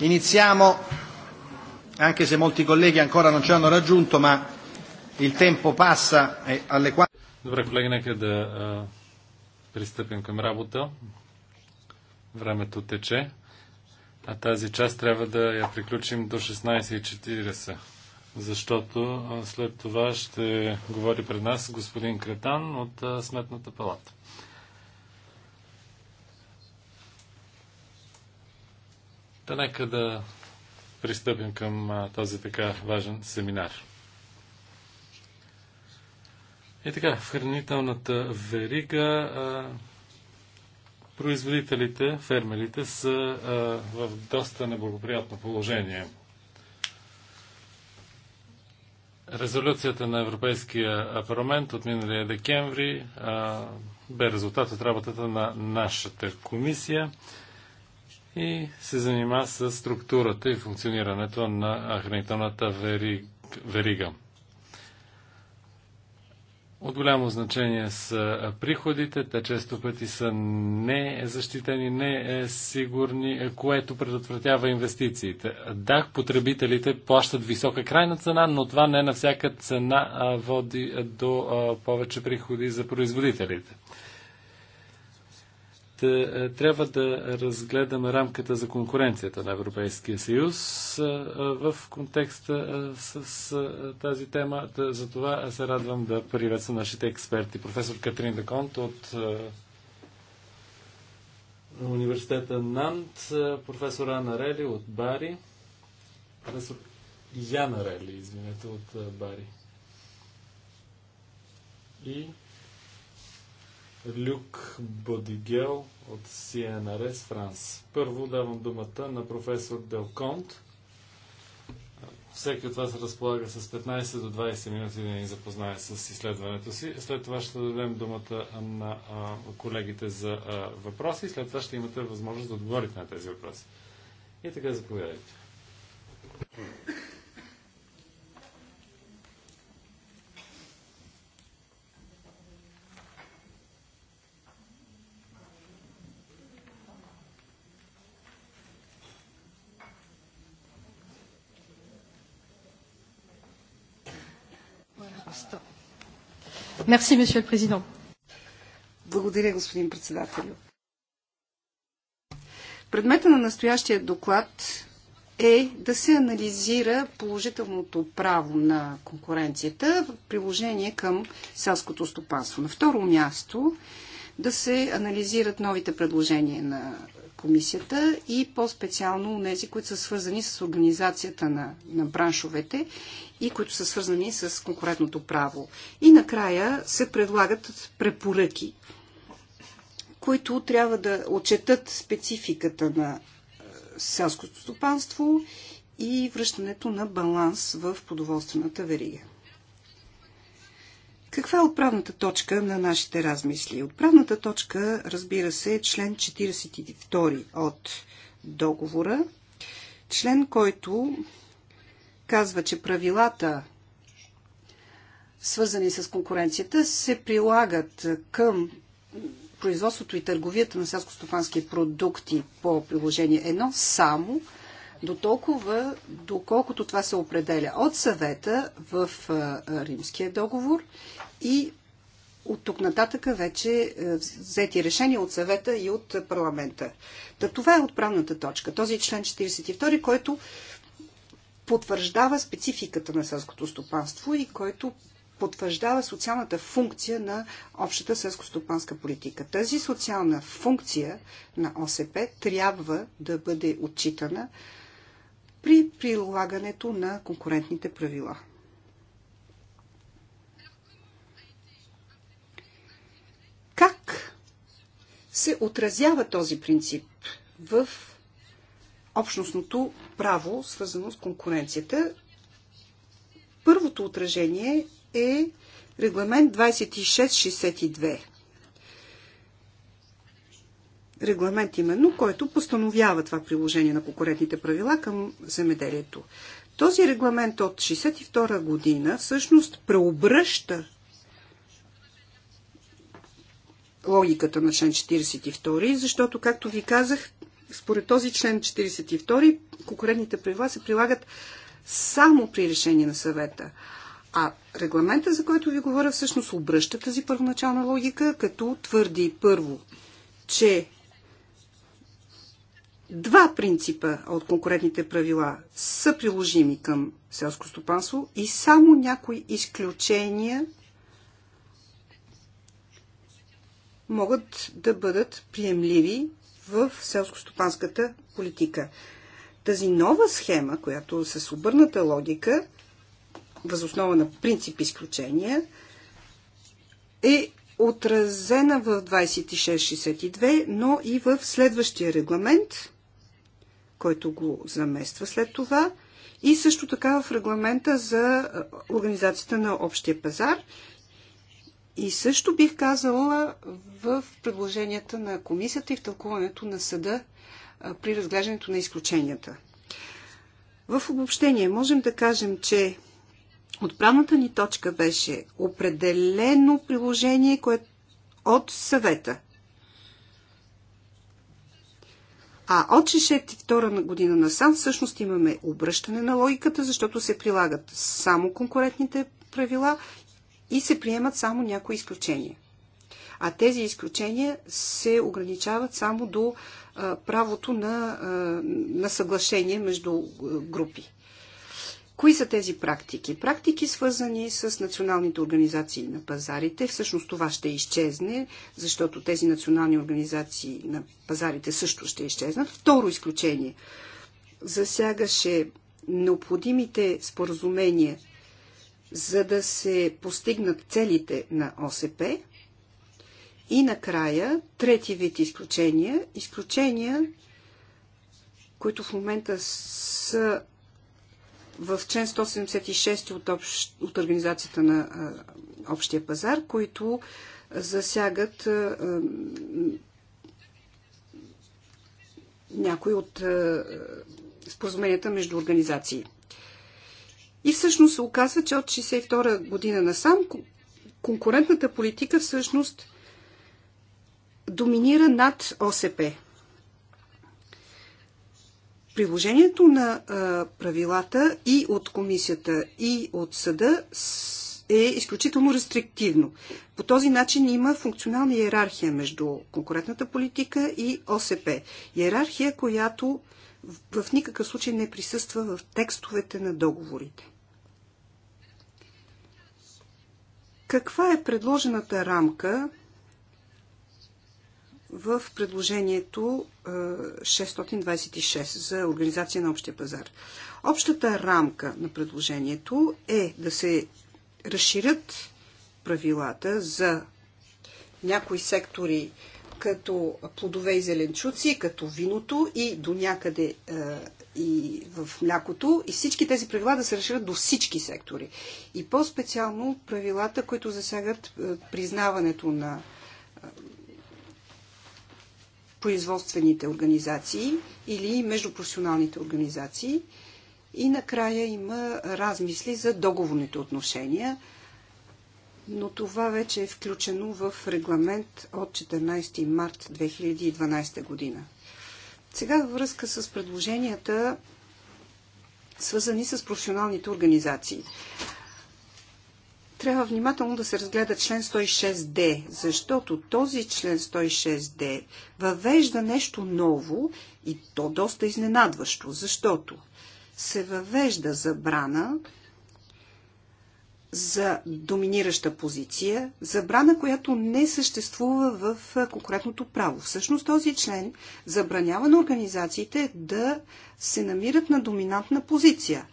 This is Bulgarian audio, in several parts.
Iniziamo, anche se molti colleghi ancora non ci hanno raggiunto, ma il tempo passa e alle 4... Добре, колеги, нека да а, пристъпим към работа. Времето тече, а тази част трябва да я приключим до 16.40, защото след това ще говори пред нас господин Кретан от а, Сметната палата. Та нека да пристъпим към този така важен семинар. И така, в хранителната верига а, производителите, фермерите са а, в доста неблагоприятно положение. Резолюцията на Европейския парламент от миналия декември а, бе резултат от работата на нашата комисия и се занима с структурата и функционирането на хранителната верига. От голямо значение са приходите, те често пъти са не защитени, не сигурни, което предотвратява инвестициите. Да, потребителите плащат висока крайна цена, но това не е на всяка цена води до повече приходи за производителите. Е, е, трябва да разгледаме рамката за конкуренцията на Европейския съюз е, в контекста с тази тема. За това се радвам да приветствам нашите експерти. Професор Катрин Деконт от университета Нант, професор Ана Рели от Бари, професор Яна Рели, извинете, от Бари. И Люк Бодигел от CNRS Франс. Първо давам думата на професор Делконт. Всеки от вас разполага с 15 до 20 минути да ни запознае с изследването си. След това ще дадем думата на колегите за въпроси. След това ще имате възможност да отговорите на тези въпроси. И така заповядайте. Мерси, месье президент. Благодаря, господин председател. Предмета на настоящия доклад е да се анализира положителното право на конкуренцията в приложение към селското стопанство. На второ място да се анализират новите предложения на комисията и по-специално тези, които са свързани с организацията на, на браншовете и които са свързани с конкурентното право. И накрая се предлагат препоръки, които трябва да отчетат спецификата на е, селското стопанство и връщането на баланс в подоволствената верига. Каква е отправната точка на нашите размисли? Отправната точка, разбира се, е член 42 от договора, член, който казва, че правилата, свързани с конкуренцията, се прилагат към производството и търговията на селско продукти по приложение 1 само – до толкова, доколкото това се определя от съвета в е, е, Римския договор и от тук нататъка вече е, взети решения от съвета и от парламента. Та това е отправната точка. Този член 42, който потвърждава спецификата на селското стопанство и който потвърждава социалната функция на общата сълско-стопанска политика. Тази социална функция на ОСП трябва да бъде отчитана при прилагането на конкурентните правила. Как се отразява този принцип в общностното право, свързано с конкуренцията? Първото отражение е регламент 2662 регламент именно, който постановява това приложение на конкурентните правила към земеделието. Този регламент от 1962 година всъщност преобръща логиката на член 42, защото, както ви казах, според този член 42 конкурентните правила се прилагат само при решение на съвета. А регламента, за който ви говоря, всъщност обръща тази първоначална логика, като твърди първо, че Два принципа от конкурентните правила са приложими към селско стопанство и само някои изключения могат да бъдат приемливи в селско-стопанската политика. Тази нова схема, която с обърната логика, възоснова на принцип изключения, е отразена в 2662, но и в следващия регламент – който го замества след това. И също така в регламента за организацията на общия пазар. И също бих казала в предложенията на комисията и в тълкуването на съда при разглеждането на изключенията. В обобщение можем да кажем, че отправната ни точка беше определено приложение което от съвета. А от 62 година САН всъщност имаме обръщане на логиката, защото се прилагат само конкурентните правила и се приемат само някои изключения. А тези изключения се ограничават само до правото на, на съглашение между групи. Кои са тези практики? Практики свързани с националните организации на пазарите. Всъщност това ще изчезне, защото тези национални организации на пазарите също ще изчезнат. Второ изключение засягаше необходимите споразумения, за да се постигнат целите на ОСП. И накрая, трети вид изключения, изключения, които в момента са в член 176 от, общ, от Организацията на а, Общия пазар, които засягат а, някои от а, споразуменията между организации. И всъщност се оказва, че от 1962 година насам конкурентната политика всъщност доминира над ОСП приложението на правилата и от комисията, и от съда е изключително рестриктивно. По този начин има функционална иерархия между конкурентната политика и ОСП. Иерархия, която в никакъв случай не присъства в текстовете на договорите. Каква е предложената рамка в предложението 626 е, за организация на общия пазар. Общата рамка на предложението е да се разширят правилата за някои сектори, като плодове и зеленчуци, като виното и до някъде е, и в млякото. И всички тези правила да се разширят до всички сектори. И по-специално правилата, които засягат е, признаването на е, производствените организации или междупрофесионалните организации. И накрая има размисли за договорните отношения, но това вече е включено в регламент от 14 март 2012 година. Сега във връзка с предложенията, свързани с професионалните организации трябва внимателно да се разгледа член 106D, защото този член 106D въвежда нещо ново и то доста изненадващо, защото се въвежда забрана за доминираща позиция, забрана, която не съществува в конкретното право. Всъщност този член забранява на организациите да се намират на доминантна позиция.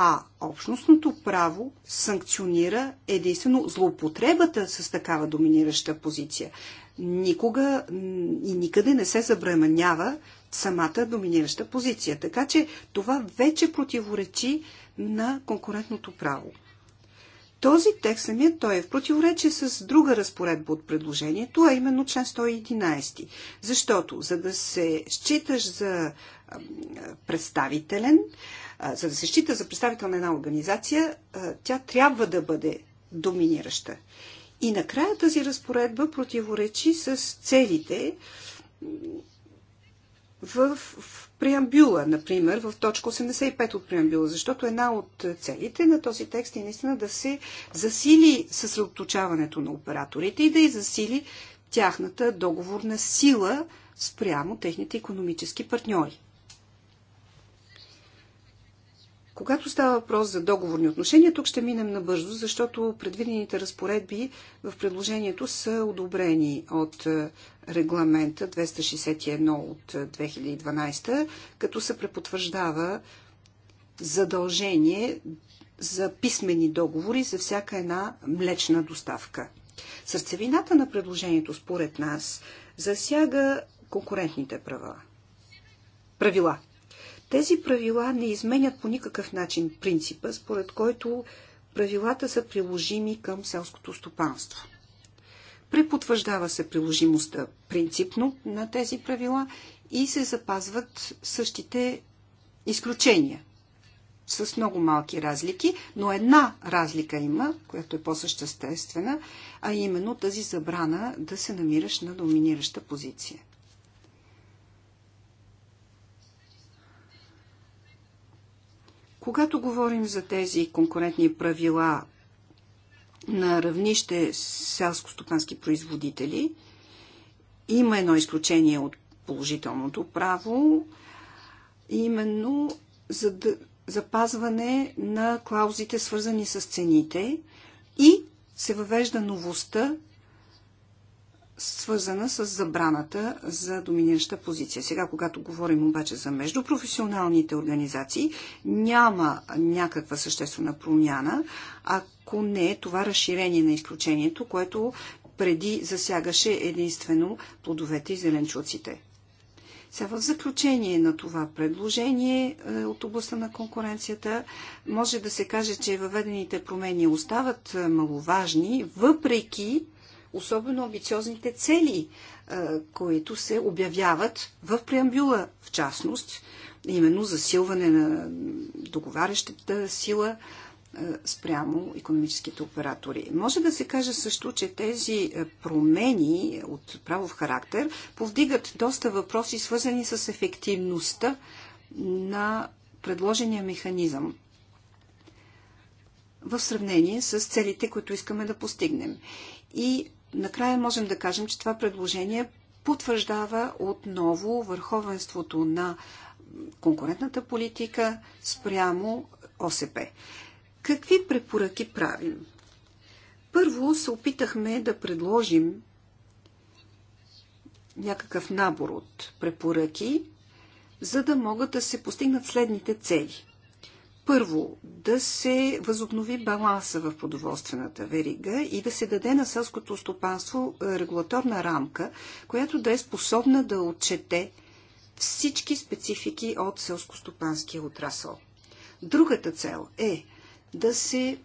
А общностното право санкционира единствено злоупотребата с такава доминираща позиция. Никога и никъде не се забременява самата доминираща позиция. Така че това вече противоречи на конкурентното право. Този текст самият той е в противоречие с друга разпоредба от предложението, а именно член 111. Защото, за да се считаш за представителен, за да се счита за представител на една организация, тя трябва да бъде доминираща. И накрая тази разпоредба противоречи с целите в, в преамбюла, например, в точка 85 от преамбюла, защото една от целите на този текст е наистина да се засили съсредоточаването на операторите и да и засили тяхната договорна сила спрямо техните економически партньори. Когато става въпрос за договорни отношения, тук ще минем набързо, защото предвидените разпоредби в предложението са одобрени от е, регламента 261 от 2012, е, като се препотвърждава задължение за писмени договори за всяка една млечна доставка. Сърцевината на предложението, според нас, засяга конкурентните права. Правила. Тези правила не изменят по никакъв начин принципа, според който правилата са приложими към селското стопанство. Препотвърждава се приложимостта принципно на тези правила и се запазват същите изключения с много малки разлики, но една разлика има, която е по-съществена, а именно тази забрана да се намираш на доминираща позиция. Когато говорим за тези конкурентни правила на равнище селско-стопански производители, има едно изключение от положителното право, именно за да запазване на клаузите, свързани с цените и се въвежда новостта, свързана с забраната за доминираща позиция. Сега, когато говорим обаче за междупрофесионалните организации, няма някаква съществена промяна, ако не е това разширение на изключението, което преди засягаше единствено плодовете и зеленчуците. Сега в заключение на това предложение е, от областта на конкуренцията може да се каже, че въведените промени остават е, маловажни, въпреки особено амбициозните цели, които се обявяват в преамбюла, в частност, именно засилване на договарящата сила спрямо економическите оператори. Може да се каже също, че тези промени от правов характер повдигат доста въпроси, свързани с ефективността на предложения механизъм в сравнение с целите, които искаме да постигнем. И накрая можем да кажем, че това предложение потвърждава отново върховенството на конкурентната политика спрямо ОСП. Какви препоръки правим? Първо се опитахме да предложим някакъв набор от препоръки, за да могат да се постигнат следните цели. Първо, да се възобнови баланса в продоволствената верига и да се даде на селското стопанство е, регулаторна рамка, която да е способна да отчете всички специфики от селскостопанския отрасъл. Другата цел е да се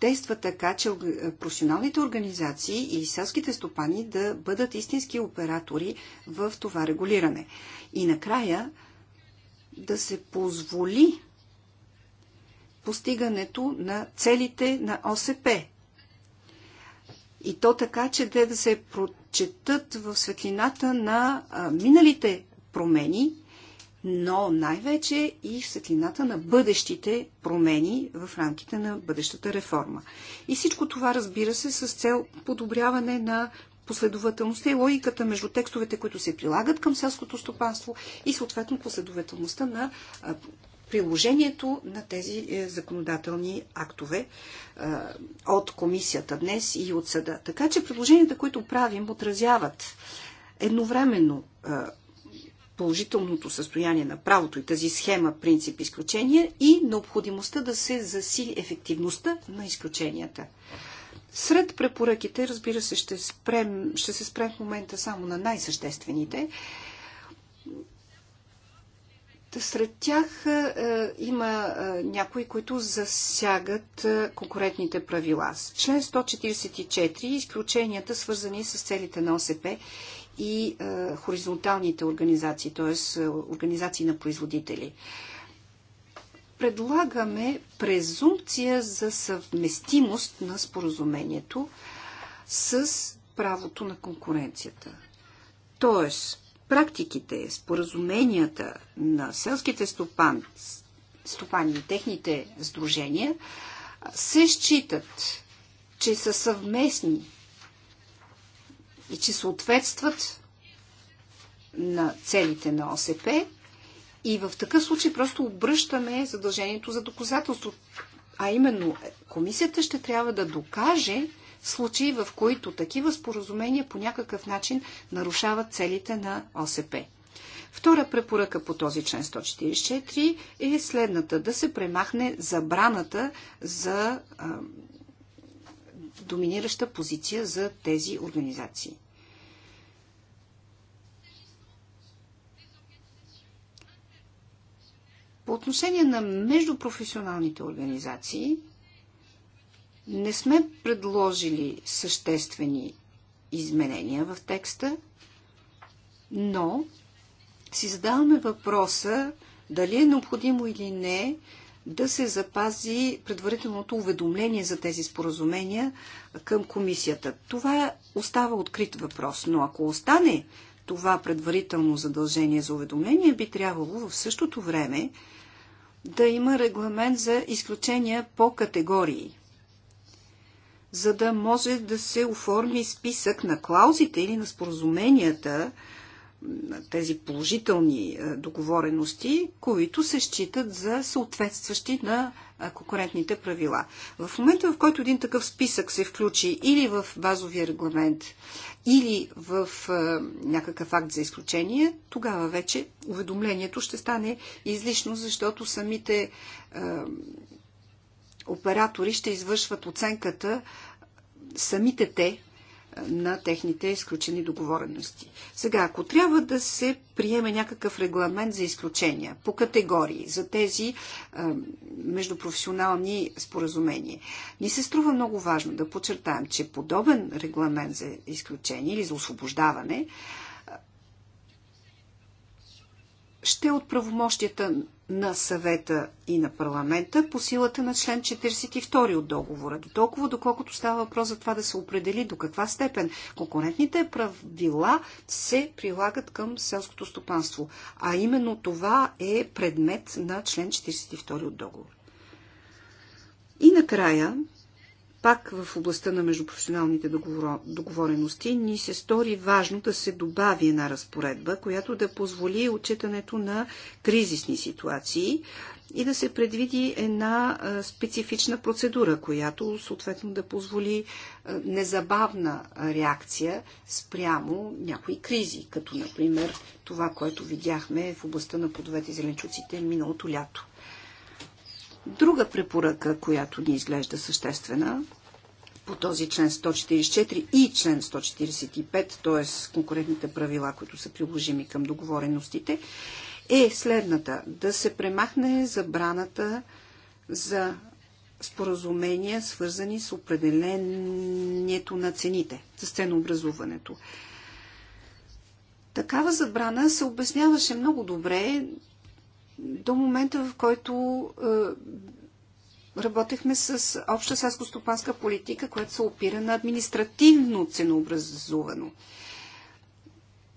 действа така, че е, професионалните организации и селските стопани да бъдат истински оператори в това регулиране. И накрая да се позволи постигането на целите на ОСП. И то така, че те да се прочетат в светлината на миналите промени, но най-вече и в светлината на бъдещите промени в рамките на бъдещата реформа. И всичко това, разбира се, с цел подобряване на последователността и логиката между текстовете, които се прилагат към селското стопанство и съответно последователността на приложението на тези е, законодателни актове от комисията днес и от съда. Така че предложенията, които правим, отразяват едновременно положителното състояние на правото и тази схема принцип изключения и необходимостта да се засили ефективността на изключенията. Сред препоръките, разбира се, ще, спрем, ще се спрем в момента само на най-съществените. Сред тях е, има е, някои, които засягат е, конкурентните правила. Член 144, изключенията свързани с целите на ОСП и е, хоризонталните организации, т.е. Е, организации на производители. Е, предлагаме презумпция за съвместимост на споразумението с правото на конкуренцията. Тоест, практиките, споразуменията на селските стопан, стопани и техните сдружения се считат, че са съвместни и че съответстват на целите на ОСП и в такъв случай просто обръщаме задължението за доказателство. А именно, комисията ще трябва да докаже случаи, в които такива споразумения по някакъв начин нарушават целите на ОСП. Втора препоръка по този член 144 е следната да се премахне забраната за а, доминираща позиция за тези организации. По отношение на междупрофесионалните организации, не сме предложили съществени изменения в текста, но си задаваме въпроса дали е необходимо или не да се запази предварителното уведомление за тези споразумения към комисията. Това остава открит въпрос, но ако остане това предварително задължение за уведомление, би трябвало в същото време да има регламент за изключения по категории, за да може да се оформи списък на клаузите или на споразуменията, на тези положителни е, договорености, които се считат за съответстващи на е, конкурентните правила. В момента, в който един такъв списък се включи или в базовия регламент, или в е, някакъв акт за изключение, тогава вече уведомлението ще стане излишно, защото самите е, оператори ще извършват оценката самите те на техните изключени договорености. Сега, ако трябва да се приеме някакъв регламент за изключения по категории за тези е, междупрофесионални споразумения, ни се струва много важно да подчертаем, че подобен регламент за изключение или за освобождаване ще е от правомощията на съвета и на парламента по силата на член 42 от договора. До толкова, доколкото става въпрос за това да се определи до каква степен конкурентните правила се прилагат към селското стопанство. А именно това е предмет на член 42 от договора. И накрая пак в областта на междупрофесионалните договорености ни се стори важно да се добави една разпоредба, която да позволи отчитането на кризисни ситуации и да се предвиди една специфична процедура, която съответно да позволи незабавна реакция спрямо някои кризи, като например това, което видяхме в областта на плодовете и зеленчуците миналото лято. Друга препоръка, която ни изглежда съществена по този член 144 и член 145, т.е. конкурентните правила, които са приложими към договореностите, е следната. Да се премахне забраната за споразумения, свързани с определението на цените, с ценообразуването. Такава забрана се обясняваше много добре до момента, в който е, работехме с обща селско-стопанска политика, която се опира на административно ценообразувано.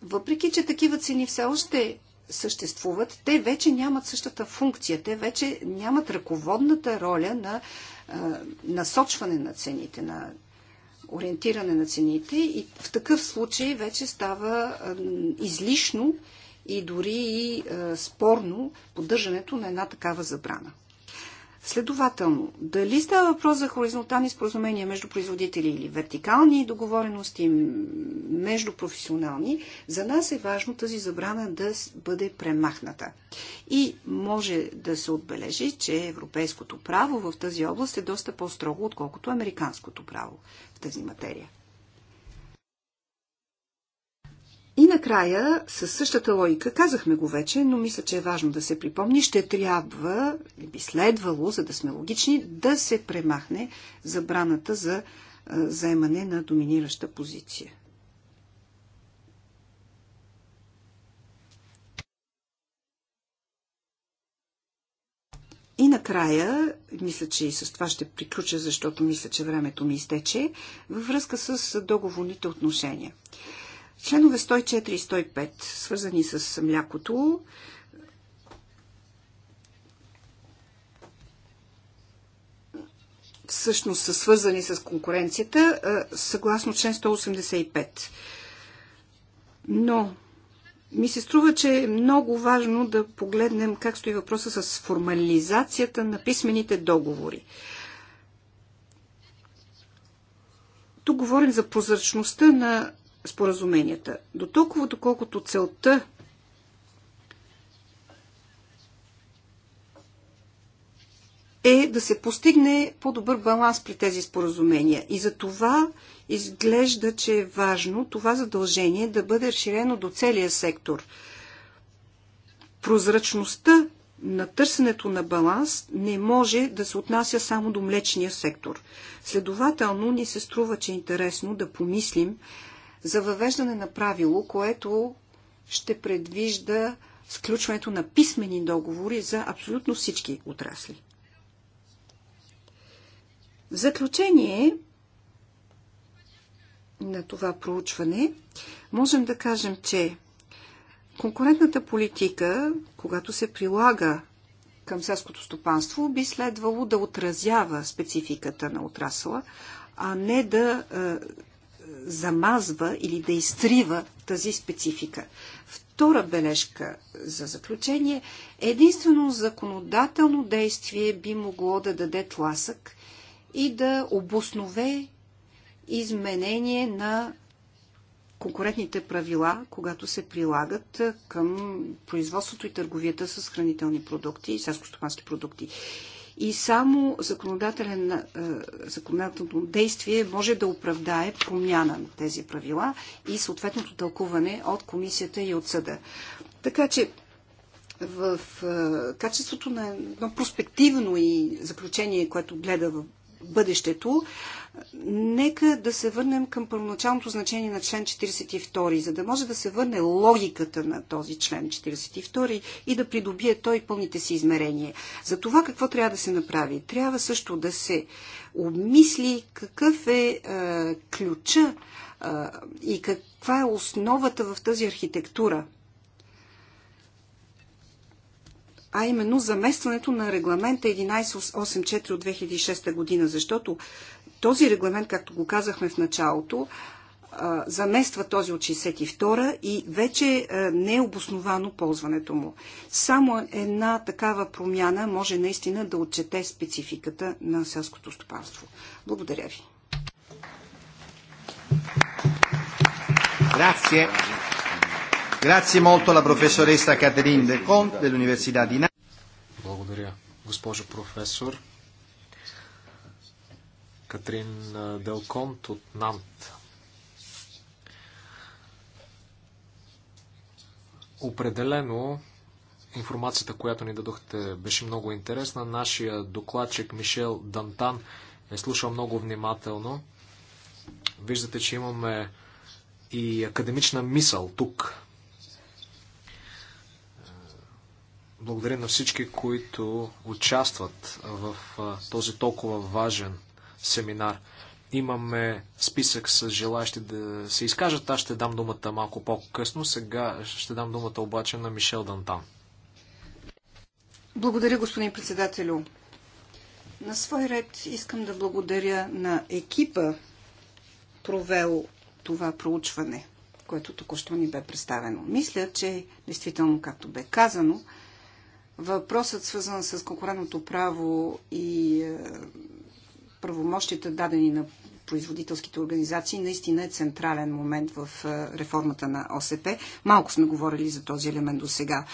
Въпреки, че такива цени все още съществуват, те вече нямат същата функция, те вече нямат ръководната роля на е, насочване на цените, на ориентиране на цените и в такъв случай вече става е, излишно и дори и е, спорно поддържането на една такава забрана. Следователно, дали става въпрос за хоризонтални споразумения между производители или вертикални договорености между професионални, за нас е важно тази забрана да бъде премахната. И може да се отбележи, че европейското право в тази област е доста по-строго, отколкото американското право в тази материя. И накрая, със същата логика, казахме го вече, но мисля, че е важно да се припомни, ще трябва, би следвало, за да сме логични, да се премахне забраната за е, заемане на доминираща позиция. И накрая, мисля, че и с това ще приключа, защото мисля, че времето ми изтече, във връзка с договорните отношения. Членове 104 и 105, свързани с млякото, всъщност са свързани с конкуренцията, съгласно член 185. Но ми се струва, че е много важно да погледнем как стои въпроса с формализацията на писмените договори. Тук говорим за прозрачността на споразуменията. До толкова, доколкото целта е да се постигне по-добър баланс при тези споразумения. И за това изглежда, че е важно това задължение да бъде разширено до целия сектор. Прозрачността на търсенето на баланс не може да се отнася само до млечния сектор. Следователно ни се струва, че е интересно да помислим за въвеждане на правило, което ще предвижда сключването на писмени договори за абсолютно всички отрасли. В заключение на това проучване можем да кажем, че конкурентната политика, когато се прилага към селското стопанство, би следвало да отразява спецификата на отрасъла, а не да е, замазва или да изтрива тази специфика. Втора бележка за заключение. Единствено законодателно действие би могло да даде тласък и да обоснове изменение на конкурентните правила, когато се прилагат към производството и търговията с хранителни продукти и селскостопански продукти и само законодателен, е, законодателно действие може да оправдае промяна на тези правила и съответното тълкуване от комисията и от съда. Така че в е, качеството на едно проспективно и заключение, което гледа в бъдещето, нека да се върнем към първоначалното значение на член 42, за да може да се върне логиката на този член 42 и да придобие той пълните си измерения. За това какво трябва да се направи? Трябва също да се обмисли какъв е, е ключа е, и каква е основата в тази архитектура – а именно заместването на регламента 1184 от 2006 година, защото този регламент, както го казахме в началото, замества този от 62 и вече не е обосновано ползването му. Само една такава промяна може наистина да отчете спецификата на селското стопанство. Благодаря ви. Grazie. Grazie molto alla professoressa Caterine De Conte dell'Università di Napoli. Благодаря, госпожо професор. Катрин Делконт от Нант. Определено информацията, която ни дадохте, беше много интересна. Нашия докладчик Мишел Дантан е слушал много внимателно. Виждате, че имаме и академична мисъл тук Благодаря на всички, които участват в този толкова важен семинар. Имаме списък с желащи да се изкажат. Аз ще дам думата малко по-късно. Сега ще дам думата обаче на Мишел Дантан. Благодаря, господин председателю. На свой ред искам да благодаря на екипа, провел това проучване, което току-що ни бе представено. Мисля, че действително, както бе казано, Въпросът, свързан с конкурентното право и е, правомощите, дадени на производителските организации наистина е централен момент в е, реформата на ОСП. Малко сме говорили за този елемент до сега.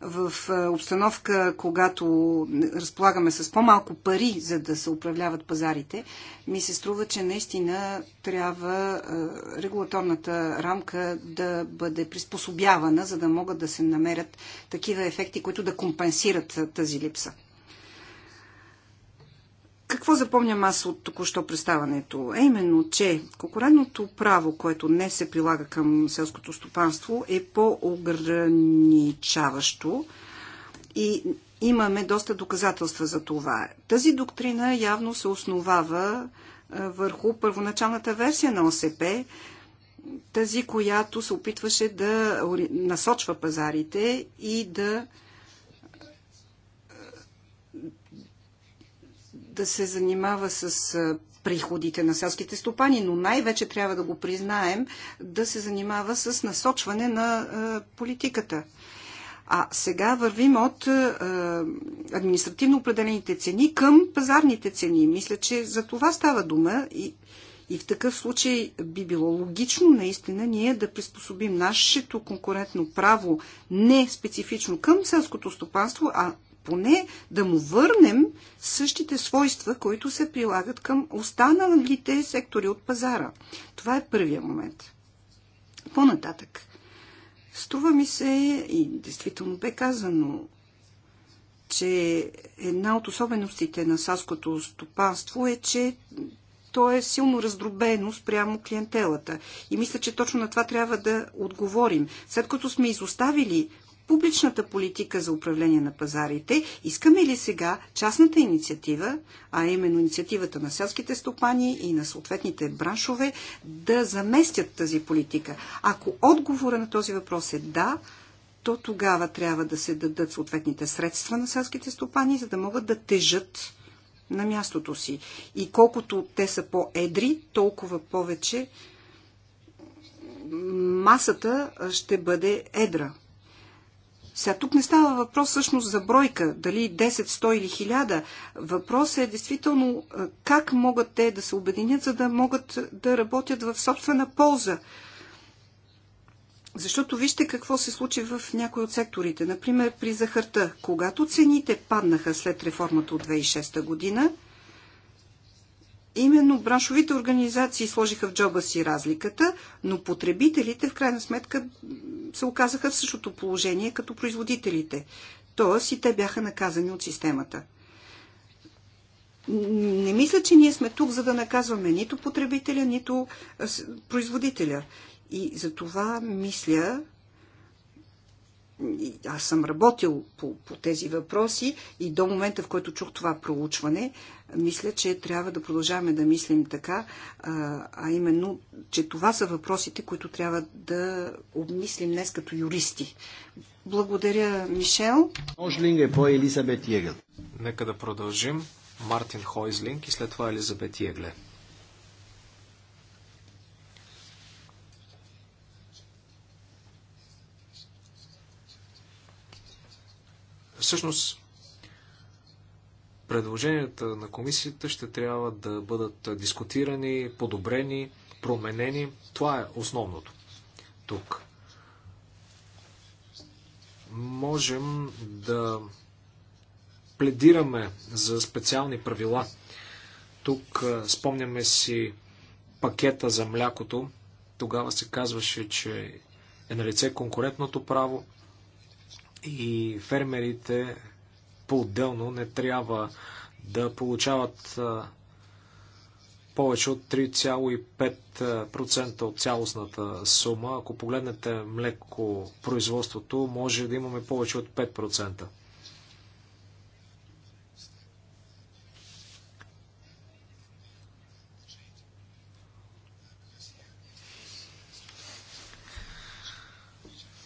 В е, обстановка, когато разполагаме с по-малко пари, за да се управляват пазарите, ми се струва, че наистина трябва е, регулаторната рамка да бъде приспособявана, за да могат да се намерят такива ефекти, които да компенсират тази липса. Какво запомням аз от току-що представането? Е именно, че конкурентното право, което не се прилага към селското стопанство, е по-ограничаващо и имаме доста доказателства за това. Тази доктрина явно се основава върху първоначалната версия на ОСП, тази, която се опитваше да насочва пазарите и да да се занимава с приходите на селските стопани, но най-вече трябва да го признаем да се занимава с насочване на политиката. А сега вървим от е, административно определените цени към пазарните цени. Мисля, че за това става дума и, и в такъв случай би било логично наистина ние да приспособим нашето конкурентно право не специфично към селското стопанство, а поне да му върнем същите свойства, които се прилагат към останалите сектори от пазара. Това е първия момент. По-нататък. Струва ми се, и действително бе казано, че една от особеностите на саското стопанство е, че то е силно раздробено спрямо клиентелата. И мисля, че точно на това трябва да отговорим. След като сме изоставили публичната политика за управление на пазарите, искаме ли сега частната инициатива, а именно инициативата на селските стопани и на съответните браншове, да заместят тази политика? Ако отговора на този въпрос е да, то тогава трябва да се дадат съответните средства на селските стопани, за да могат да тежат на мястото си. И колкото те са по-едри, толкова повече масата ще бъде едра. Сега тук не става въпрос всъщност за бройка, дали 10, 100 или 1000. Въпрос е действително как могат те да се обединят, за да могат да работят в собствена полза. Защото вижте какво се случи в някои от секторите. Например, при захарта. Когато цените паднаха след реформата от 2006 година, именно браншовите организации сложиха в джоба си разликата, но потребителите в крайна сметка се оказаха в същото положение като производителите. Тоест и те бяха наказани от системата. Не мисля, че ние сме тук, за да наказваме нито потребителя, нито производителя. И за това мисля, аз съм работил по, по тези въпроси и до момента, в който чух това проучване, мисля, че трябва да продължаваме да мислим така, а, а именно, че това са въпросите, които трябва да обмислим днес като юристи. Благодаря, Мишел. Ожлинг е по Елизабет Йегъл. Нека да продължим. Мартин Хойзлинг и след това Елизабет Егле. Всъщност, предложенията на комисията ще трябва да бъдат дискутирани, подобрени, променени. Това е основното тук. Можем да пледираме за специални правила. Тук спомняме си пакета за млякото. Тогава се казваше, че е на лице конкурентното право и фермерите по-отделно не трябва да получават повече от 3,5% от цялостната сума. Ако погледнете млеко производството, може да имаме повече от 5%.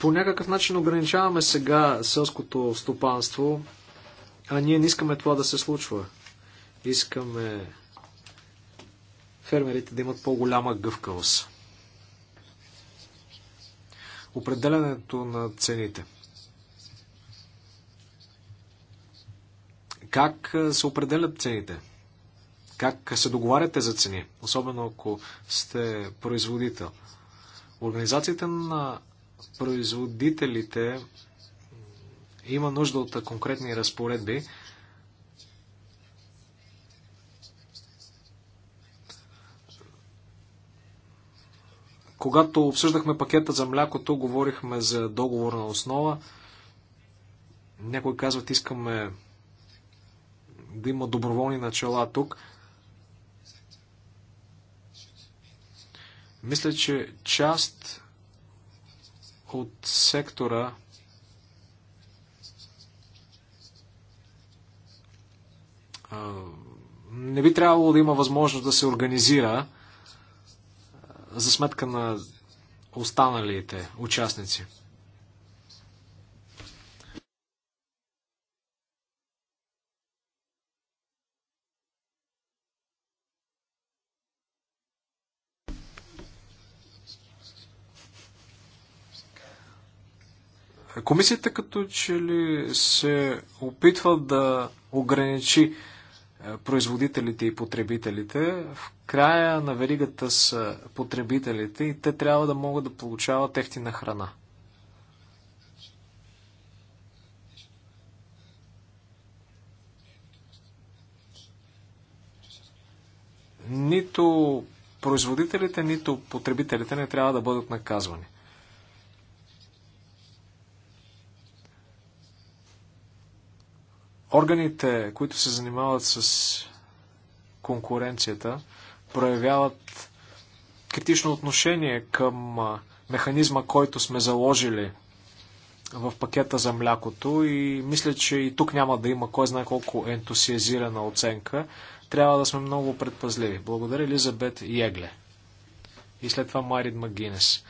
по някакъв начин ограничаваме сега селското стопанство, а ние не искаме това да се случва. Искаме фермерите да имат по-голяма гъвкавост. Определенето на цените. Как се определят цените? Как се договаряте за цени? Особено ако сте производител. Организацията на производителите има нужда от конкретни разпоредби. Когато обсъждахме пакета за млякото, говорихме за договорна основа. Някои казват, искаме да има доброволни начала тук. Мисля, че част от сектора не би трябвало да има възможност да се организира за сметка на останалите участници. Комисията като че ли се опитва да ограничи е, производителите и потребителите. В края на веригата са потребителите и те трябва да могат да получават ефтина храна. Нито производителите, нито потребителите не трябва да бъдат наказвани. Органите, които се занимават с конкуренцията, проявяват критично отношение към механизма, който сме заложили в пакета за млякото и мисля, че и тук няма да има кой знае колко ентусиазирана оценка. Трябва да сме много предпазливи. Благодаря Елизабет Егле. И след това Марид Магинес.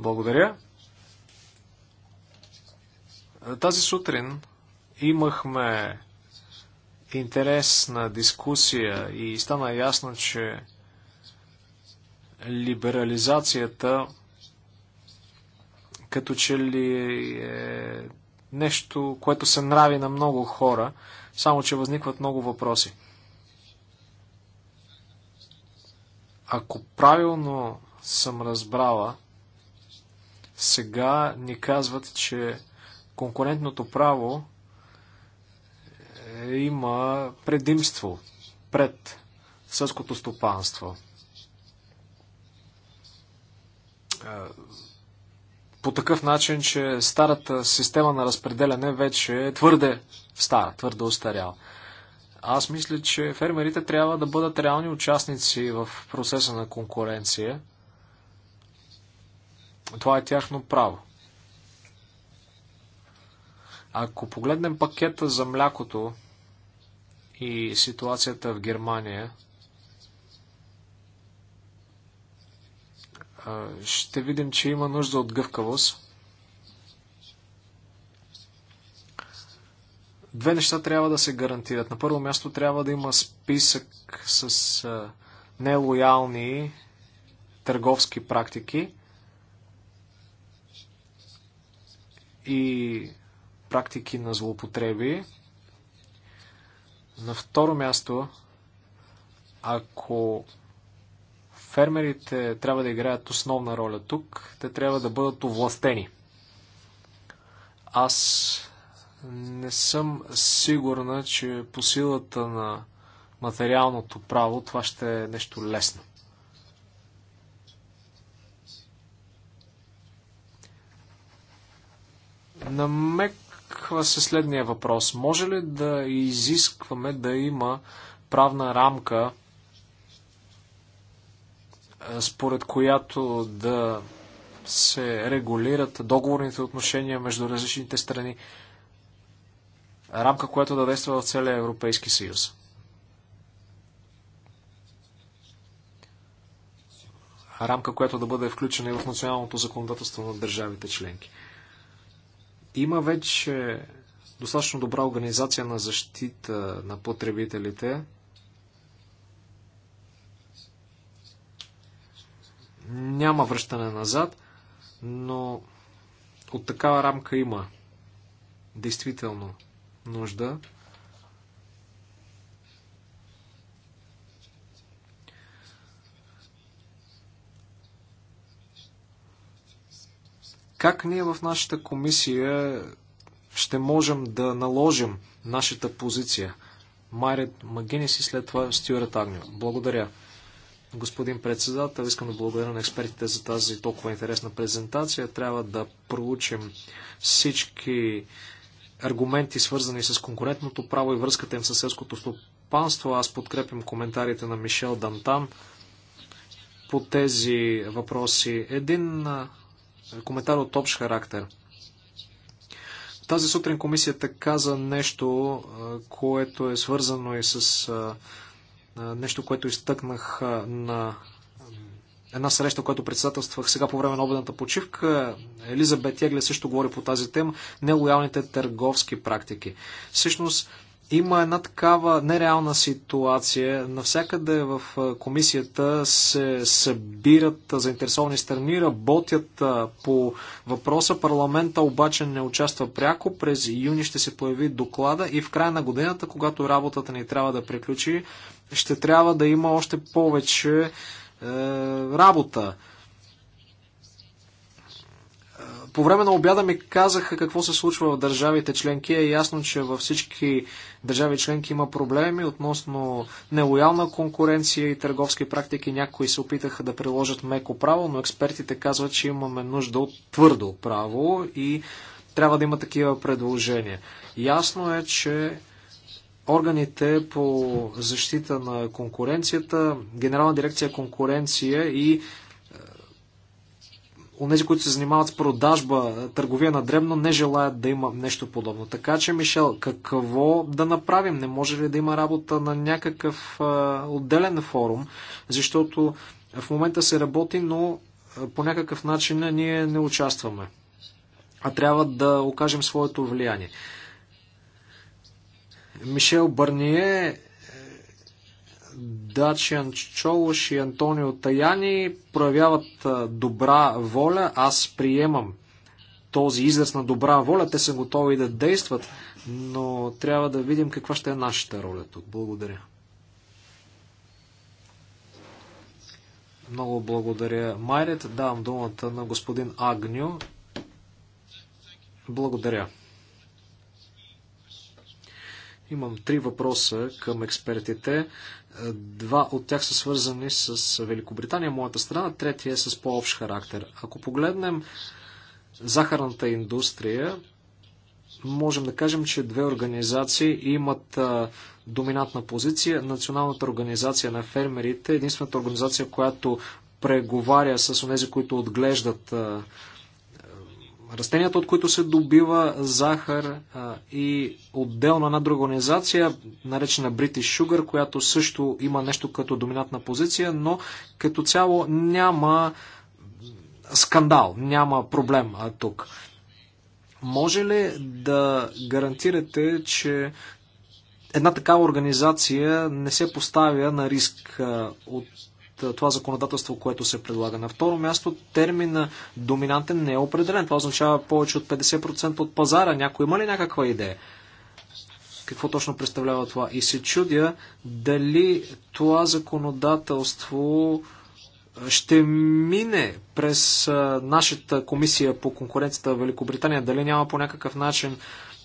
Благодаря. Тази сутрин имахме интересна дискусия и стана ясно, че либерализацията като че ли е нещо, което се нрави на много хора, само че възникват много въпроси. Ако правилно съм разбрала, сега ни казват, че конкурентното право е, има предимство пред сълското стопанство. По такъв начин, че старата система на разпределяне вече е твърде стара, твърде устаряла. Аз мисля, че фермерите трябва да бъдат реални участници в процеса на конкуренция. Това е тяхно право. Ако погледнем пакета за млякото и ситуацията в Германия, ще видим, че има нужда от гъвкавост. Две неща трябва да се гарантират. На първо място трябва да има списък с нелоялни търговски практики. и практики на злоупотреби. На второ място, ако фермерите трябва да играят основна роля тук, те трябва да бъдат овластени. Аз не съм сигурна, че по силата на материалното право това ще е нещо лесно. намеква се следния въпрос. Може ли да изискваме да има правна рамка, е, според която да се регулират договорните отношения между различните страни? Рамка, която да действа в целия Европейски съюз. рамка, която да бъде включена и в националното законодателство на държавите членки. Има вече достатъчно добра организация на защита на потребителите. Няма връщане назад, но от такава рамка има действително нужда. Как ние в нашата комисия ще можем да наложим нашата позиция? Майрет Магинис и след това Стюарт Агнио. Благодаря. Господин председател, искам да благодаря на експертите за тази толкова интересна презентация. Трябва да проучим всички аргументи, свързани с конкурентното право и връзката им с селското стопанство. Аз подкрепям коментарите на Мишел Дантан по тези въпроси. Един коментар от общ характер. Тази сутрин комисията каза нещо, което е свързано и с нещо, което изтъкнах на една среща, която председателствах сега по време на обедната почивка. Елизабет Ягле също говори по тази тема. Нелоялните търговски практики. Всъщност, има една такава нереална ситуация. Навсякъде в комисията се събират заинтересовани страни, работят по въпроса. Парламента обаче не участва пряко. През юни ще се появи доклада и в края на годината, когато работата ни трябва да приключи, ще трябва да има още повече е, работа по време на обяда ми казаха какво се случва в държавите членки. Е ясно, че във всички държави членки има проблеми относно нелоялна конкуренция и търговски практики. Някои се опитаха да приложат меко право, но експертите казват, че имаме нужда от твърдо право и трябва да има такива предложения. Ясно е, че органите по защита на конкуренцията, Генерална дирекция конкуренция и Онези, които се занимават с продажба, търговия на дребно, не желаят да има нещо подобно. Така че, Мишел, какво да направим? Не може ли да има работа на някакъв а, отделен форум? Защото в момента се работи, но по някакъв начин ние не участваме. А трябва да окажем своето влияние. Мишел Бърние Дачиан Чолош и Антонио Таяни проявяват добра воля. Аз приемам този израз на добра воля. Те са готови да действат, но трябва да видим каква ще е нашата роля тук. Благодаря. Много благодаря, Майрет. Давам думата на господин Агню. Благодаря. Имам три въпроса към експертите. Два от тях са свързани с Великобритания, моята страна, третия е с по-общ характер. Ако погледнем захарната индустрия, можем да кажем, че две организации имат доминантна позиция. Националната организация на фермерите, единствената организация, която преговаря с тези, които отглеждат растенията, от които се добива захар а, и отделно една друга организация, наречена British Sugar, която също има нещо като доминантна позиция, но като цяло няма скандал, няма проблем а, тук. Може ли да гарантирате, че една такава организация не се поставя на риск от това законодателство, което се предлага. На второ място, термина доминантен не е определен. Това означава повече от 50% от пазара. Някой има ли някаква идея? Какво точно представлява това? И се чудя дали това законодателство ще мине през нашата комисия по конкуренцията в Великобритания. Дали няма по някакъв начин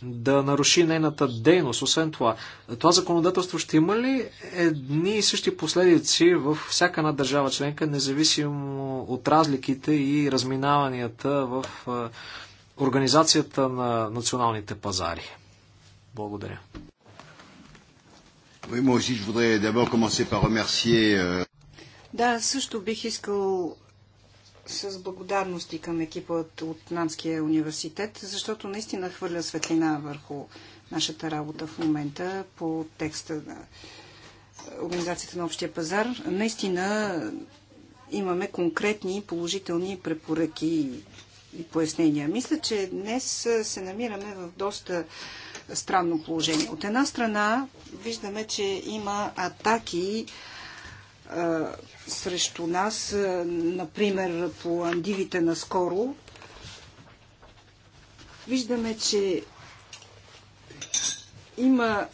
да наруши нейната дейност. Освен това, това законодателство ще има ли едни и същи последици в всяка една държава членка, независимо от разликите и разминаванията в е, организацията на националните пазари? Благодаря. Да, също бих искал с благодарности към екипа от Нанския университет, защото наистина хвърля светлина върху нашата работа в момента по текста на Организацията на общия пазар. Наистина имаме конкретни положителни препоръки и пояснения. Мисля, че днес се намираме в доста странно положение. От една страна виждаме, че има атаки срещу нас, например по андивите наскоро, виждаме, че има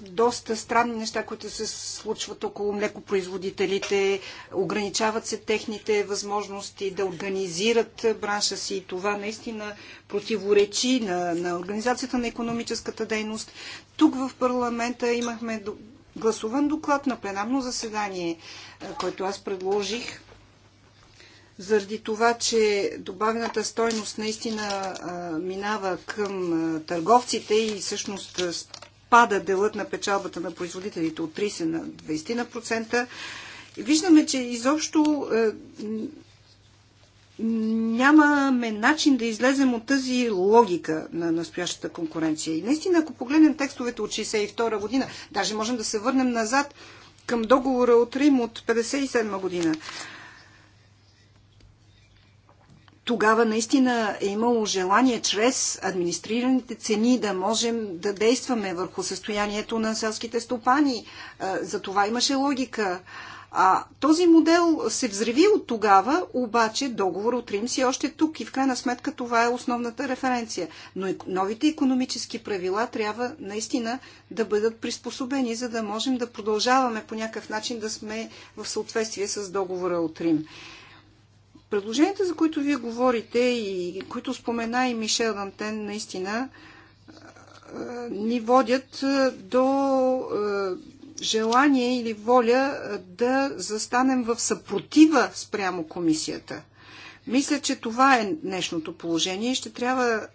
доста странни неща, които се случват около млекопроизводителите, ограничават се техните възможности да организират бранша си и това наистина противоречи на, на организацията на економическата дейност. Тук в парламента имахме гласуван доклад на пленарно заседание, е, който аз предложих, заради това, че добавената стойност наистина минава към търговците и всъщност пада делът на печалбата на производителите от 30 на 20%, виждаме, че изобщо е, нямаме начин да излезем от тази логика на настоящата конкуренция. И наистина, ако погледнем текстовете от 62 година, даже можем да се върнем назад към договора от Рим от 57 година. Тогава наистина е имало желание чрез администрираните цени да можем да действаме върху състоянието на селските стопани. Е, за това имаше логика. А този модел се взреви от тогава, обаче договор от Рим си е още тук и в крайна сметка това е основната референция. Но новите економически правила трябва наистина да бъдат приспособени, за да можем да продължаваме по някакъв начин да сме в съответствие с договора от Рим. Предложенията, за които вие говорите и които спомена и Мишел Антен наистина ни водят до желание или воля да застанем в съпротива спрямо комисията. Мисля, че това е днешното положение и ще трябва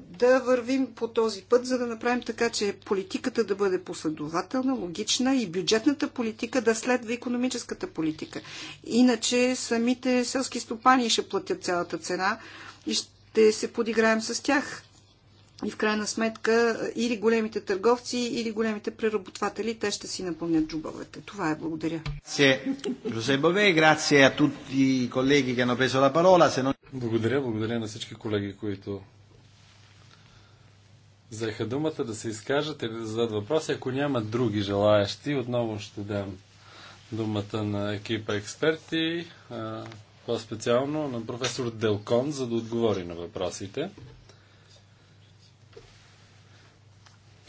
да вървим по този път, за да направим така, че политиката да бъде последователна, логична и бюджетната политика да следва економическата политика. Иначе самите селски стопани ще платят цялата цена и ще се подиграем с тях. И в крайна сметка или големите търговци, или големите преработватели, те ще си напълнят джубовете. Това е благодаря. Благодаря, благодаря на всички колеги, които взеха думата да се изкажат или да зададат въпроси. Ако няма други желаящи, отново ще дам думата на екипа експерти, по-специално на професор Делкон, за да отговори на въпросите.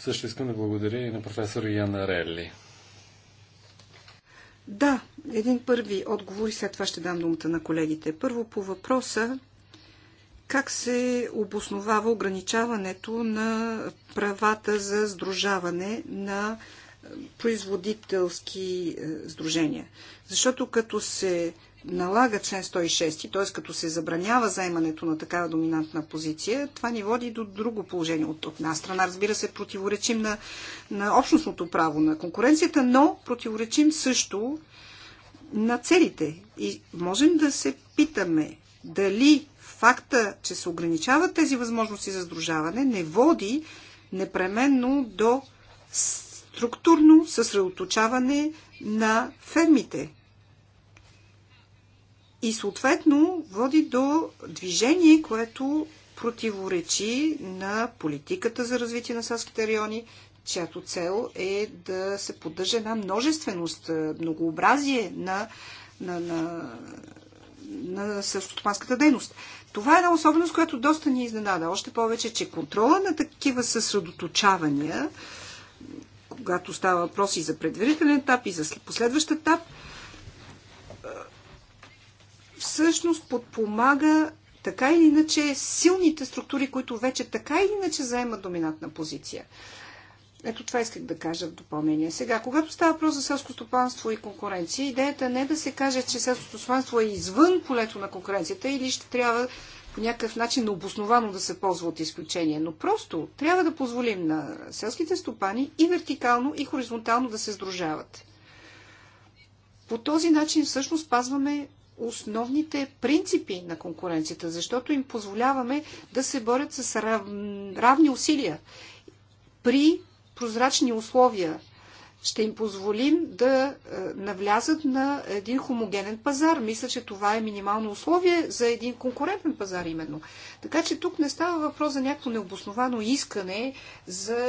Също искам да благодаря и на професор Яна Релли. Да, един първи отговор и след това ще дам думата на колегите. Първо по въпроса как се обосновава ограничаването на правата за сдружаване на е, производителски е, сдружения. Защото като се налага член 106, т.е. като се забранява заемането на такава доминантна позиция, това ни води до друго положение. От, от една страна, разбира се, противоречим на, на общностното право на конкуренцията, но противоречим също на целите. И можем да се питаме дали факта, че се ограничават тези възможности за сдружаване, не води непременно до структурно съсредоточаване на фермите, и съответно води до движение, което противоречи на политиката за развитие на селските райони, чиято цел е да се поддържа една множественост, е, многообразие на, на, на, на селскостопанската дейност. Това е една особеност, която доста ни изненада. Още повече, че контрола на такива съсредоточавания, когато става въпрос и за предварителен етап, и за последващ етап, всъщност подпомага така или иначе силните структури, които вече така или иначе заемат доминантна позиция. Ето това исках да кажа в допълнение. Сега, когато става въпрос за селско стопанство и конкуренция, идеята не е да се каже, че селското стопанство е извън полето на конкуренцията или ще трябва по някакъв начин обосновано да се ползва от изключение, но просто трябва да позволим на селските стопани и вертикално, и хоризонтално да се сдружават. По този начин всъщност пазваме основните принципи на конкуренцията, защото им позволяваме да се борят с рав... равни усилия при прозрачни условия. Ще им позволим да е, навлязат на един хомогенен пазар. Мисля, че това е минимално условие за един конкурентен пазар именно. Така че тук не става въпрос за някакво необосновано искане за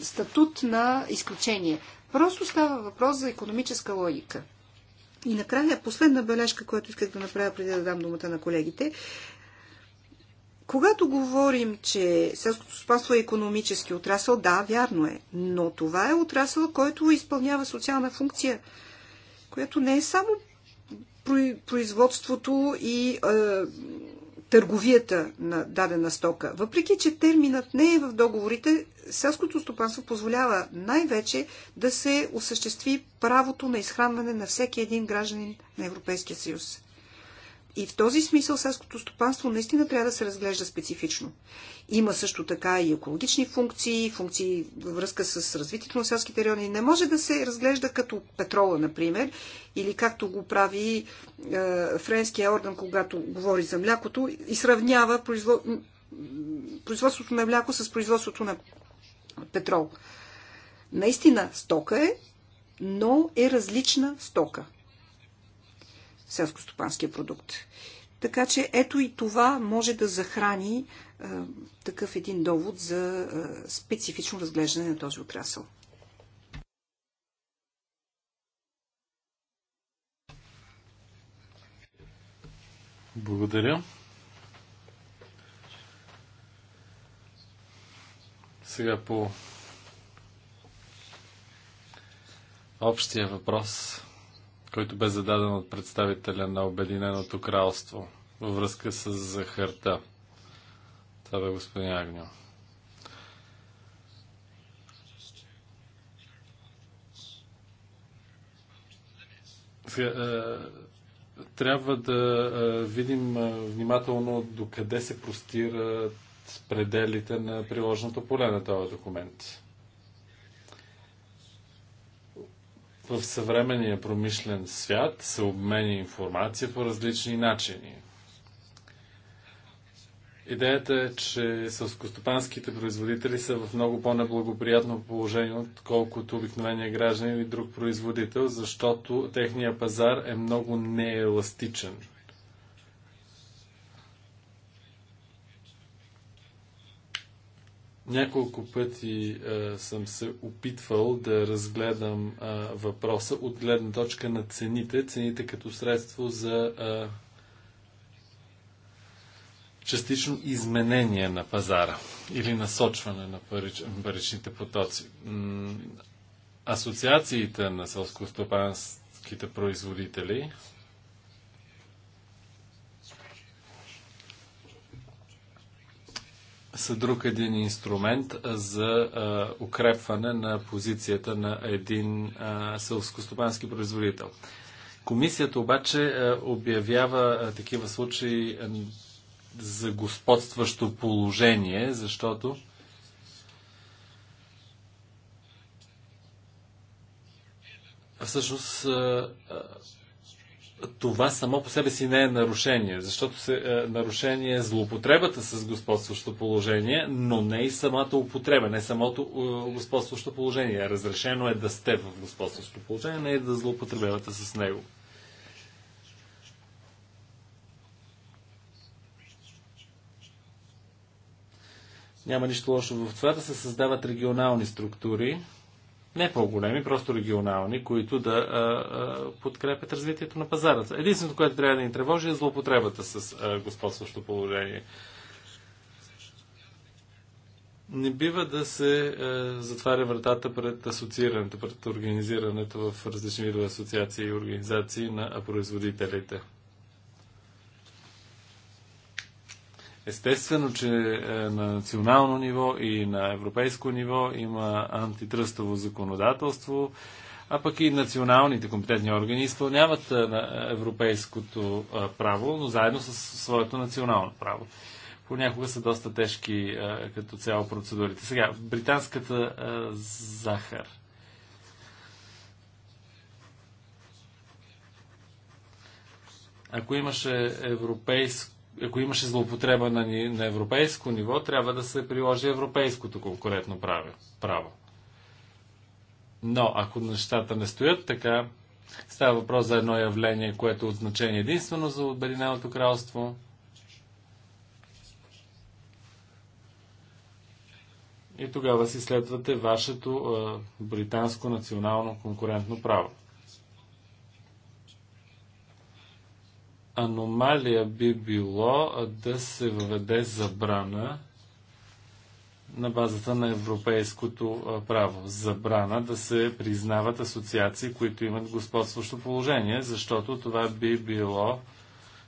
е, статут на изключение. Просто става въпрос за економическа логика. И накрая, последна бележка, която исках да направя преди да дам думата на колегите. Когато говорим, че селското стопанство е економически отрасъл, да, вярно е, но това е отрасъл, който изпълнява социална функция, която не е само производството и е, търговията на дадена стока. Въпреки, че терминът не е в договорите, селското стопанство позволява най-вече да се осъществи правото на изхранване на всеки един гражданин на Европейския съюз. И в този смисъл селското стопанство наистина трябва да се разглежда специфично. Има също така и екологични функции, функции във връзка с развитието на селските райони. Не може да се разглежда като петрола, например, или както го прави е, френския орган, когато говори за млякото и сравнява производ... производството на мляко с производството на петрол. Наистина стока е, но е различна стока селскостопанския продукт. Така че ето и това може да захрани а, е, такъв един довод за а, е, специфично разглеждане на този отрасъл. Благодаря. Сега по общия въпрос който бе зададен от представителя на Обединеното кралство във връзка с захарта. Това бе господин Агнио. Е, трябва да е, видим е, внимателно докъде се простират пределите на приложното поле на този документ. в съвременния промишлен свят се обменя информация по различни начини. Идеята е, че сълскостопанските производители са в много по-неблагоприятно положение, отколкото обикновения граждан или друг производител, защото техния пазар е много нееластичен. Няколко пъти а, е, съм се опитвал да разгледам а, е, въпроса от гледна точка на цените, цените като средство за а, е, частично изменение на пазара или насочване на парич, паричните потоци. Асоциациите на селско производители са друг един инструмент за а, укрепване на позицията на един селскостопански производител. Комисията обаче а, обявява а, такива случаи за господстващо положение, защото всъщност това само по себе си не е нарушение, защото се, е, нарушение е злоупотребата с господстващо положение, но не и самата употреба, не самото е, господстващо положение. Разрешено е да сте в господстващо положение, не и е да злоупотребявате с него. Няма нищо лошо в това да се създават регионални структури, не по-големи, просто регионални, които да а, а, подкрепят развитието на пазарата. Единственото, което трябва да ни тревожи е злоупотребата с а, господстващо положение. Не бива да се а, затваря вратата пред асоциирането, пред организирането в различни видове асоциации и организации на производителите. Естествено, че е, на национално ниво и на европейско ниво има антитръстово законодателство, а пък и националните компетентни органи изпълняват е, на европейското е, право, но заедно с своето национално право. Понякога са доста тежки като цяло процедурите. Сега, британската захар. Ако имаше европейско ако имаше злоупотреба на, ни, на европейско ниво, трябва да се приложи европейското конкурентно право. Но ако нещата не стоят така, става въпрос за едно явление, което е от значение единствено за Обединеното кралство. И тогава си следвате вашето е, британско национално конкурентно право. аномалия би било да се въведе забрана на базата на европейското право. Забрана да се признават асоциации, които имат господстващо положение, защото това би било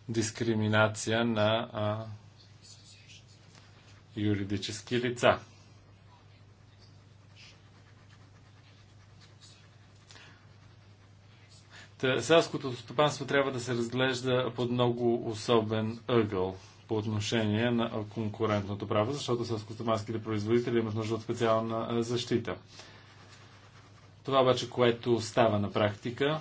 дискриминация на а, юридически лица. селското стопанство трябва да се разглежда под много особен ъгъл по отношение на конкурентното право, защото селскостопанските производители имат нужда от специална защита. Това обаче, което става на практика,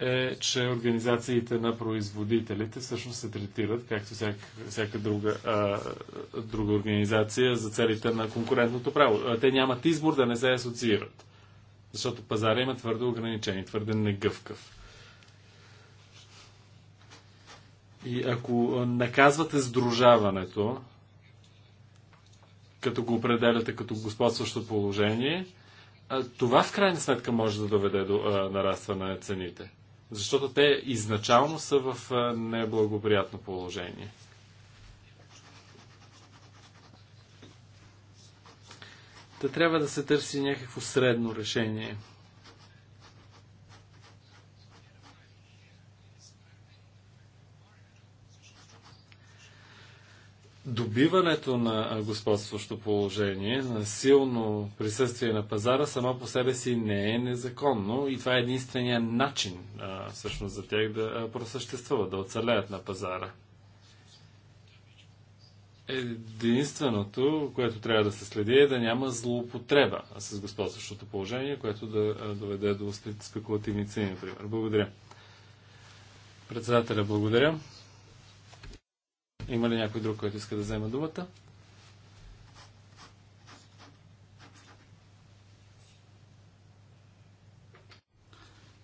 е, че организациите на производителите всъщност се третират, както всяка, всяка друга, а, друга организация, за целите на конкурентното право. Те нямат избор да не се асоциират. Защото пазара има твърде ограничен и твърде негъвкав. И ако наказвате сдружаването, като го определяте като господстващо положение, това в крайна сметка може да доведе до нарастване на цените. Защото те изначално са в неблагоприятно положение. Та трябва да се търси някакво средно решение. добиването на господстващо положение, на силно присъствие на пазара, само по себе си не е незаконно и това е единствения начин а, всъщност за тях да просъществуват, да оцелеят на пазара единственото, което трябва да се следи е да няма злоупотреба с господстващото положение, което да доведе до спекулативни цени, например. Благодаря. Председателя, благодаря. Има ли някой друг, който иска да вземе думата?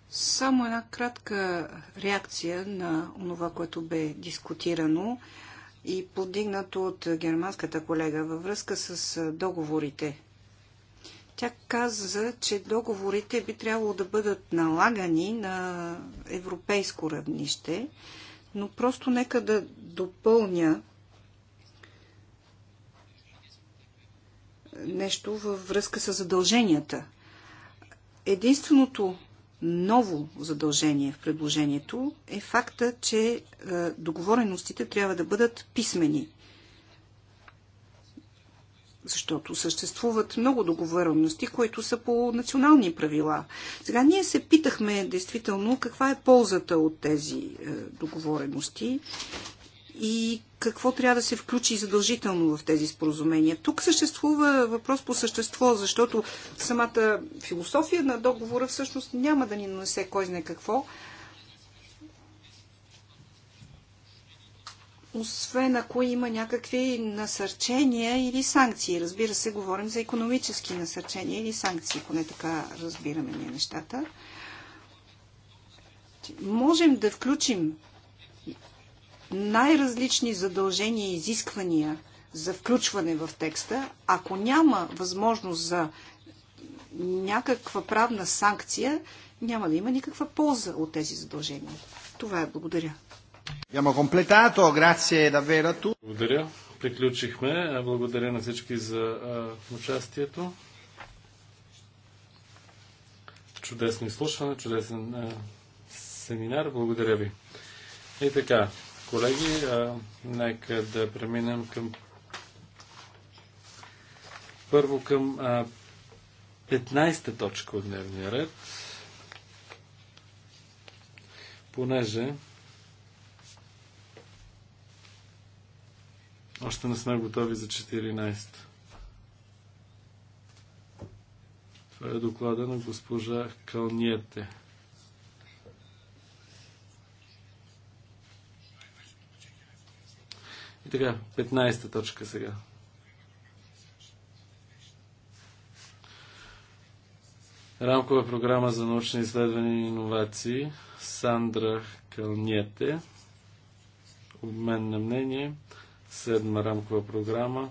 Само една кратка реакция на това, което бе дискутирано и подигнато от германската колега във връзка с договорите. Тя каза, че договорите би трябвало да бъдат налагани на европейско равнище, но просто нека да допълня нещо във връзка с задълженията. Единственото ново задължение в предложението е факта, че е, договореностите трябва да бъдат писмени. Защото съществуват много договорености, които са по национални правила. Сега ние се питахме действително каква е ползата от тези е, договорености и какво трябва да се включи задължително в тези споразумения. Тук съществува въпрос по същество, защото самата философия на договора всъщност няма да ни нанесе кой знае какво. Освен ако има някакви насърчения или санкции. Разбира се, говорим за економически насърчения или санкции, поне така разбираме ние нещата. Можем да включим най-различни задължения и изисквания за включване в текста, ако няма възможност за някаква правна санкция, няма да има никаква полза от тези задължения. Това е благодаря. Благодаря. Приключихме. Благодаря на всички за участието. Чудесно изслушване, чудесен семинар. Благодаря ви. И така, колеги, а, нека да преминем към първо към а, 15-та точка от дневния ред, понеже още не сме готови за 14-та. Това е доклада на госпожа Калниете. Така, 15-та точка сега. Рамкова програма за научни изследвания и иновации. Сандра Кълнете. Обмен на мнение. Седма рамкова програма.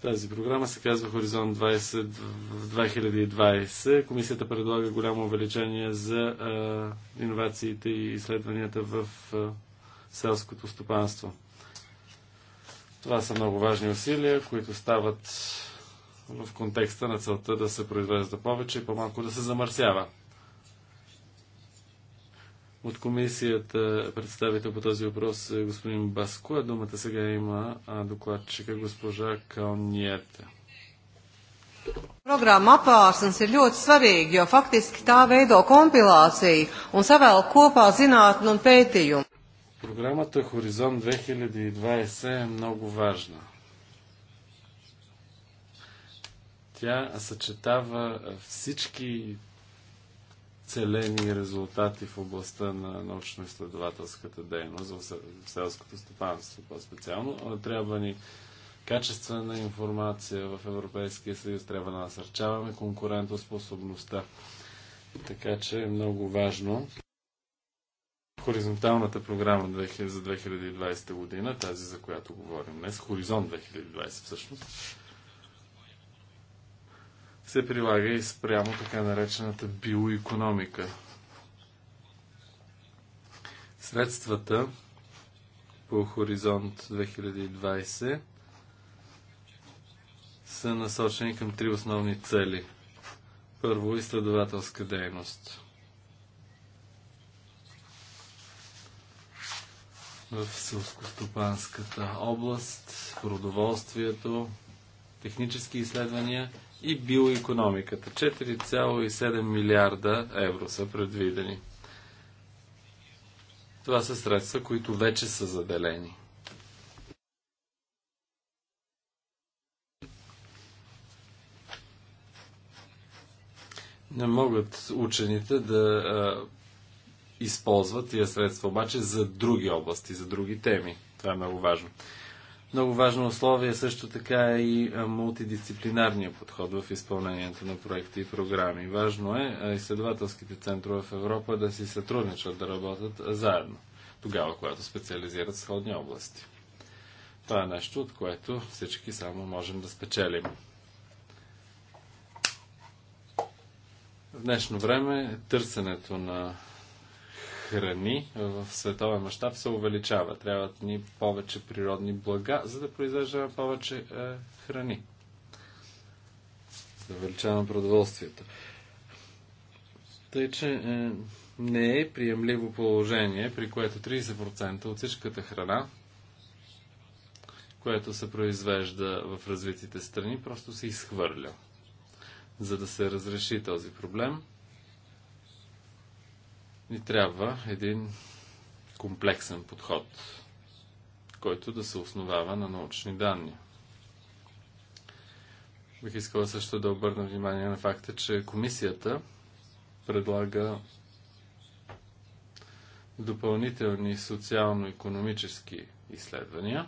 Тази програма се казва Хоризонт 20, 2020. Комисията предлага голямо увеличение за а, иновациите и изследванията в а, селското стопанство. Това са много важни усилия, които стават в контекста на целта да се произвежда повече и по-малко да се замърсява. От комисията представител по този въпрос е господин Баско, а думата сега има докладчика госпожа Калниете. Programma apvārsnes ir ļoti svarīga, jo faktiski tā veido kompilāciju un savēl kopā zinātnu un pētījumu. Програмата Хоризонт 2020 е много важна. Тя съчетава всички целени резултати в областта на научно-изследователската дейност, в селското стопанство по-специално. Трябва ни качествена информация в Европейския съюз, трябва да насърчаваме конкурентоспособността. Така че е много важно хоризонталната програма за 2020 година, тази за която говорим днес, Хоризонт 2020 всъщност, се прилага и спрямо така наречената биоекономика. Средствата по Хоризонт 2020 са насочени към три основни цели. Първо, изследователска дейност – в селскостопанската област, продоволствието, технически изследвания и биоекономиката. 4,7 милиарда евро са предвидени. Това са средства, които вече са заделени. Не могат учените да използват тия средства обаче за други области, за други теми. Това е много важно. Много важно условие е също така е и мултидисциплинарния подход в изпълнението на проекти и програми. Важно е изследователските центрове в Европа да си сътрудничат, да работят заедно, тогава, когато специализират сходни области. Това е нещо, от което всички само можем да спечелим. В днешно време търсенето на храни в световен мащаб се увеличава. Трябват ни повече природни блага, за да произвеждаме повече е, храни. Да увеличаваме продоволствието. Тъй, че е, не е приемливо положение, при което 30% от всичката храна, което се произвежда в развитите страни, просто се изхвърля. За да се разреши този проблем, ни трябва един комплексен подход, който да се основава на научни данни. Бих искала също да обърна внимание на факта, че комисията предлага допълнителни социално-економически изследвания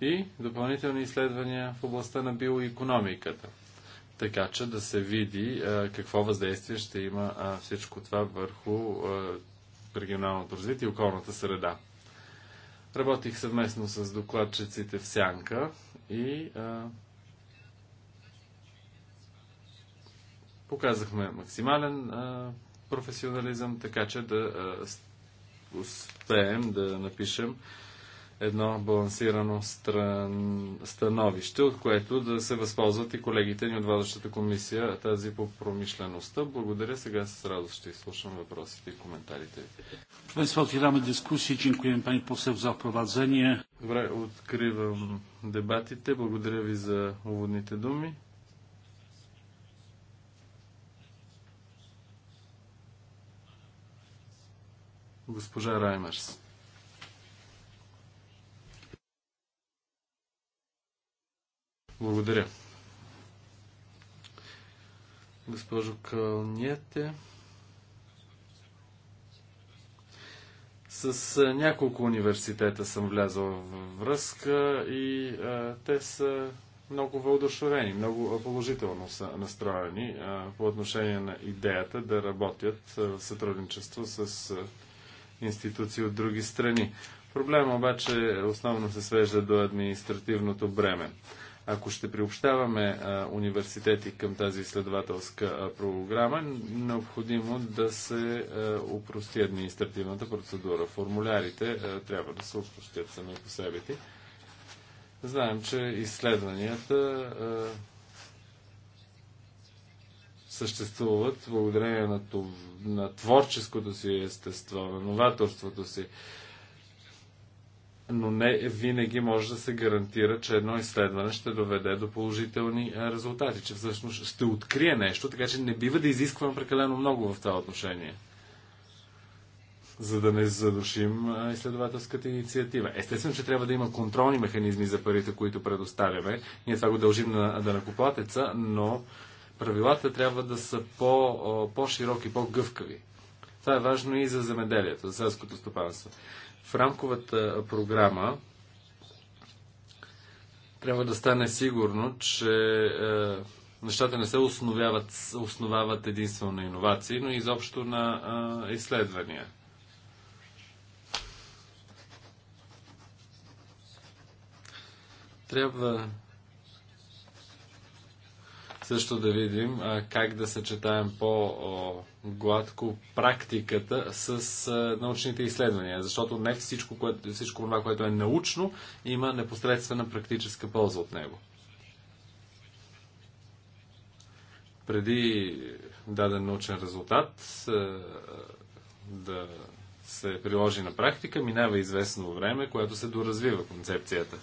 и допълнителни изследвания в областта на биоекономиката – така че да се види а, е, какво въздействие ще има а, е, всичко това върху а, е, регионалното развитие и околната среда. Работих съвместно с докладчиците в Сянка и показахме максимален професионализъм, така че да успеем да напишем едно балансирано стран... становище, от което да се възползват и колегите ни от водещата комисия, тази по промишлеността. Благодаря. Сега с радост ще изслушам въпросите и коментарите ви. Państwa, дискусии. dyskusję. Dziękujemy Pani Poseł za Добре, откривам дебатите. Благодаря ви за уводните думи. Госпожа Раймерс. Благодаря. Госпожо Кълниете. С няколко университета съм влязъл в връзка и а, те са много въодушевени, много положително са настроени а, по отношение на идеята да работят в сътрудничество с а, институции от други страни. Проблема обаче основно се свежда до административното бреме. Ако ще приобщаваме а, университети към тази изследователска а, програма, необходимо да се а, упрости административната процедура. Формулярите а, трябва да се упростят сами по себе си. Знаем, че изследванията а, съществуват благодарение на, това, на творческото си естество, на новаторството си но не винаги може да се гарантира, че едно изследване ще доведе до положителни е, резултати, че всъщност ще открие нещо, така че не бива да изискваме прекалено много в това отношение, за да не задушим е, изследователската инициатива. Естествено, че трябва да има контролни механизми за парите, които предоставяме. Ние това го дължим на данакоплатеца, но правилата трябва да са по, е, по-широки, по-гъвкави. Това е важно и за земеделието, за селското стопанство. В рамковата програма трябва да стане сигурно, че е, нещата не се основяват, основават единствено на иновации, но изобщо на е, изследвания. Трябва също да видим а, е, как да съчетаем по- гладко практиката с а, научните изследвания, защото не всичко, което, всичко това, което е научно, има непосредствена практическа полза от него. Преди даден научен резултат а, да се приложи на практика, минава известно време, което се доразвива концепцията.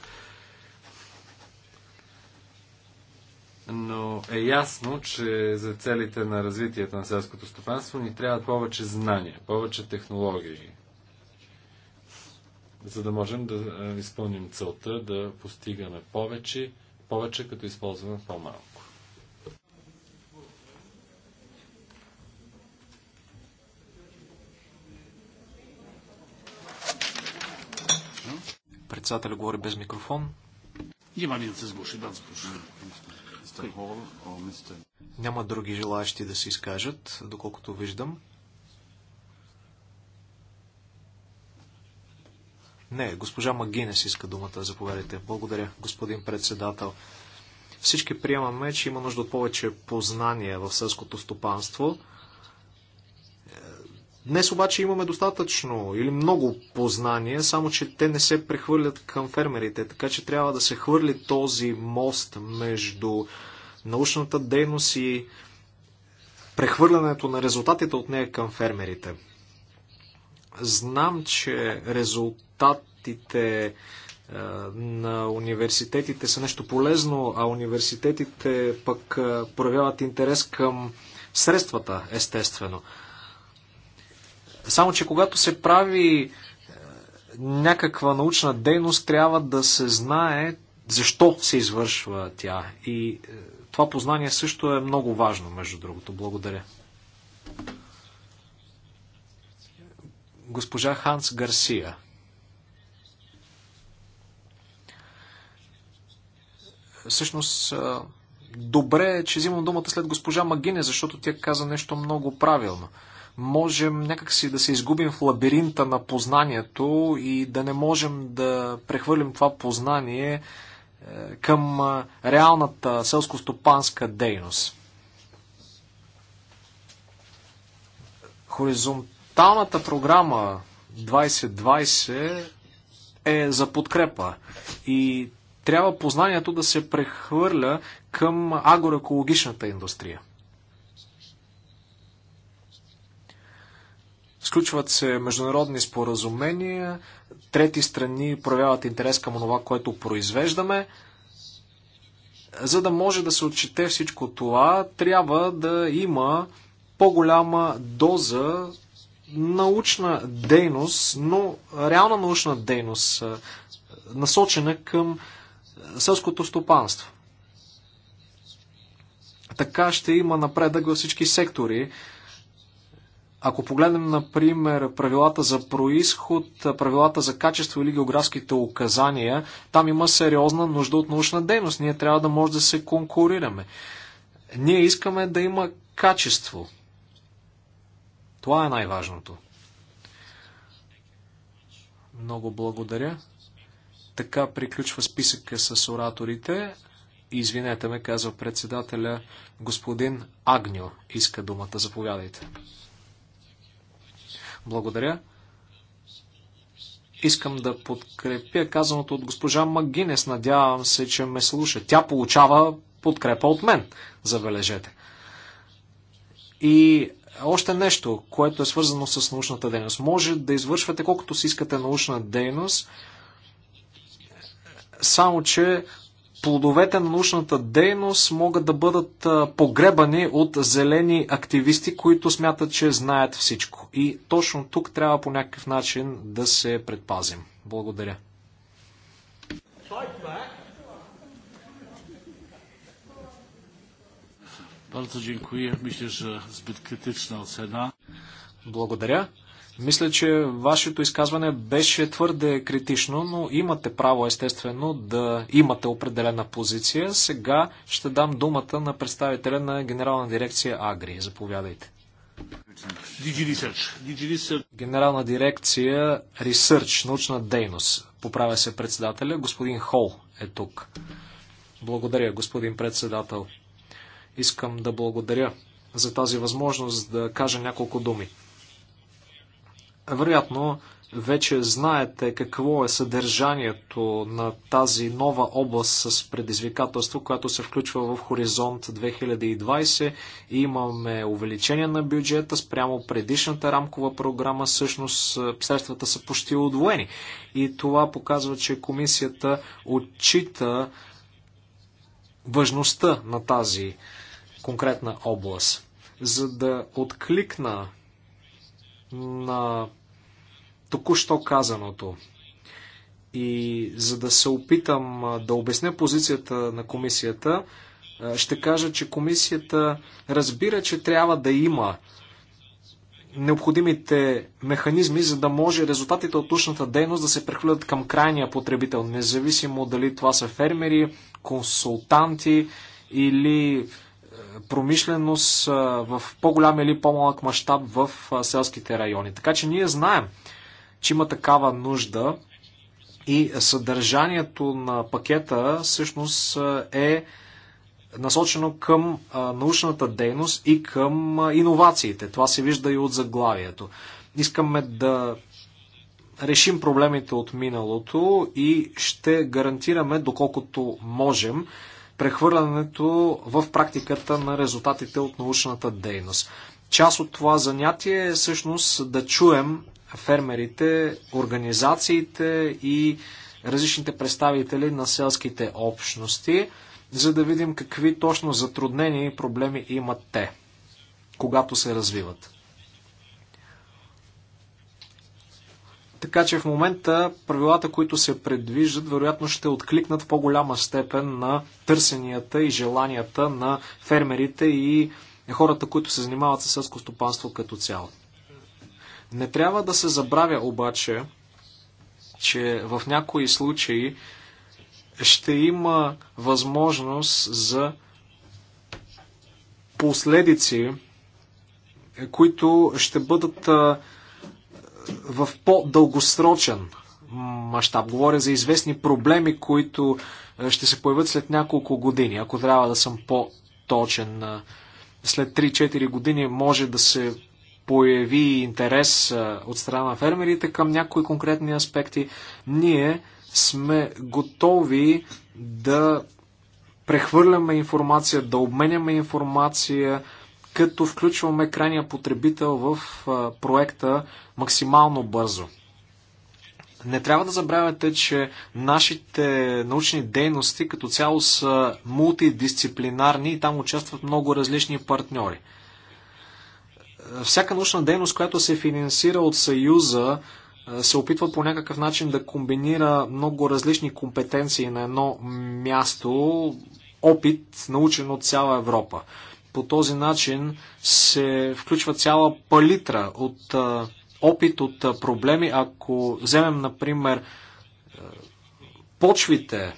но е ясно, че за целите на развитието на селското стопанство ни трябват повече знания, повече технологии, за да можем да изпълним целта да постигаме повече, повече като използваме по-малко. Председателя говори без микрофон. Nie ma więcej zgłoszeń. Bardzo proszę. Mm. Няма други желаящи да се изкажат, доколкото виждам. Не, госпожа Магинес иска думата. Заповядайте. Благодаря, господин председател. Всички приемаме, че има нужда от повече познания в селското стопанство. Днес обаче имаме достатъчно или много познания, само че те не се прехвърлят към фермерите, така че трябва да се хвърли този мост между научната дейност и прехвърлянето на резултатите от нея към фермерите. Знам, че резултатите на университетите са нещо полезно, а университетите пък проявяват интерес към средствата, естествено. Само, че когато се прави е, някаква научна дейност, трябва да се знае защо се извършва тя. И е, това познание също е много важно, между другото. Благодаря. Госпожа Ханс Гарсия. Всъщност, е, добре е, че взимам думата след госпожа Магине, защото тя каза нещо много правилно можем някакси да се изгубим в лабиринта на познанието и да не можем да прехвърлим това познание е, към е, реалната селско-стопанска дейност. Хоризонталната програма 2020 е за подкрепа и трябва познанието да се прехвърля към агроекологичната индустрия. Сключват се международни споразумения, трети страни проявяват интерес към това, което произвеждаме. За да може да се отчете всичко това, трябва да има по-голяма доза научна дейност, но реална научна дейност, насочена към селското стопанство. Така ще има напредък във всички сектори ако погледнем, например, правилата за происход, правилата за качество или географските указания, там има сериозна нужда от научна дейност. Ние трябва да може да се конкурираме. Ние искаме да има качество. Това е най-важното. Много благодаря. Така приключва списъка с ораторите. Извинете ме, казва председателя, господин Агньо иска думата. Заповядайте. Благодаря. Искам да подкрепя казаното от госпожа Магинес. Надявам се, че ме слуша. Тя получава подкрепа от мен, забележете. И още нещо, което е свързано с научната дейност. Може да извършвате колкото си искате научна дейност, само че плодовете на научната дейност могат да бъдат погребани от зелени активисти, които смятат, че знаят всичко. И точно тук трябва по някакъв начин да се предпазим. Благодаря. Благодаря. Мисля, че вашето изказване беше твърде критично, но имате право, естествено, да имате определена позиция. Сега ще дам думата на представителя на Генерална дирекция Агри. Заповядайте. Генерална дирекция Research, научна дейност. Поправя се председателя. Господин Хол е тук. Благодаря, господин председател. Искам да благодаря за тази възможност да кажа няколко думи. Вероятно, вече знаете какво е съдържанието на тази нова област с предизвикателство, която се включва в Хоризонт 2020. Имаме увеличение на бюджета спрямо предишната рамкова програма. Всъщност е, средствата са почти удвоени. И това показва, че комисията отчита важността на тази конкретна област. За да откликна на току-що казаното. И за да се опитам да обясня позицията на комисията, ще кажа, че комисията разбира, че трябва да има необходимите механизми, за да може резултатите от точната дейност да се прехвърлят към крайния потребител, независимо дали това са фермери, консултанти или промишленост в по-голям или по-малък мащаб в селските райони. Така че ние знаем, че има такава нужда и съдържанието на пакета всъщност е насочено към научната дейност и към иновациите. Това се вижда и от заглавието. Искаме да решим проблемите от миналото и ще гарантираме, доколкото можем, прехвърлянето в практиката на резултатите от научната дейност. Част от това занятие е всъщност да чуем фермерите, организациите и различните представители на селските общности, за да видим какви точно затруднения и проблеми имат те, когато се развиват. Така че в момента правилата, които се предвиждат, вероятно ще откликнат в по-голяма степен на търсенията и желанията на фермерите и хората, които се занимават с селско стопанство като цяло. Не трябва да се забравя обаче, че в някои случаи ще има възможност за последици, които ще бъдат в по-дългосрочен мащаб. Говоря за известни проблеми, които е, ще се появят след няколко години. Ако трябва да съм по-точен, е, след 3-4 години може да се появи интерес е, от страна на фермерите към някои конкретни аспекти. Ние сме готови да прехвърляме информация, да обменяме информация, като включваме крайния потребител в проекта максимално бързо. Не трябва да забравяте, че нашите научни дейности като цяло са мултидисциплинарни и там участват много различни партньори. Всяка научна дейност, която се финансира от Съюза, се опитва по някакъв начин да комбинира много различни компетенции на едно място, опит, научен от цяла Европа. По този начин се включва цяла палитра от опит, от проблеми. Ако вземем, например, почвите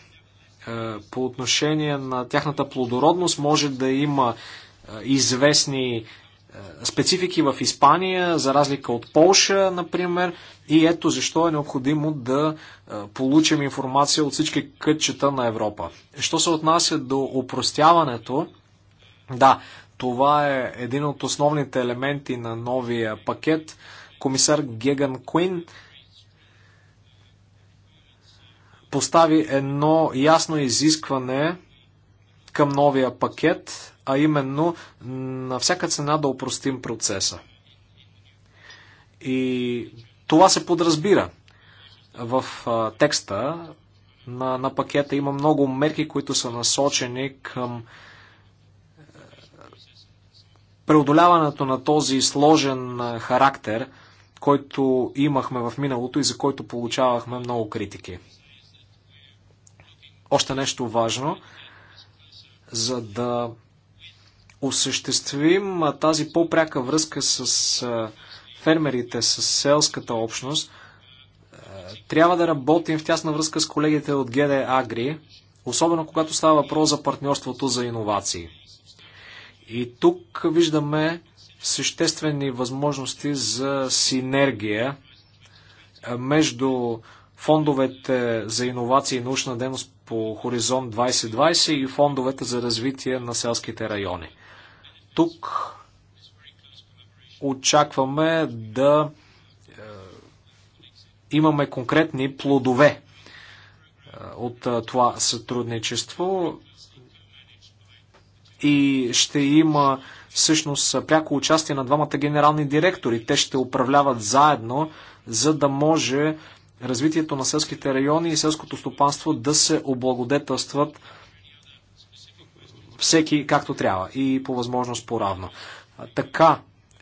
по отношение на тяхната плодородност, може да има известни специфики в Испания, за разлика от Полша, например. И ето защо е необходимо да получим информация от всички кътчета на Европа. Що се отнася до упростяването, да, това е един от основните елементи на новия пакет. Комисар Геган Куин постави едно ясно изискване към новия пакет, а именно на всяка цена да упростим процеса. И това се подразбира в текста на, на пакета. Има много мерки, които са насочени към преодоляването на този сложен характер, който имахме в миналото и за който получавахме много критики. Още нещо важно, за да осъществим тази по-пряка връзка с фермерите, с селската общност, трябва да работим в тясна връзка с колегите от ГД Агри, особено когато става въпрос за партньорството за иновации. И тук виждаме съществени възможности за синергия е, между фондовете за иновации и научна дейност по Хоризонт 2020 и фондовете за развитие на селските райони. Тук очакваме да е, имаме конкретни плодове е, от това сътрудничество и ще има всъщност пряко участие на двамата генерални директори. Те ще управляват заедно, за да може развитието на селските райони и селското стопанство да се облагодетелстват всеки както трябва и по възможност по-равно. Така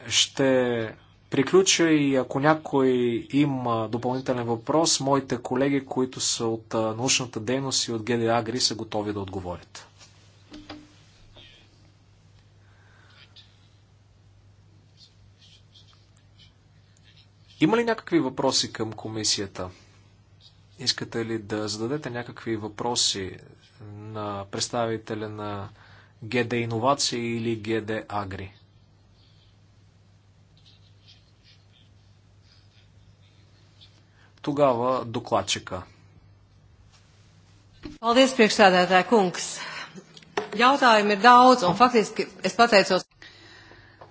ще приключа и ако някой има допълнителен въпрос, моите колеги, които са от научната дейност и от ГДА Гри са готови да отговорят. Има ли някакви въпроси към комисията? Искате ли да зададете някакви въпроси на представителя на ГД Инновации или ГД Агри? Тогава докладчика.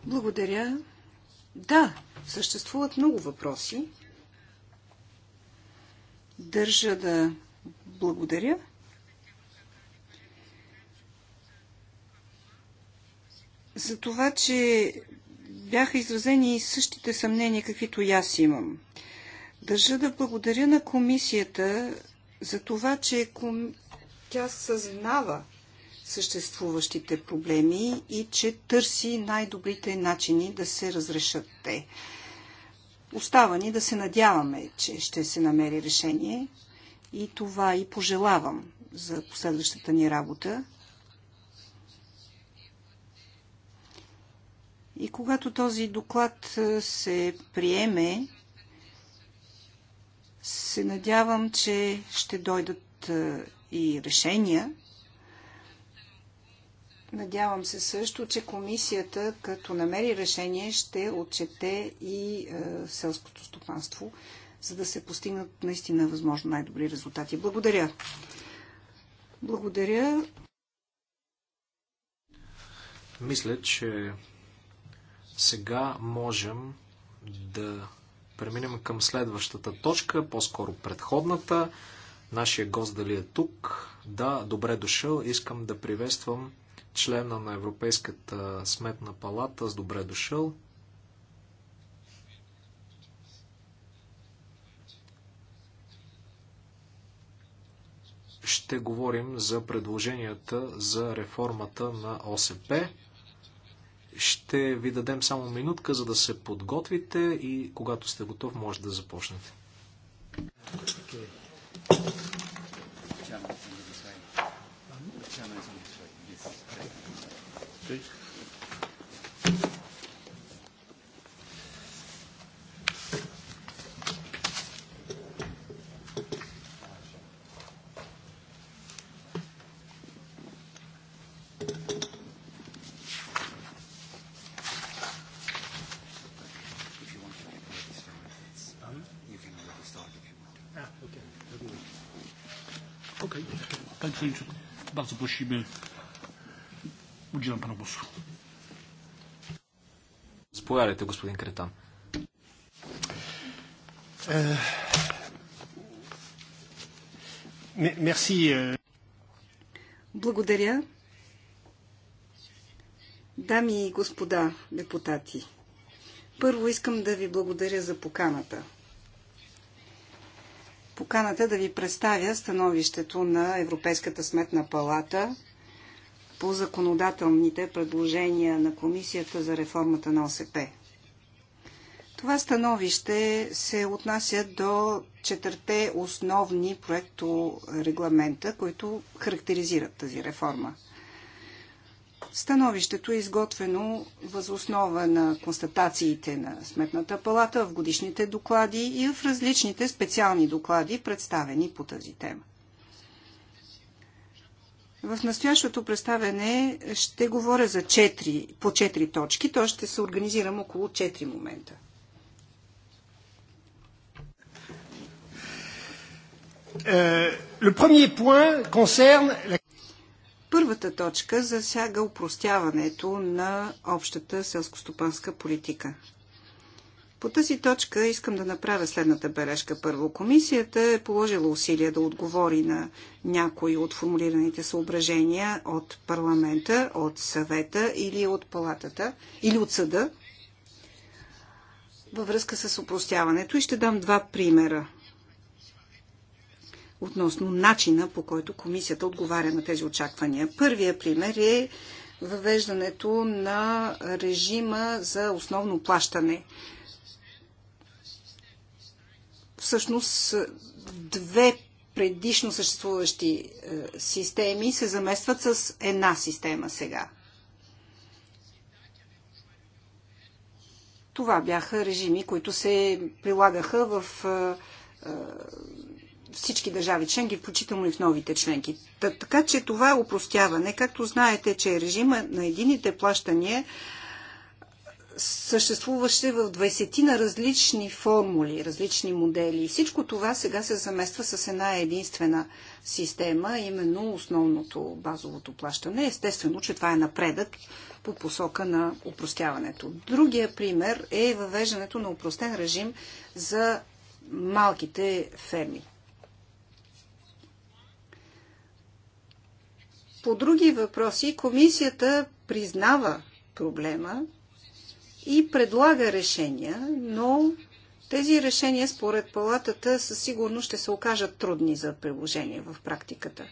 Благодаря. Да, Съществуват много въпроси. Държа да благодаря за това, че бяха изразени и същите съмнения, каквито и аз имам. Държа да благодаря на комисията за това, че ком... тя съзнава съществуващите проблеми и че търси най-добрите начини да се разрешат те. Остава ни да се надяваме, че ще се намери решение и това и пожелавам за последващата ни работа. И когато този доклад е, се приеме, се надявам, че ще дойдат е, и решения, Надявам се също, че комисията, като намери решение, ще отчете и е, селското стопанство, за да се постигнат наистина възможно най-добри резултати. Благодаря. Благодаря. Мисля, че сега можем да преминем към следващата точка, по-скоро предходната. Нашия гост дали е тук? Да, добре дошъл. Искам да приветствам члена на Европейската сметна палата с добре дошъл. Ще говорим за предложенията за реформата на ОСП. Ще ви дадем само минутка, за да се подготвите и когато сте готов, може да започнете. Okay. please. Thank you Bardzo prosimy Заповядайте, господин Кретан. Е, мерси. Е. Благодаря. Дами и господа депутати, първо искам да ви благодаря за поканата. Поканата да ви представя становището на Европейската сметна палата – по законодателните предложения на Комисията за реформата на ОСП. Това становище се отнася до четирте основни проекто регламента, които характеризират тази реформа. Становището е изготвено възоснова на констатациите на Сметната палата в годишните доклади и в различните специални доклади, представени по тази тема. В настоящото представене ще говоря за 4, по четири точки, То ще се организирам около четири момента. Е, Първата точка засяга упростяването на общата селскостопанска политика. По тази точка искам да направя следната бележка. Първо, комисията е положила усилия да отговори на някои от формулираните съображения от парламента, от съвета или от палатата, или от съда във връзка с упростяването и ще дам два примера относно начина по който комисията отговаря на тези очаквания. Първия пример е въвеждането на режима за основно плащане – всъщност е, две предишно съществуващи е, системи се заместват с една система сега. Това бяха режими, които се прилагаха в е, всички държави членки, включително и в новите членки. Така че това е упростяване. Както знаете, че режима на едините плащания съществуваше в 20 на различни формули, различни модели. И всичко това сега се замества с една единствена система, именно основното базовото плащане. Естествено, че това е напредък по посока на упростяването. Другия пример е въвеждането на упростен режим за малките ферми. По други въпроси, комисията признава проблема и предлага решения, но тези решения според палатата със сигурност ще се окажат трудни за приложение в практиката.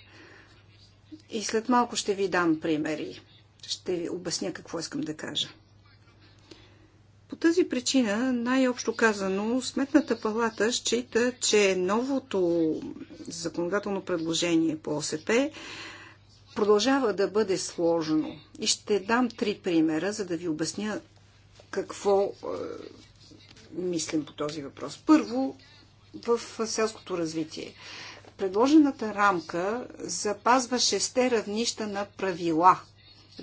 И след малко ще ви дам примери. Ще ви обясня какво искам да кажа. По тази причина, най-общо казано, Сметната палата счита, че новото законодателно предложение по ОСП продължава да бъде сложно. И ще дам три примера, за да ви обясня какво е, мислим по този въпрос. Първо, в селското развитие. Предложената рамка запазва шесте равнища на правила –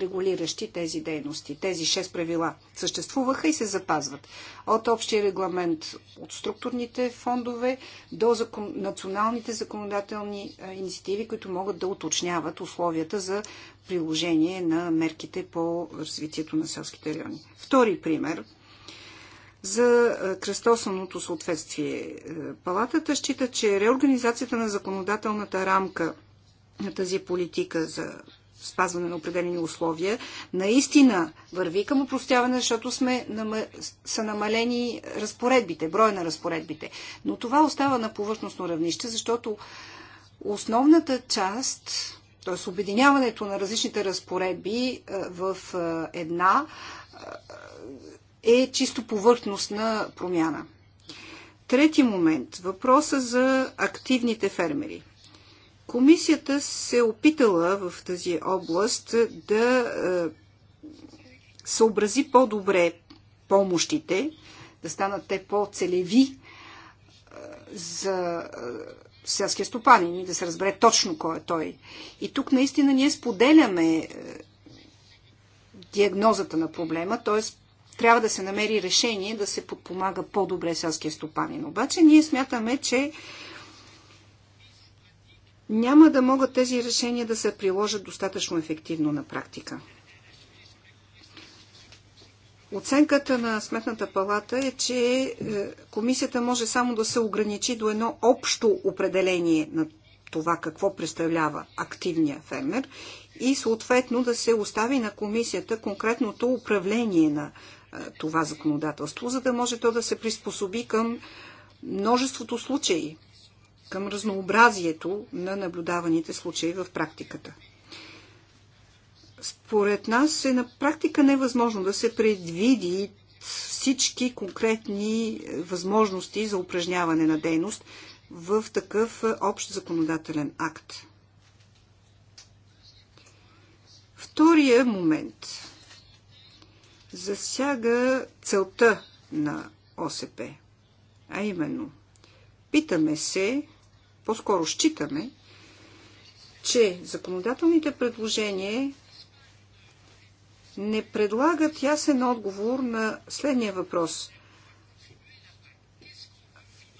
регулиращи тези дейности. Тези шест правила съществуваха и се запазват. От общия регламент от структурните фондове до закон... националните законодателни инициативи, които могат да уточняват условията за приложение на мерките по развитието на селските райони. Втори пример за кръстосаното съответствие. Е, палатата счита, че реорганизацията на законодателната рамка на тази политика за спазване на определени условия, наистина върви към упростяване, защото сме, са намалени разпоредбите, броя на разпоредбите. Но това остава на повърхностно равнище, защото основната част, т.е. обединяването на различните разпоредби е, в е, една, е, е чисто повърхностна промяна. Трети момент. Въпроса за активните фермери. Комисията се опитала в тази област да е, съобрази по-добре помощите, да станат те по-целеви е, за е, селския стопанин и да се разбере точно кой е той. И тук наистина ние споделяме диагнозата на проблема, т.е. трябва да се намери решение да се подпомага по-добре селския стопанин. Обаче ние смятаме, че няма да могат тези решения да се приложат достатъчно ефективно на практика. Оценката на Сметната палата е, че е, комисията може само да се ограничи до едно общо определение на това какво представлява активния фермер и съответно да се остави на комисията конкретното управление на е, това законодателство, за да може то да се приспособи към множеството случаи, към разнообразието на наблюдаваните случаи в практиката. Според нас е на практика невъзможно да се предвиди всички конкретни възможности за упражняване на дейност в такъв общ законодателен акт. Втория момент засяга целта на ОСП, а именно питаме се по-скоро считаме, че законодателните предложения не предлагат ясен отговор на следния въпрос.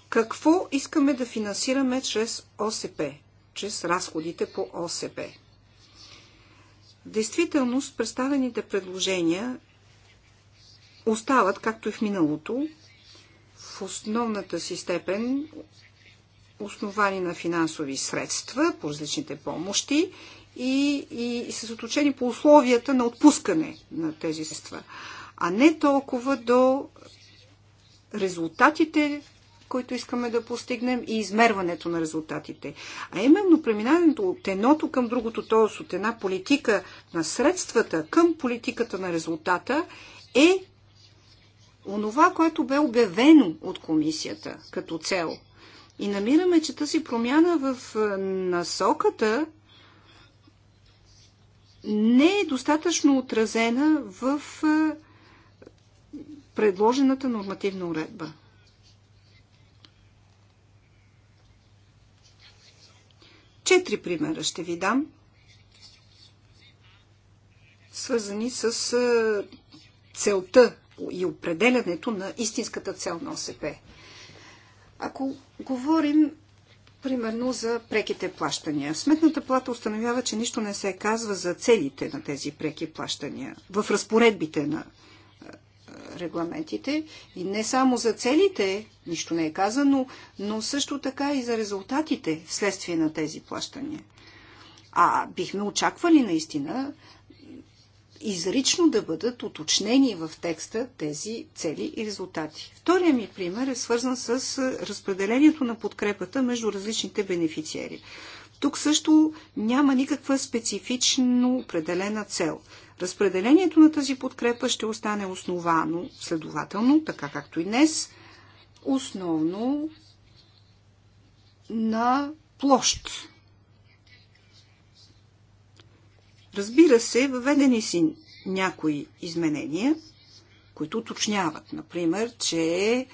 Какво искаме да финансираме чрез ОСП, чрез разходите по ОСП? В действителност представените предложения остават, както и в миналото, в основната си степен основани на финансови средства по различните помощи и, и, и са по условията на отпускане на тези средства, а не толкова до резултатите, които искаме да постигнем и измерването на резултатите. А именно преминаването от едното към другото, т.е. от една политика на средствата към политиката на резултата е онова, което бе обявено от комисията като цел – и намираме, че тази промяна в насоката не е достатъчно отразена в предложената нормативна уредба. Четири примера ще ви дам, свързани с целта и определянето на истинската цел на ОСП. Ако говорим примерно за преките плащания. Сметната плата установява, че нищо не се казва за целите на тези преки плащания в разпоредбите на регламентите и не само за целите, нищо не е казано, но също така и за резултатите вследствие на тези плащания. А бихме очаквали наистина изрично да бъдат уточнени в текста тези цели и резултати. Втория ми пример е свързан с разпределението на подкрепата между различните бенефициери. Тук също няма никаква специфично определена цел. Разпределението на тази подкрепа ще остане основано, следователно, така както и днес, основно на площ Разбира се, въведени си някои изменения, които уточняват, например, че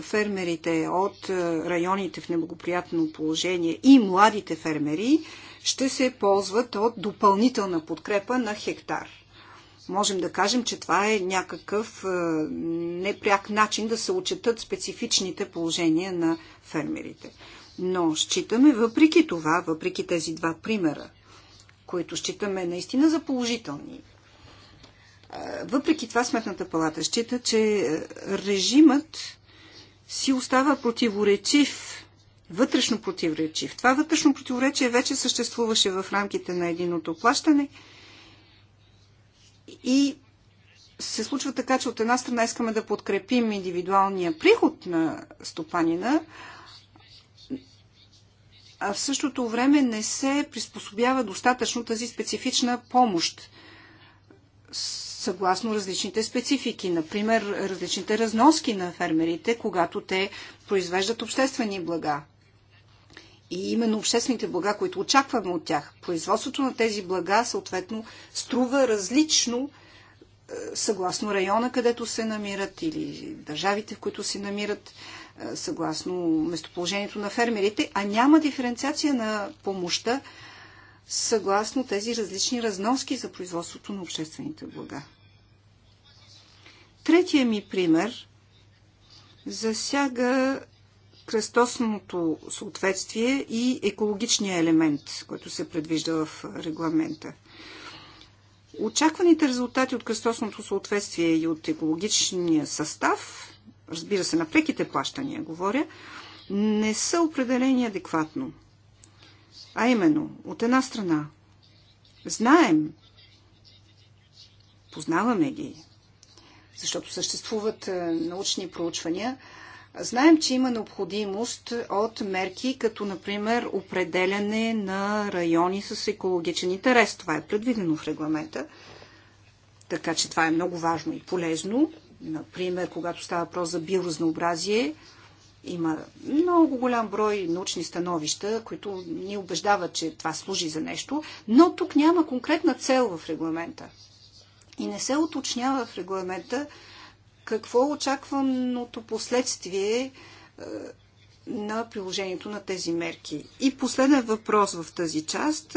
фермерите от е, районите в неблагоприятно положение и младите фермери ще се ползват от допълнителна подкрепа на хектар. Можем да кажем, че това е някакъв е, непряк начин да се отчетат специфичните положения на фермерите. Но считаме, въпреки това, въпреки тези два примера, които считаме наистина за положителни. Въпреки това Сметната палата счита, че режимът си остава противоречив, вътрешно противоречив. Това вътрешно противоречие вече съществуваше в рамките на единото плащане и се случва така, че от една страна искаме да подкрепим индивидуалния приход на стопанина, а в същото време не се приспособява достатъчно тази специфична помощ съгласно различните специфики. Например, различните разноски на фермерите, когато те произвеждат обществени блага. И именно обществените блага, които очакваме от тях, производството на тези блага съответно струва различно е, съгласно района, където се намират или държавите, в които се намират съгласно местоположението на фермерите, а няма диференциация на помощта съгласно тези различни разноски за производството на обществените блага. Третия ми пример засяга кръстосното съответствие и екологичния елемент, който се предвижда в регламента. Очакваните резултати от кръстосното съответствие и от екологичния състав разбира се, на преките плащания говоря, не са определени адекватно. А именно, от една страна, знаем, познаваме ги, защото съществуват е, научни проучвания, знаем, че има необходимост от мерки, като например определяне на райони с екологичен интерес. Това е предвидено в регламента. Така че това е много важно и полезно. Например, когато става въпрос за биоразнообразие, има много голям брой научни становища, които ни убеждават, че това служи за нещо, но тук няма конкретна цел в регламента. И не се уточнява в регламента какво е очакваното последствие е, на приложението на тези мерки. И последен въпрос в тази част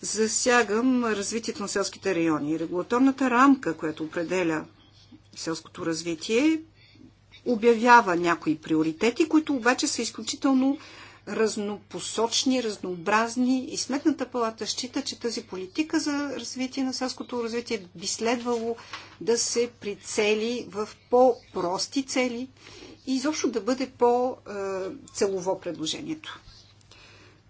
засягам развитието на селските райони. Регулаторната рамка, която определя селското развитие обявява някои приоритети, които обаче са изключително разнопосочни, разнообразни и Сметната палата счита, че тази политика за развитие на селското развитие би следвало да се прицели в по-прости цели и изобщо да бъде по-целово предложението.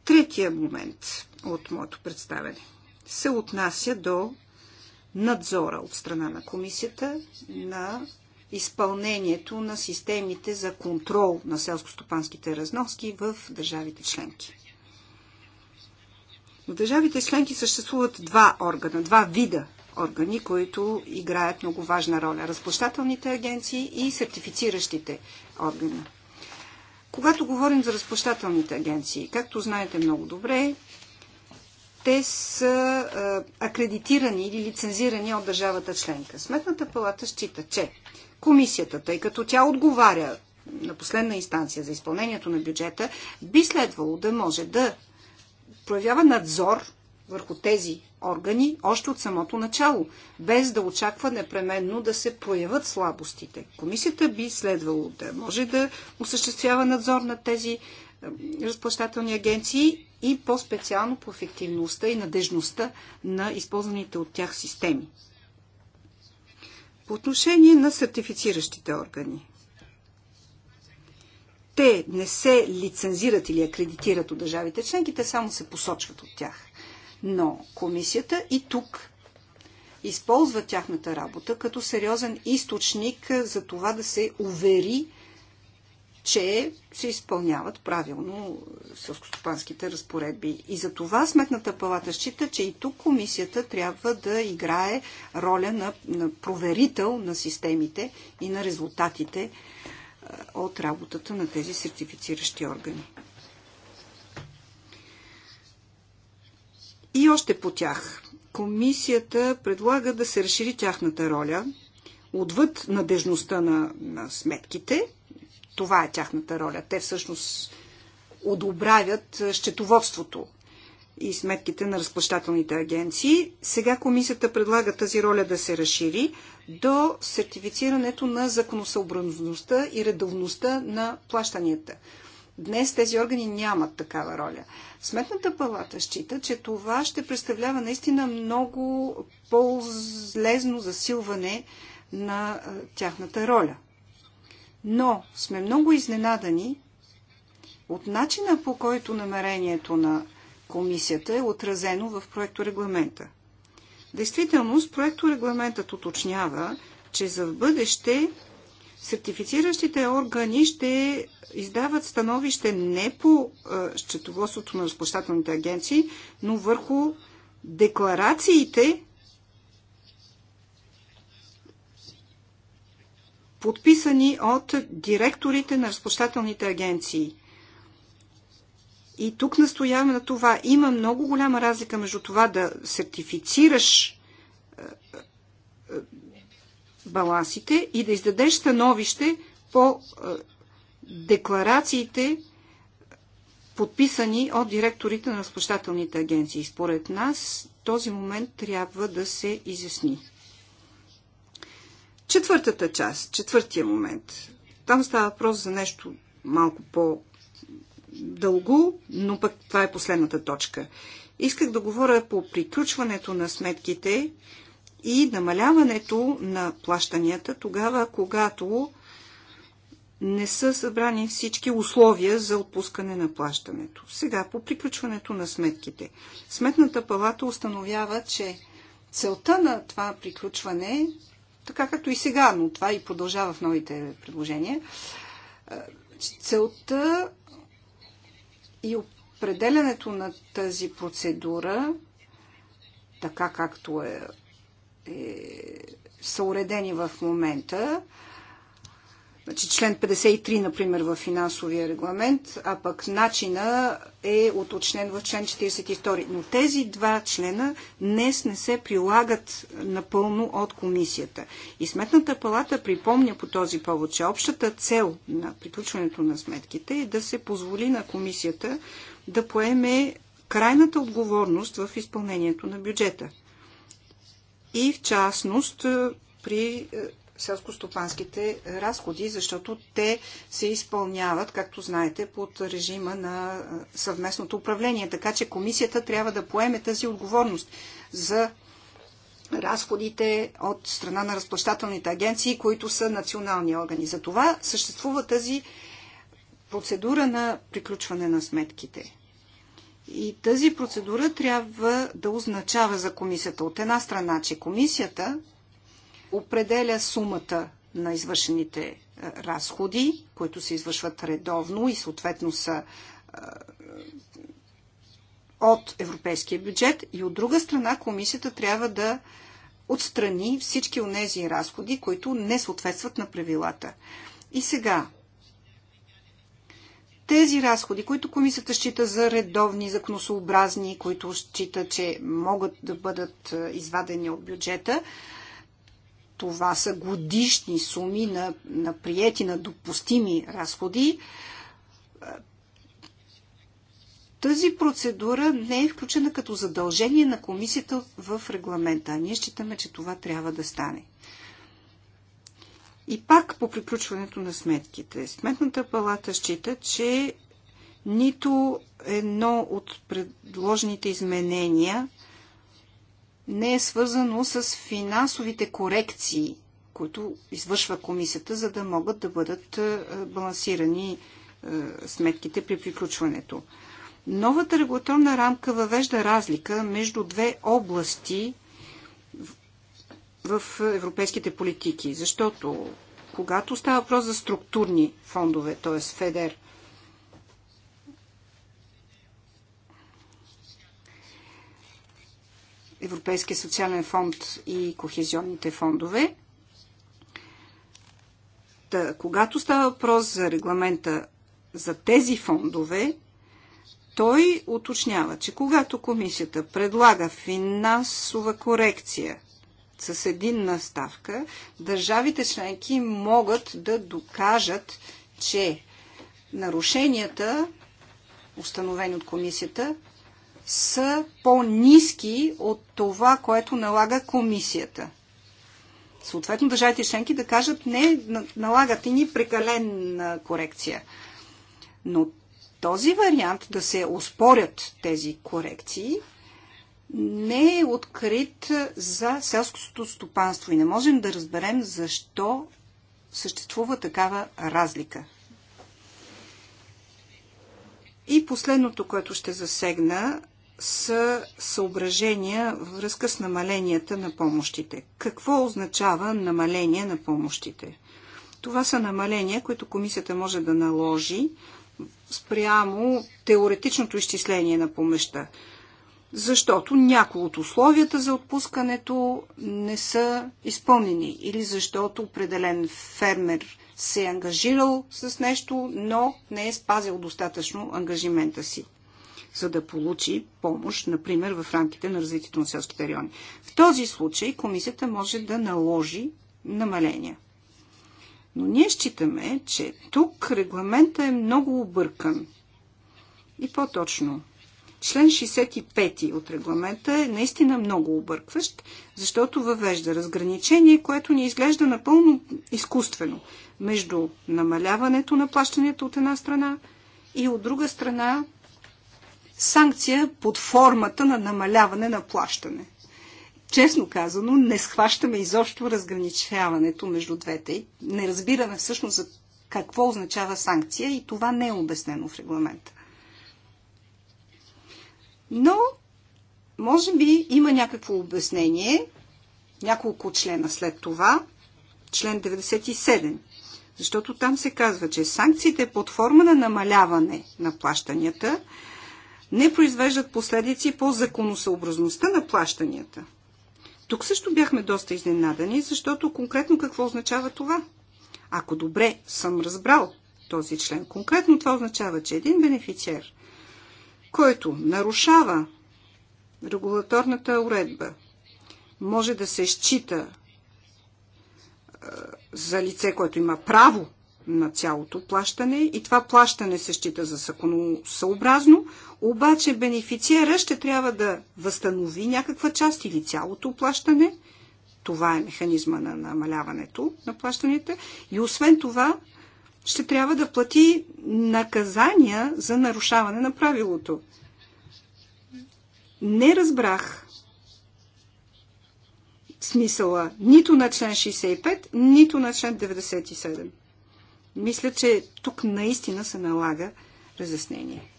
Третия момент от моето представяне се отнася до надзора от страна на комисията на изпълнението на системите за контрол на селско-стопанските разноски в държавите членки. В държавите членки съществуват два органа, два вида органи, които играят много важна роля. Разплащателните агенции и сертифициращите органи. Когато говорим за разплащателните агенции, както знаете много добре, те са а, акредитирани или лицензирани от държавата членка. Сметната палата счита, че комисията, тъй като тя отговаря на последна инстанция за изпълнението на бюджета, би следвало да може да проявява надзор върху тези органи още от самото начало, без да очаква непременно да се проявят слабостите. Комисията би следвало да може да осъществява надзор на тези разплащателни агенции и по-специално по ефективността и надежността на използваните от тях системи. По отношение на сертифициращите органи. Те не се лицензират или акредитират от държавите членки, те само се посочват от тях. Но комисията и тук използва тяхната работа като сериозен източник за това да се увери че се изпълняват правилно селскостопанските разпоредби. И за това Сметната палата счита, че и тук комисията трябва да играе роля на, на проверител на системите и на резултатите е, от работата на тези сертифициращи органи. И още по тях. Комисията предлага да се разшири тяхната роля отвъд надежността на, на сметките – това е тяхната роля. Те всъщност одобравят счетоводството и сметките на разплащателните агенции. Сега комисията предлага тази роля да се разшири до сертифицирането на законосъобразността и редовността на плащанията. Днес тези органи нямат такава роля. Сметната палата счита, че това ще представлява наистина много по злезно засилване на тяхната роля но сме много изненадани от начина по който намерението на комисията е отразено в проекто регламента. Действително, с проекто регламентът уточнява, че за в бъдеще сертифициращите органи ще издават становище не по счетоводството на разплащателните агенции, но върху декларациите подписани от директорите на разплащателните агенции. И тук настояваме на това. Има много голяма разлика между това да сертифицираш е, е, балансите и да издадеш становище по е, декларациите, подписани от директорите на разплащателните агенции. Според нас този момент трябва да се изясни. Четвъртата част, четвъртия момент. Там става въпрос за нещо малко по-дълго, но пък това е последната точка. Исках да говоря по приключването на сметките и намаляването на плащанията тогава, когато не са събрани всички условия за отпускане на плащането. Сега, по приключването на сметките. Сметната палата установява, че целта на това приключване така както и сега, но това и продължава в новите предложения. Е, целта и определенето на тази процедура, така както е, е, са уредени в момента, е, Значи член 53, например, в финансовия регламент, а пък начина е уточнен в член 42. Но тези два члена днес не се прилагат напълно от комисията. И Сметната палата припомня по този повод, че общата цел на приключването на сметките е да се позволи на комисията да поеме крайната отговорност в изпълнението на бюджета. И в частност при селско-стопанските разходи, защото те се изпълняват, както знаете, под режима на съвместното управление. Така че комисията трябва да поеме тази отговорност за разходите от страна на разплащателните агенции, които са национални органи. За това съществува тази процедура на приключване на сметките. И тази процедура трябва да означава за комисията от една страна, че комисията определя сумата на извършените е, разходи, които се извършват редовно и съответно са е, от европейския бюджет и от друга страна комисията трябва да отстрани всички от тези разходи, които не съответстват на правилата. И сега, тези разходи, които комисията счита за редовни, законосообразни, които счита, че могат да бъдат е, извадени от бюджета, това са годишни суми на, на приети на допустими разходи. Е, тази процедура не е включена като задължение на комисията в регламента. Ние считаме, че това трябва да стане. И пак по приключването на сметките. Сметната палата счита, че нито едно от предложените изменения не е свързано с финансовите корекции, които извършва комисията, за да могат да бъдат е, балансирани е, сметките при приключването. Новата регулаторна рамка въвежда разлика между две области в европейските политики, защото когато става въпрос за структурни фондове, т.е. ФЕДЕР – Европейския социален фонд и кохезионните фондове. Та, когато става въпрос за регламента за тези фондове, той уточнява, че когато комисията предлага финансова корекция с единна ставка, държавите членки могат да докажат, че нарушенията, установени от комисията, са по-низки от това, което налага комисията. Съответно, държавите членки да кажат, не, налагат и ни прекалена корекция. Но този вариант да се успорят тези корекции не е открит за селското стопанство и не можем да разберем защо съществува такава разлика. И последното, което ще засегна, са съображения връзка с намаленията на помощите. Какво означава намаление на помощите? Това са намаления, които комисията може да наложи спрямо теоретичното изчисление на помощта. Защото някои от условията за отпускането не са изпълнени или защото определен фермер се е ангажирал с нещо, но не е спазил достатъчно ангажимента си за да получи помощ, например, в рамките на развитието на селските райони. В този случай комисията може да наложи намаления. Но ние считаме, че тук регламента е много объркан. И по-точно, член 65 от регламента е наистина много объркващ, защото въвежда разграничение, което ни изглежда напълно изкуствено между намаляването на плащането от една страна и от друга страна санкция под формата на намаляване на плащане. Честно казано, не схващаме изобщо разграничаването между двете. Не разбираме всъщност за какво означава санкция и това не е обяснено в регламента. Но, може би, има някакво обяснение, няколко члена след това, член 97, защото там се казва, че санкциите под форма на намаляване на плащанията – не произвеждат последици по законосъобразността на плащанията. Тук също бяхме доста изненадани, защото конкретно какво означава това? Ако добре съм разбрал този член, конкретно това означава, че един бенефициер, който нарушава регулаторната уредба, може да се счита за лице, което има право на цялото плащане и това плащане се счита за законосъобразно, обаче бенефициера ще трябва да възстанови някаква част или цялото плащане. Това е механизма на намаляването на плащанията. И освен това, ще трябва да плати наказания за нарушаване на правилото. Не разбрах смисъла нито на член 65, нито на член 97. Мисля, че тук наистина се налага разяснение.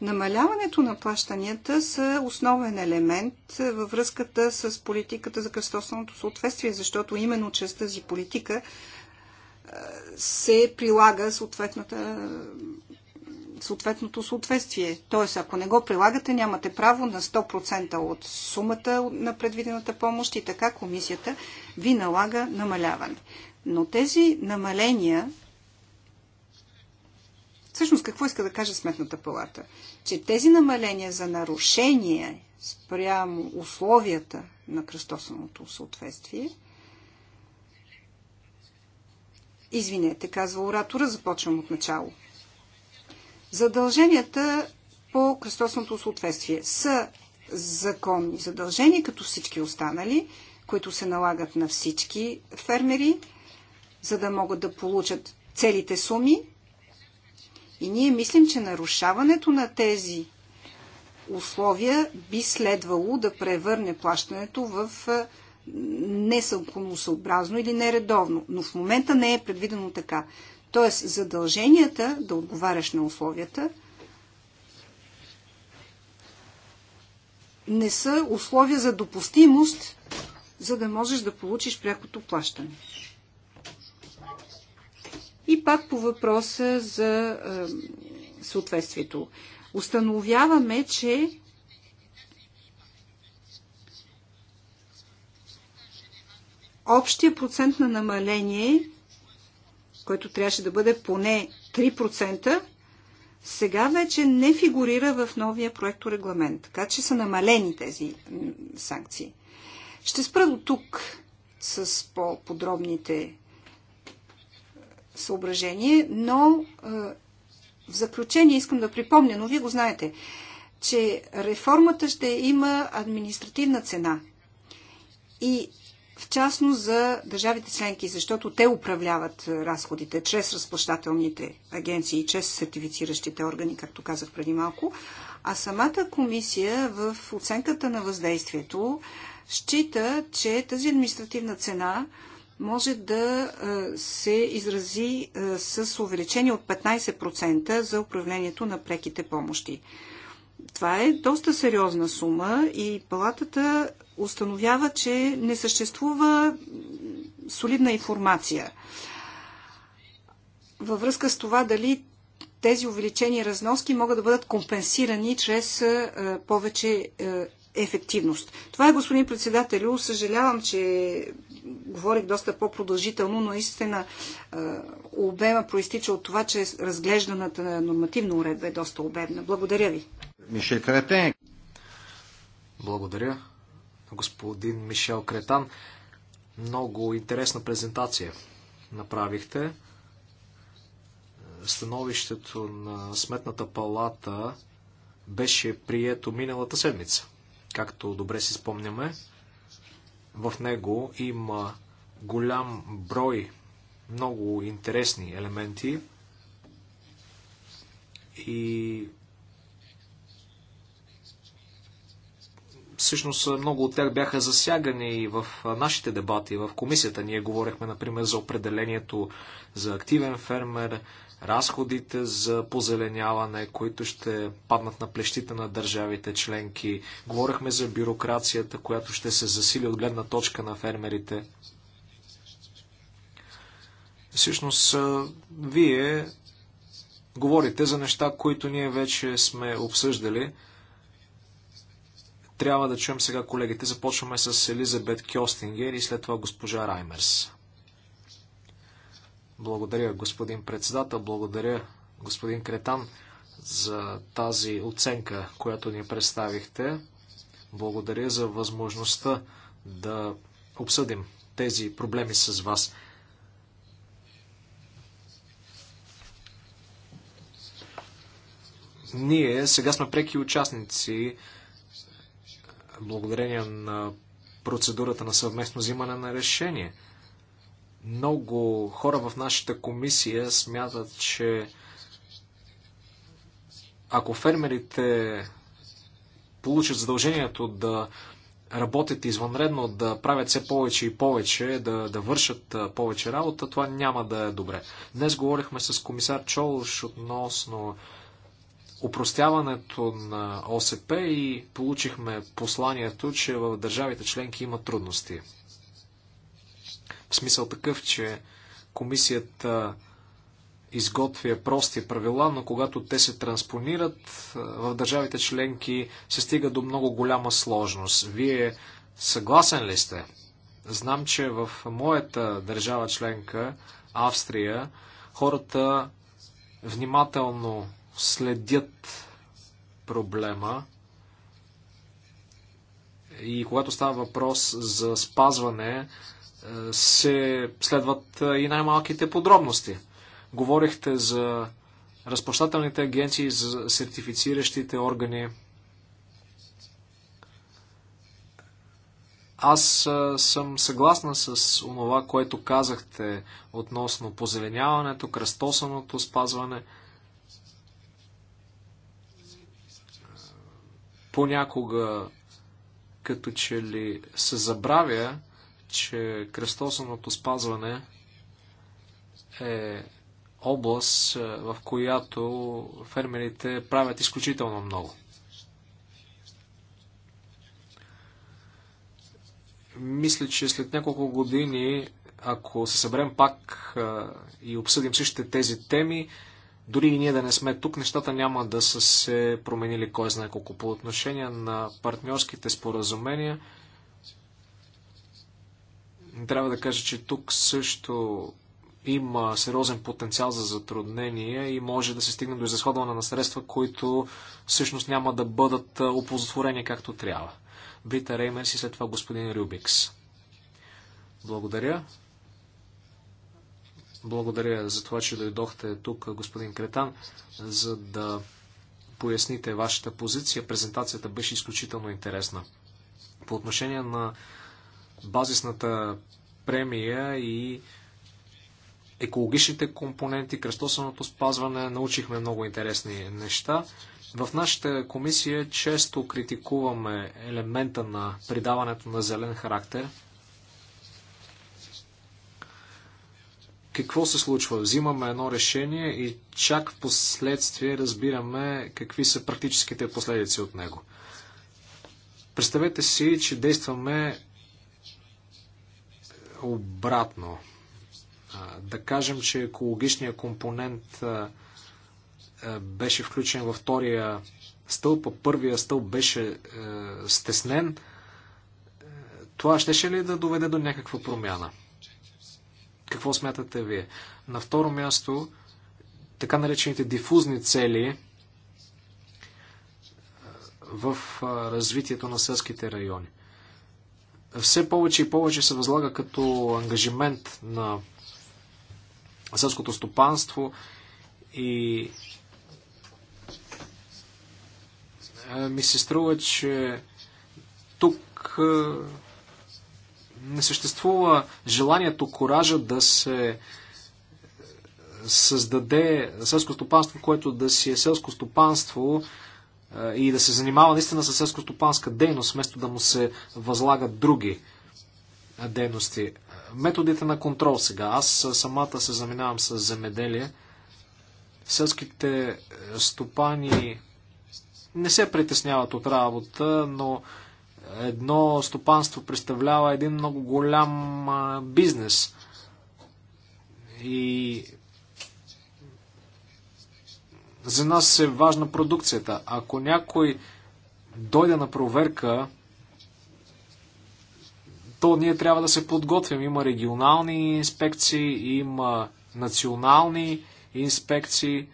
Намаляването на плащанията са основен елемент във връзката с политиката за кръстосаното съответствие, защото именно чрез тази политика се прилага съответната съответното съответствие. Тоест, ако не го прилагате, нямате право на 100% от сумата на предвидената помощ и така комисията ви налага намаляване. Но тези намаления Всъщност, какво иска да каже Сметната палата? Че тези намаления за нарушение спрямо условията на кръстосаното съответствие, извинете, казва оратора, започвам от начало. Задълженията по кръстосното съответствие са законни задължения, като всички останали, които се налагат на всички фермери – за да могат да получат целите суми. И ние мислим, че нарушаването на тези условия би следвало да превърне плащането в несъконосъобразно или нередовно. Но в момента не е предвидено така. Тоест задълженията да отговаряш на условията не са условия за допустимост, за да можеш да получиш прякото плащане. И пак по въпроса за е, съответствието. Установяваме, че общия процент на намаление, който трябваше да бъде поне 3%, сега вече не фигурира в новия регламент. Така че са намалени тези санкции. Ще спра до тук с по-подробните съображение, но в заключение искам да припомня, но вие го знаете, че реформата ще има административна цена. И в частност за държавите членки, защото те управляват разходите чрез разплащателните агенции, и чрез сертифициращите органи, както казах преди малко, а самата комисия в оценката на въздействието счита, че тази административна цена може да се изрази с увеличение от 15% за управлението на преките помощи. Това е доста сериозна сума и палатата установява, че не съществува солидна информация във връзка с това дали тези увеличени разноски могат да бъдат компенсирани чрез повече ефективност. Това е, господин председателю. Съжалявам, че говорих доста по-продължително, но истина обема проистича от това, че разглежданата нормативна уредба е доста обемна. Благодаря ви. Мишел Кретен. Благодаря, господин Мишел Кретан. Много интересна презентация направихте. Становището на Сметната палата беше прието миналата седмица както добре си спомняме. В него има голям брой много интересни елементи и всъщност много от тях бяха засягани и в нашите дебати, в комисията. Ние говорихме, например, за определението за активен фермер, разходите за позеленяване, които ще паднат на плещите на държавите членки. Говорихме за бюрокрацията, която ще се засили от гледна точка на фермерите. Всъщност, вие говорите за неща, които ние вече сме обсъждали. Трябва да чуем сега колегите. Започваме с Елизабет Кьостингер и след това госпожа Раймерс. Благодаря, господин председател. Благодаря, господин Кретан, за тази оценка, която ни представихте. Благодаря за възможността да обсъдим тези проблеми с вас. Ние сега сме преки участници благодарение на процедурата на съвместно взимане на решение – много хора в нашата комисия смятат, че ако фермерите получат задължението да работят извънредно, да правят все повече и повече, да, да вършат повече работа, това няма да е добре. Днес говорихме с комисар Чолш относно упростяването на ОСП и получихме посланието, че в държавите членки има трудности в смисъл такъв, че комисията изготвя прости правила, но когато те се транспонират в държавите членки, се стига до много голяма сложност. Вие съгласен ли сте? Знам, че в моята държава членка, Австрия, хората внимателно следят проблема и когато става въпрос за спазване е, се следват е, и най-малките подробности. Говорихте за разплащателните агенции, за сертифициращите органи. Аз е, съм съгласна с онова, което казахте относно позеленяването, кръстосаното спазване. Понякога, като че ли се забравя, че кръстосаното спазване е област, е, в която фермерите правят изключително много. Мисля, че след няколко години, ако се съберем пак е, и обсъдим същите тези теми, дори и ние да не сме тук, нещата няма да са се променили кой знае колко. По отношение на партньорските споразумения, трябва да кажа, че тук също има сериозен потенциал за затруднения и може да се стигне до изразходване на средства, които всъщност няма да бъдат оползотворени както трябва. Брита Реймерс и след това господин Рюбикс. Благодаря. Благодаря за това, че дойдохте тук, господин Кретан, за да поясните вашата позиция. Презентацията беше изключително интересна. По отношение на базисната премия и екологичните компоненти, кръстосаното спазване, научихме много интересни неща. В нашата комисия често критикуваме елемента на придаването на зелен характер. Какво се случва? Взимаме едно решение и чак в последствие разбираме какви са практическите последици от него. Представете си, че действаме обратно. Да кажем, че екологичният компонент беше включен във втория стълб, а първия стълб беше стеснен. Това щеше ли да доведе до някаква промяна? Какво смятате вие? На второ място, така наречените дифузни цели в развитието на селските райони все повече и повече се възлага като ангажимент на селското стопанство и е, ми се струва, че тук е, не съществува желанието, коража да се създаде селско стопанство, което да си е селско стопанство, и да се занимава наистина с селско-стопанска дейност, вместо да му се възлагат други дейности. Методите на контрол сега. Аз самата се заминавам с земеделие. Селските стопани не се притесняват от работа, но едно стопанство представлява един много голям бизнес. И за нас е важна продукцията. Ако някой дойде на проверка, то ние трябва да се подготвим. Има регионални инспекции, има национални инспекции.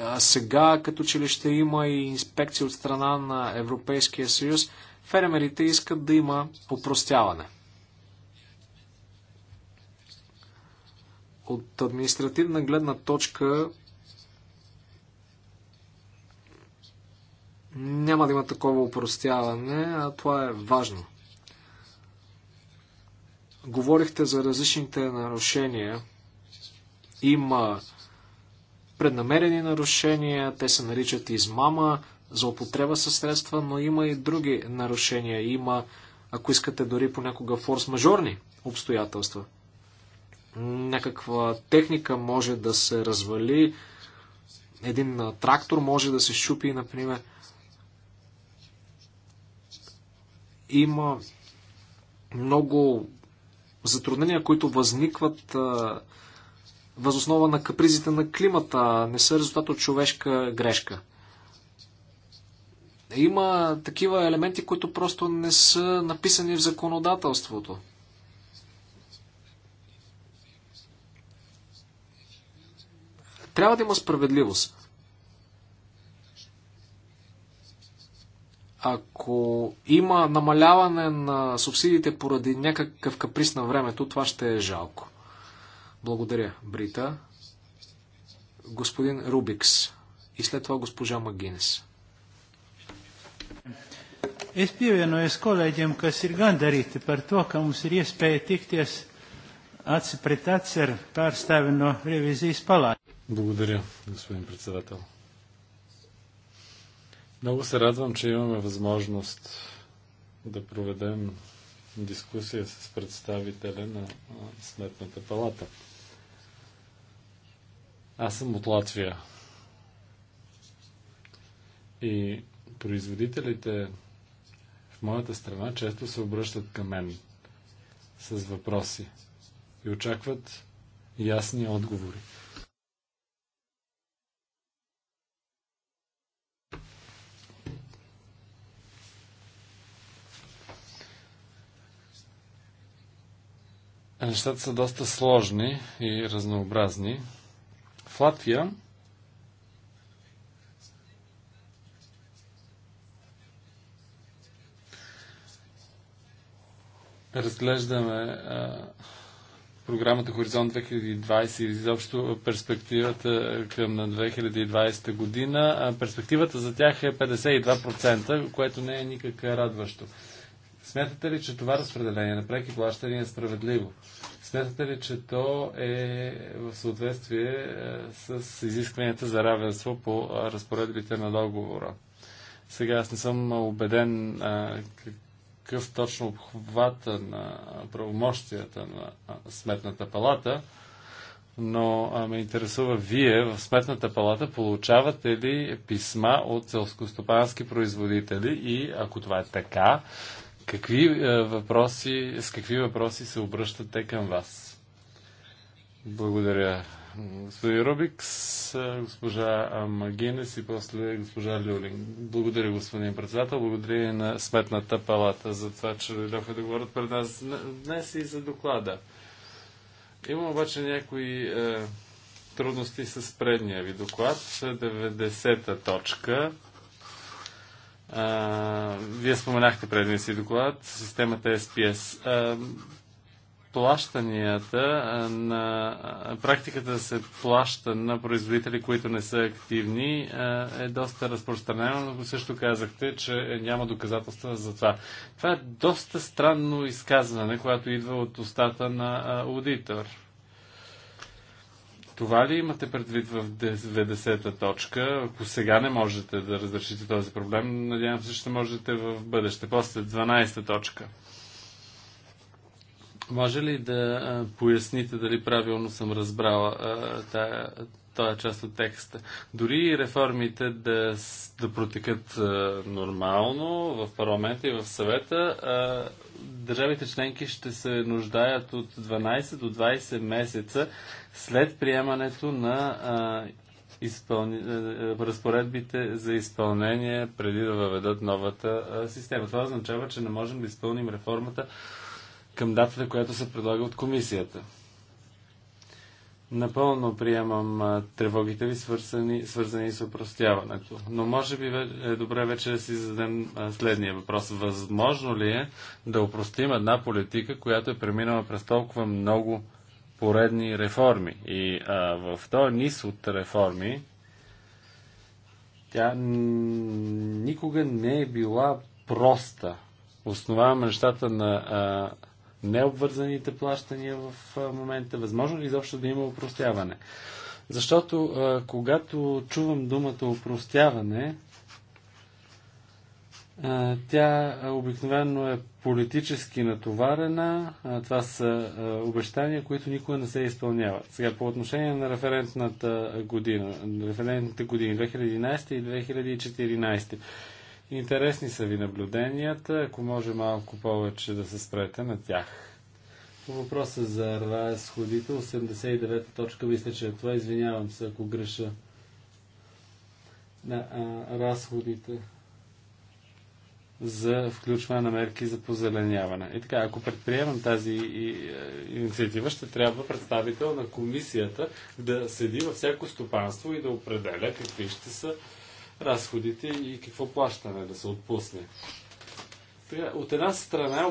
А сега, като че ли ще има и инспекции от страна на Европейския съюз, фермерите искат да има попростяване. От административна гледна точка няма да има такова упростяване, а това е важно. Говорихте за различните нарушения. Има преднамерени нарушения, те се наричат измама, за употреба със средства, но има и други нарушения. Има, ако искате, дори понякога форс-мажорни обстоятелства. Някаква техника може да се развали, един трактор може да се щупи, например. Има много затруднения, които възникват възоснова на капризите на климата, не са резултат от човешка грешка. Има такива елементи, които просто не са написани в законодателството. Трябва да има справедливост. Ако има намаляване на субсидиите поради някакъв каприз на времето, това ще е жалко. Благодаря, Брита. Господин Рубикс и след това госпожа Магинес. Es pievienoju kolēģiem, kas ir gandarīti par to, ka mums ir iespēja tikties aci pret aci ar pārstāvi no revizijas palātas. Благодаря, господин председател. Много се радвам, че имаме възможност да проведем дискусия с представителя на Сметната палата. Аз съм от Латвия. И производителите в моята страна често се обръщат към мен с въпроси и очакват ясни отговори. Е, нещата са доста сложни и разнообразни. В Латвия разглеждаме а, е, програмата Хоризонт 2020 и изобщо перспективата е, към на 2020 година. А, перспективата за тях е 52%, което не е никак радващо. Смятате ли, че това разпределение на преки плащания е справедливо? Смятате ли, че то е в съответствие е, с изискванията за равенство по разпоредбите на договора? Сега аз не съм убеден какъв точно обхвата на правомощията на Сметната палата, но а, ме интересува вие в Сметната палата получавате ли писма от селскостопански производители и ако това е така, Какви е, въпроси, с какви въпроси се обръщат те към вас? Благодаря. Господин Рубикс, е, госпожа Магинес и после госпожа Люлин. Благодаря, господин председател. Благодаря и на Сметната палата за това, че дойдоха да говорят пред нас днес и за доклада. Има обаче някои е, трудности с предния ви доклад. 90-та точка вие споменахте предния си доклад, системата SPS. А, плащанията на практиката да се плаща на производители, които не са активни, е доста разпространено, но също казахте, че е, няма доказателства за това. Това е доста странно изказване, което идва от устата на аудитор. Това ли имате предвид в 90-та точка? Ако сега не можете да разрешите този проблем, надявам се, ще можете в бъдеще. После 12-та точка. Може ли да поясните дали правилно съм разбрала тая, тая част от текста? Дори реформите да, да протекат нормално в парламента и в съвета, държавите членки ще се нуждаят от 12 до 20 месеца след приемането на а, изпълни... разпоредбите за изпълнение преди да въведат новата а, система. Това означава, че не можем да изпълним реформата към датата, която се предлага от комисията. Напълно приемам тревогите ви, свързани, свързани с упростяването. Но може би е добре вече да си зададем следния въпрос. Възможно ли е да упростим една политика, която е преминала през толкова много поредни реформи? И а, в този низ от реформи тя никога не е била проста. Основаваме нещата на а, необвързаните плащания в момента? Възможно ли изобщо да има упростяване? Защото когато чувам думата упростяване, тя обикновено е политически натоварена. Това са обещания, които никога не се изпълняват. Сега по отношение на референтната година, референтните години 2011 и 2014. Интересни са ви наблюденията, ако може малко повече да се спрете на тях. По въпроса за разходите, 89 точка, мисля, че е това. Извинявам се, ако греша на а, разходите за включване на мерки за позеленяване. И така, ако предприемам тази е, инициатива, ще трябва представител на комисията да седи във всяко стопанство и да определя какви ще са разходите и какво плащане да се отпусне. от една страна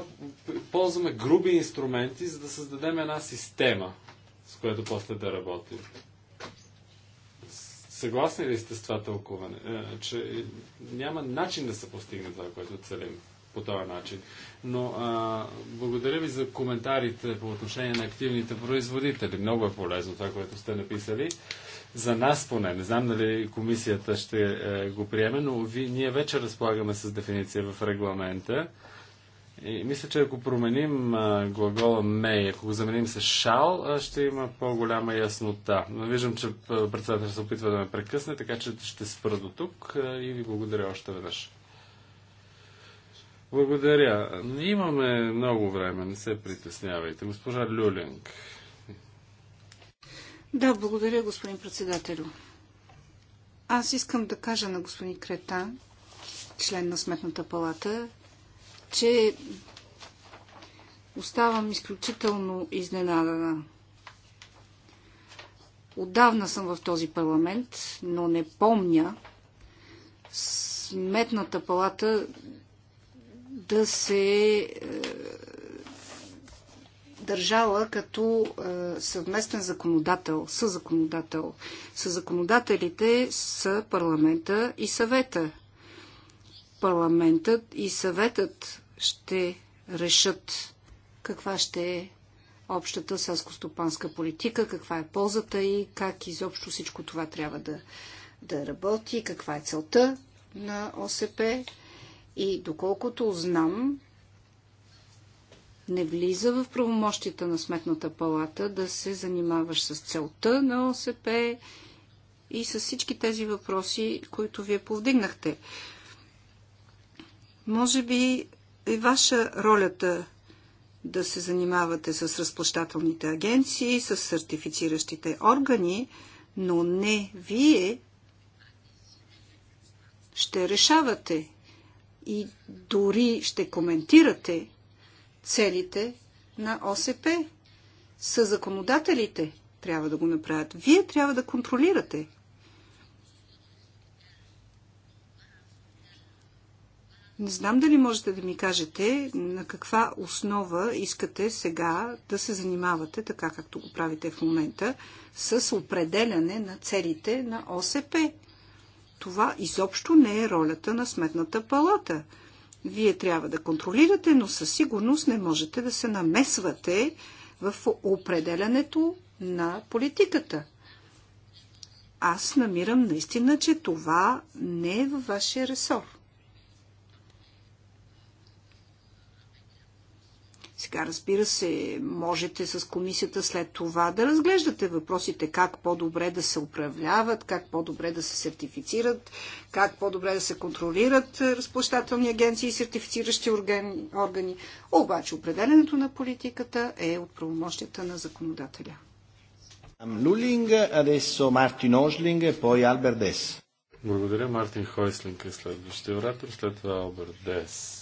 ползваме груби инструменти, за да създадем една система, с която после да работим. Съгласни ли сте с това тълкуване? Е, че няма начин да се постигне това, което целим по този начин. Но а, благодаря ви за коментарите по отношение на активните производители. Много е полезно това, което сте написали. За нас поне, не знам дали комисията ще е, го приеме, но ви, ние вече разполагаме с дефиниция в регламента. И мисля, че ако променим е, глагола may, ако го заменим с shall, е, ще има по-голяма яснота. Но виждам, че председател се опитва да ме прекъсне, така че ще спра до тук и ви благодаря още веднъж. Благодаря. Имаме много време, не се притеснявайте. Госпожа Люлинг. Да, благодаря, господин председателю. Аз искам да кажа на господин Кретан, член на Сметната палата, че оставам изключително изненадана. Отдавна съм в този парламент, но не помня Сметната палата да се е, държала като е, съвместен законодател, съзаконодател. Съзаконодателите са парламента и съвета. Парламентът и съветът ще решат каква ще е общата селско-стопанска политика, каква е ползата и как изобщо всичко това трябва да, да работи, каква е целта на ОСП. И доколкото знам, не влиза в правомощията на Сметната палата да се занимаваш с целта на ОСП и с всички тези въпроси, които вие повдигнахте. Може би е ваша ролята да се занимавате с разплащателните агенции, с сертифициращите органи, но не вие ще решавате и дори ще коментирате целите на ОСП. Са законодателите трябва да го направят. Вие трябва да контролирате. Не знам дали можете да ми кажете на каква основа искате сега да се занимавате, така както го правите в момента, с определяне на целите на ОСП. Това изобщо не е ролята на Сметната палата. Вие трябва да контролирате, но със сигурност не можете да се намесвате в определянето на политиката. Аз намирам наистина, че това не е във вашия ресор. Сега, разбира се, можете с комисията след това да разглеждате въпросите как по-добре да се управляват, как по-добре да се сертифицират, как по-добре да се контролират е, разплащателни агенции и сертифициращи органи. Обаче, определенето на политиката е от правомощията на законодателя. Лулинг, адесо Мартин Ожлинг, poi Алберт Дес. Благодаря, Мартин Хойслинг е следващия оратор, след това Алберт Дес.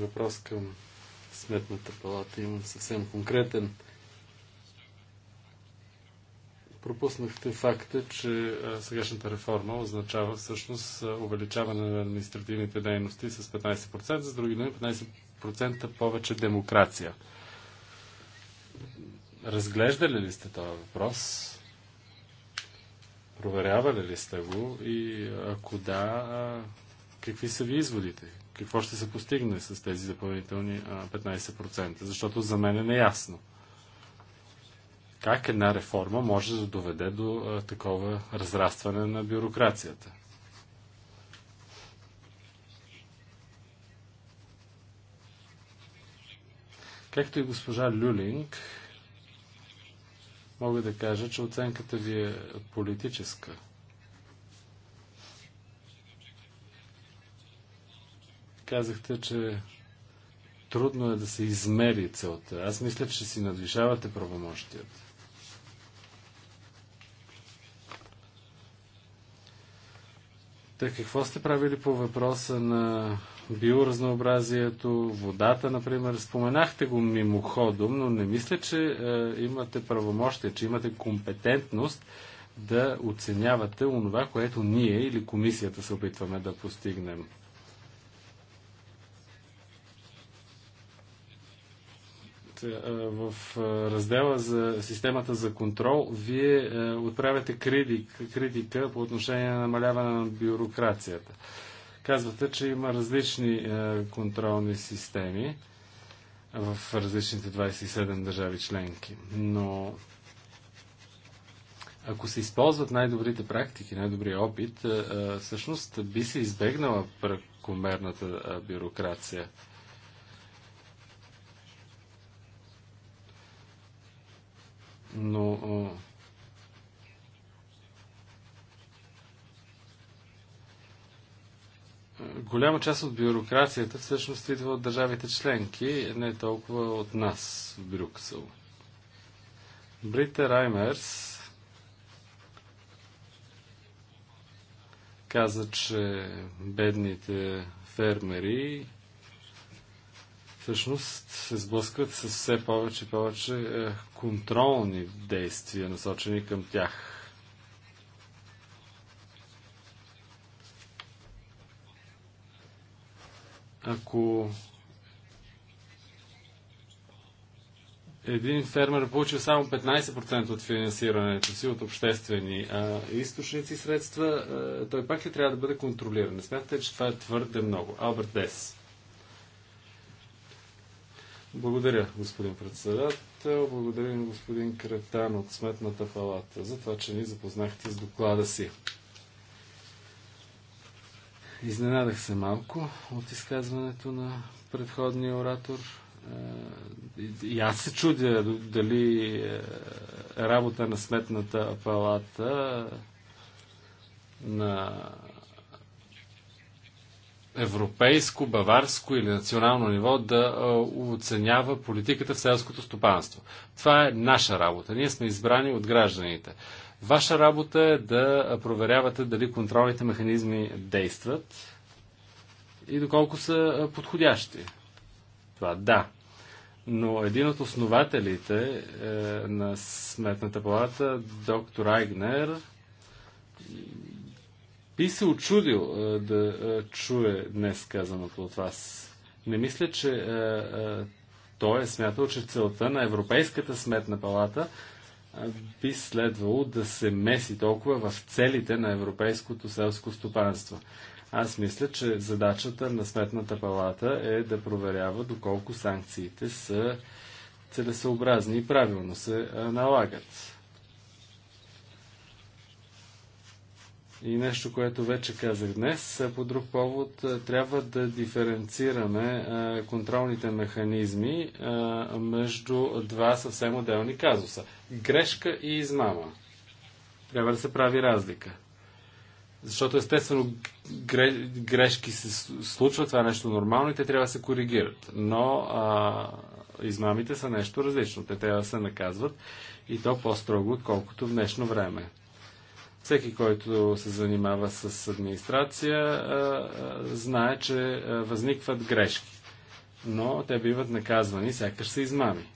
въпрос към Сметната палата. Имам съвсем конкретен. Пропуснахте факта, че сегашната реформа означава всъщност увеличаване на административните дейности с 15%, с други думи 15% повече демокрация. Разглеждали ли сте този въпрос? Проверявали ли сте го? И ако да, какви са ви изводите? какво ще се постигне с тези допълнителни 15%, защото за мен е неясно. Как една реформа може да доведе до такова разрастване на бюрокрацията? Както и госпожа Люлинг, мога да кажа, че оценката ви е политическа. Казахте, че трудно е да се измери целта. Аз мисля, че си надвишавате правомощията. Та какво сте правили по въпроса на биоразнообразието, водата, например? Споменахте го мимоходом, но не мисля, че е, имате правомощие, че имате компетентност да оценявате онова, което ние или комисията се опитваме да постигнем. Е, в раздела за системата за контрол, вие е, отправяте критика, по отношение на намаляване на бюрокрацията. Казвате, че има различни е, контролни системи в различните 27 държави членки. Но ако се използват най-добрите практики, най-добрия опит, всъщност би се избегнала прекомерната бюрокрация. но голяма част от бюрокрацията всъщност идва от държавите членки, не толкова от нас в Брюксел. Брита Раймерс каза, че бедните фермери всъщност се сблъскват с все повече и повече е, контролни действия, насочени към тях. Ако един фермер получи само 15% от финансирането си от обществени а, източници средства, а, е, той пак ли трябва да бъде контролиран? Смятате, че това е твърде много. Алберт Дес. Благодаря, господин председател. Благодаря господин Кретан от Сметната палата за това, че ни запознахте с доклада си. Изненадах се малко от изказването на предходния оратор. Е, и аз се чудя дали е, работа на Сметната палата на европейско, баварско или национално ниво да оценява политиката в селското стопанство. Това е наша работа. Ние сме избрани от гражданите. Ваша работа е да проверявате дали контролните механизми действат и доколко са подходящи. Това да. Но един от основателите е, на Сметната палата, доктор Айгнер, би се очудил а, да а, чуе днес казаното от вас. Не мисля, че а, а, той е смятал, че целта на Европейската сметна палата а, би следвало да се меси толкова в целите на европейското селско стопанство. Аз мисля, че задачата на Сметната палата е да проверява доколко санкциите са целесообразни и правилно се налагат. И нещо, което вече казах днес, по друг повод, трябва да диференцираме контролните механизми между два съвсем отделни казуса. Грешка и измама. Трябва да се прави разлика. Защото естествено грешки се случват, това е нещо нормално и те трябва да се коригират. Но а, измамите са нещо различно. Те трябва да се наказват и то по-строго, отколкото в днешно време. Всеки, който се занимава с администрация, знае, че възникват грешки. Но те биват наказвани, сякаш са измами.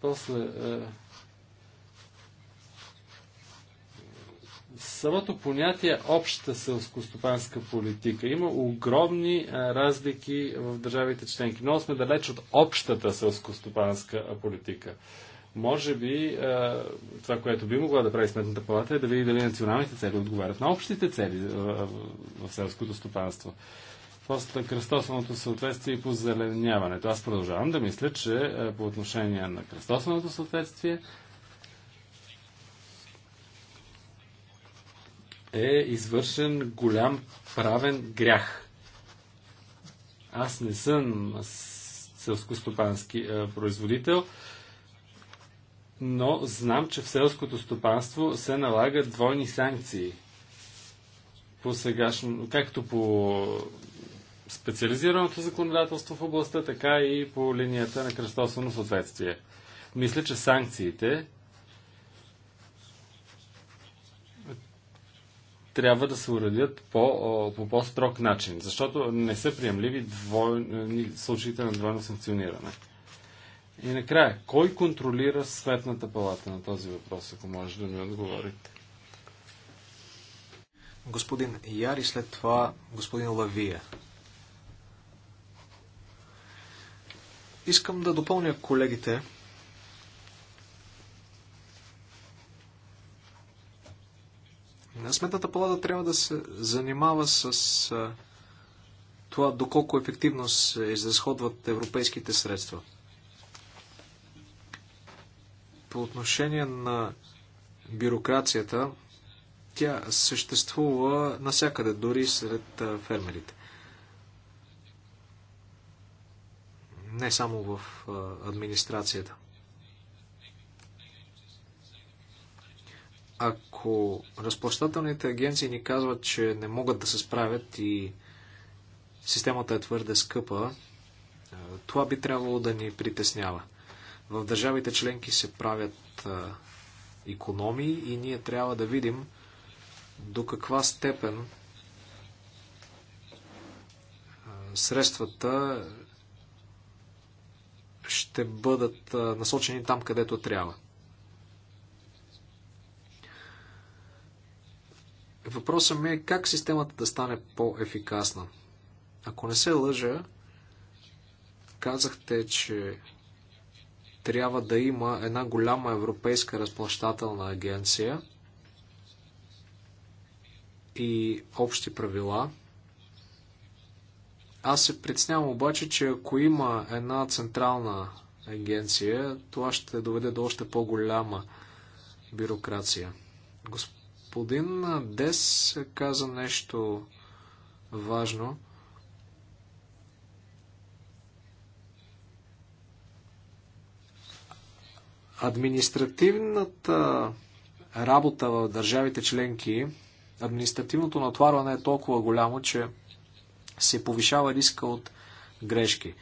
После самото понятие обща селскостопанска политика. Има огромни разлики в държавите членки. Много сме далеч от общата селскостопанска политика. Може би това, което би могла да прави Сметната палата е да види дали националните цели отговарят на общите цели в, селското стопанство. После кръстосаното съответствие и позеленяването. Аз продължавам да мисля, че по отношение на кръстосаното съответствие е извършен голям правен грях. Аз не съм селскостопански е, производител, но знам, че в селското стопанство се налагат двойни санкции. По сегашно, както по специализираното законодателство в областта, така и по линията на кръстосвено съответствие. Мисля, че санкциите трябва да се уредят по, по по-строг начин, защото не са приемливи двойни, случаите на двойно санкциониране. И накрая, кой контролира Светната палата на този въпрос, ако може да ми отговорите? Господин Яри, след това господин Лавия. Искам да допълня колегите, Сметната палата трябва да се занимава с това доколко ефективно се изразходват европейските средства. По отношение на бюрокрацията, тя съществува насякъде, дори сред фермерите. Не само в администрацията. Ако разплащателните агенции ни казват, че не могат да се справят и системата е твърде скъпа, това би трябвало да ни притеснява. В държавите членки се правят економии и ние трябва да видим до каква степен средствата ще бъдат насочени там, където трябва. Въпросът ми е как системата да стане по-ефикасна. Ако не се лъжа, казахте, че трябва да има една голяма европейска разплащателна агенция и общи правила. Аз се предснявам обаче, че ако има една централна агенция, това ще доведе до още по-голяма бюрокрация. Господин Господин Дес каза нещо важно. Административната работа в държавите членки, административното натварване е толкова голямо, че се повишава риска от грешки.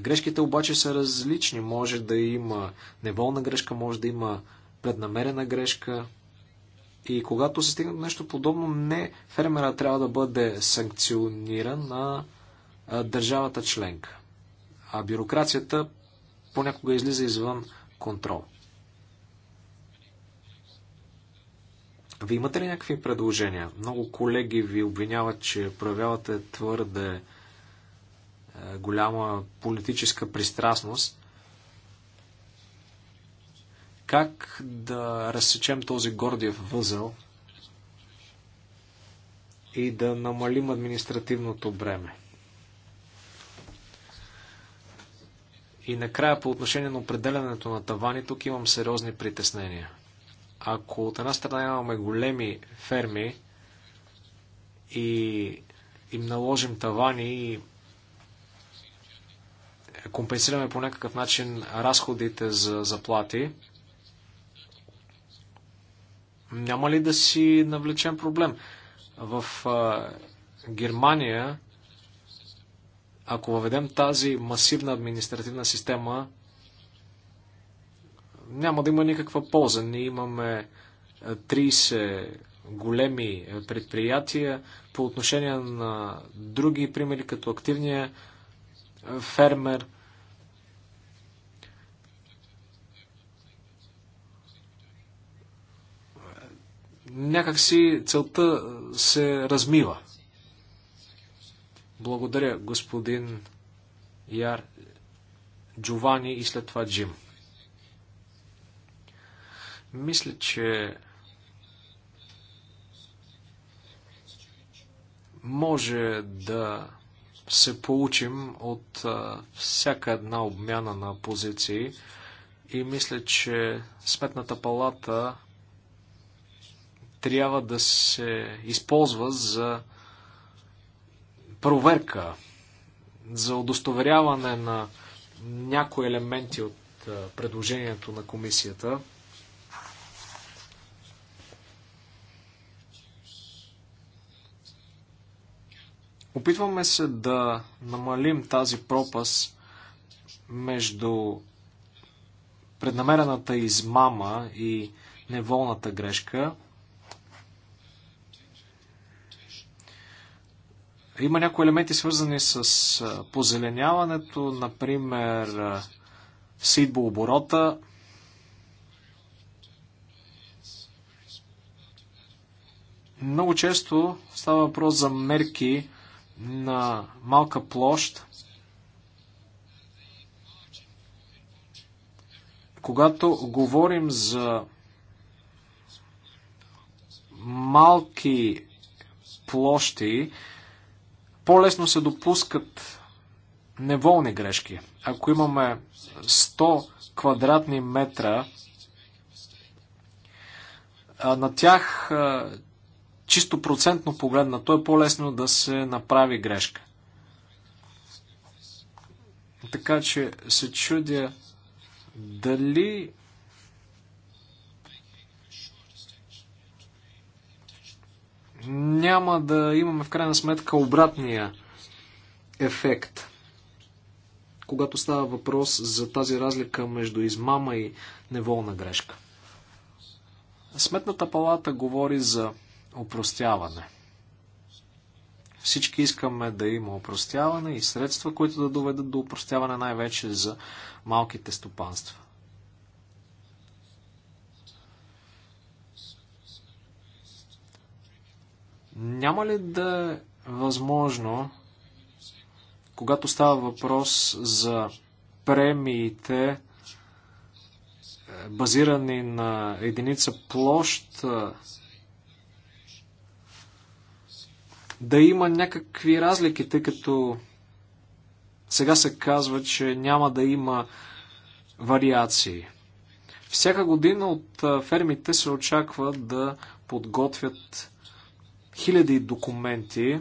Грешките обаче са различни. Може да има неволна грешка, може да има преднамерена грешка. И когато се стигне до нещо подобно, не фермера трябва да бъде санкциониран, на държавата членка. А бюрокрацията понякога излиза извън контрол. Вие имате ли някакви предложения? Много колеги ви обвиняват, че проявявате твърде е, голяма политическа пристрастност. Как да разсечем този гордиев възел и да намалим административното бреме? И накрая по отношение на определенето на тавани, тук имам сериозни притеснения. Ако от една страна имаме големи ферми и им наложим тавани и компенсираме по някакъв начин разходите за заплати, няма ли да си навлечем проблем? В а, Германия, ако въведем тази масивна административна система, няма да има никаква полза. Ние имаме 30 големи предприятия по отношение на други примери, като активния фермер – някакси целта се размива. Благодаря, господин Яр Джовани и след това Джим. Мисля, че може да се получим от всяка една обмяна на позиции и мисля, че Сметната палата трябва да се използва за проверка, за удостоверяване на някои елементи от предложението на комисията. Опитваме се да намалим тази пропаст между преднамерената измама и неволната грешка – Има някои елементи свързани с позеленяването, например сидбооборота, оборота, много често става въпрос за мерки на малка площ. Когато говорим за малки площи, по-лесно се допускат неволни грешки. Ако имаме 100 квадратни метра, на тях чисто процентно погледнато е по-лесно да се направи грешка. Така че се чудя дали няма да имаме в крайна сметка обратния ефект. Когато става въпрос за тази разлика между измама и неволна грешка. Сметната палата говори за опростяване. Всички искаме да има опростяване и средства, които да доведат до опростяване най-вече за малките стопанства. Няма ли да е възможно, когато става въпрос за премиите, е, базирани на единица площ, е, да има някакви разлики, тъй като сега се казва, че няма да има вариации. Всяка година от е, фермите се очаква да подготвят хиляди документи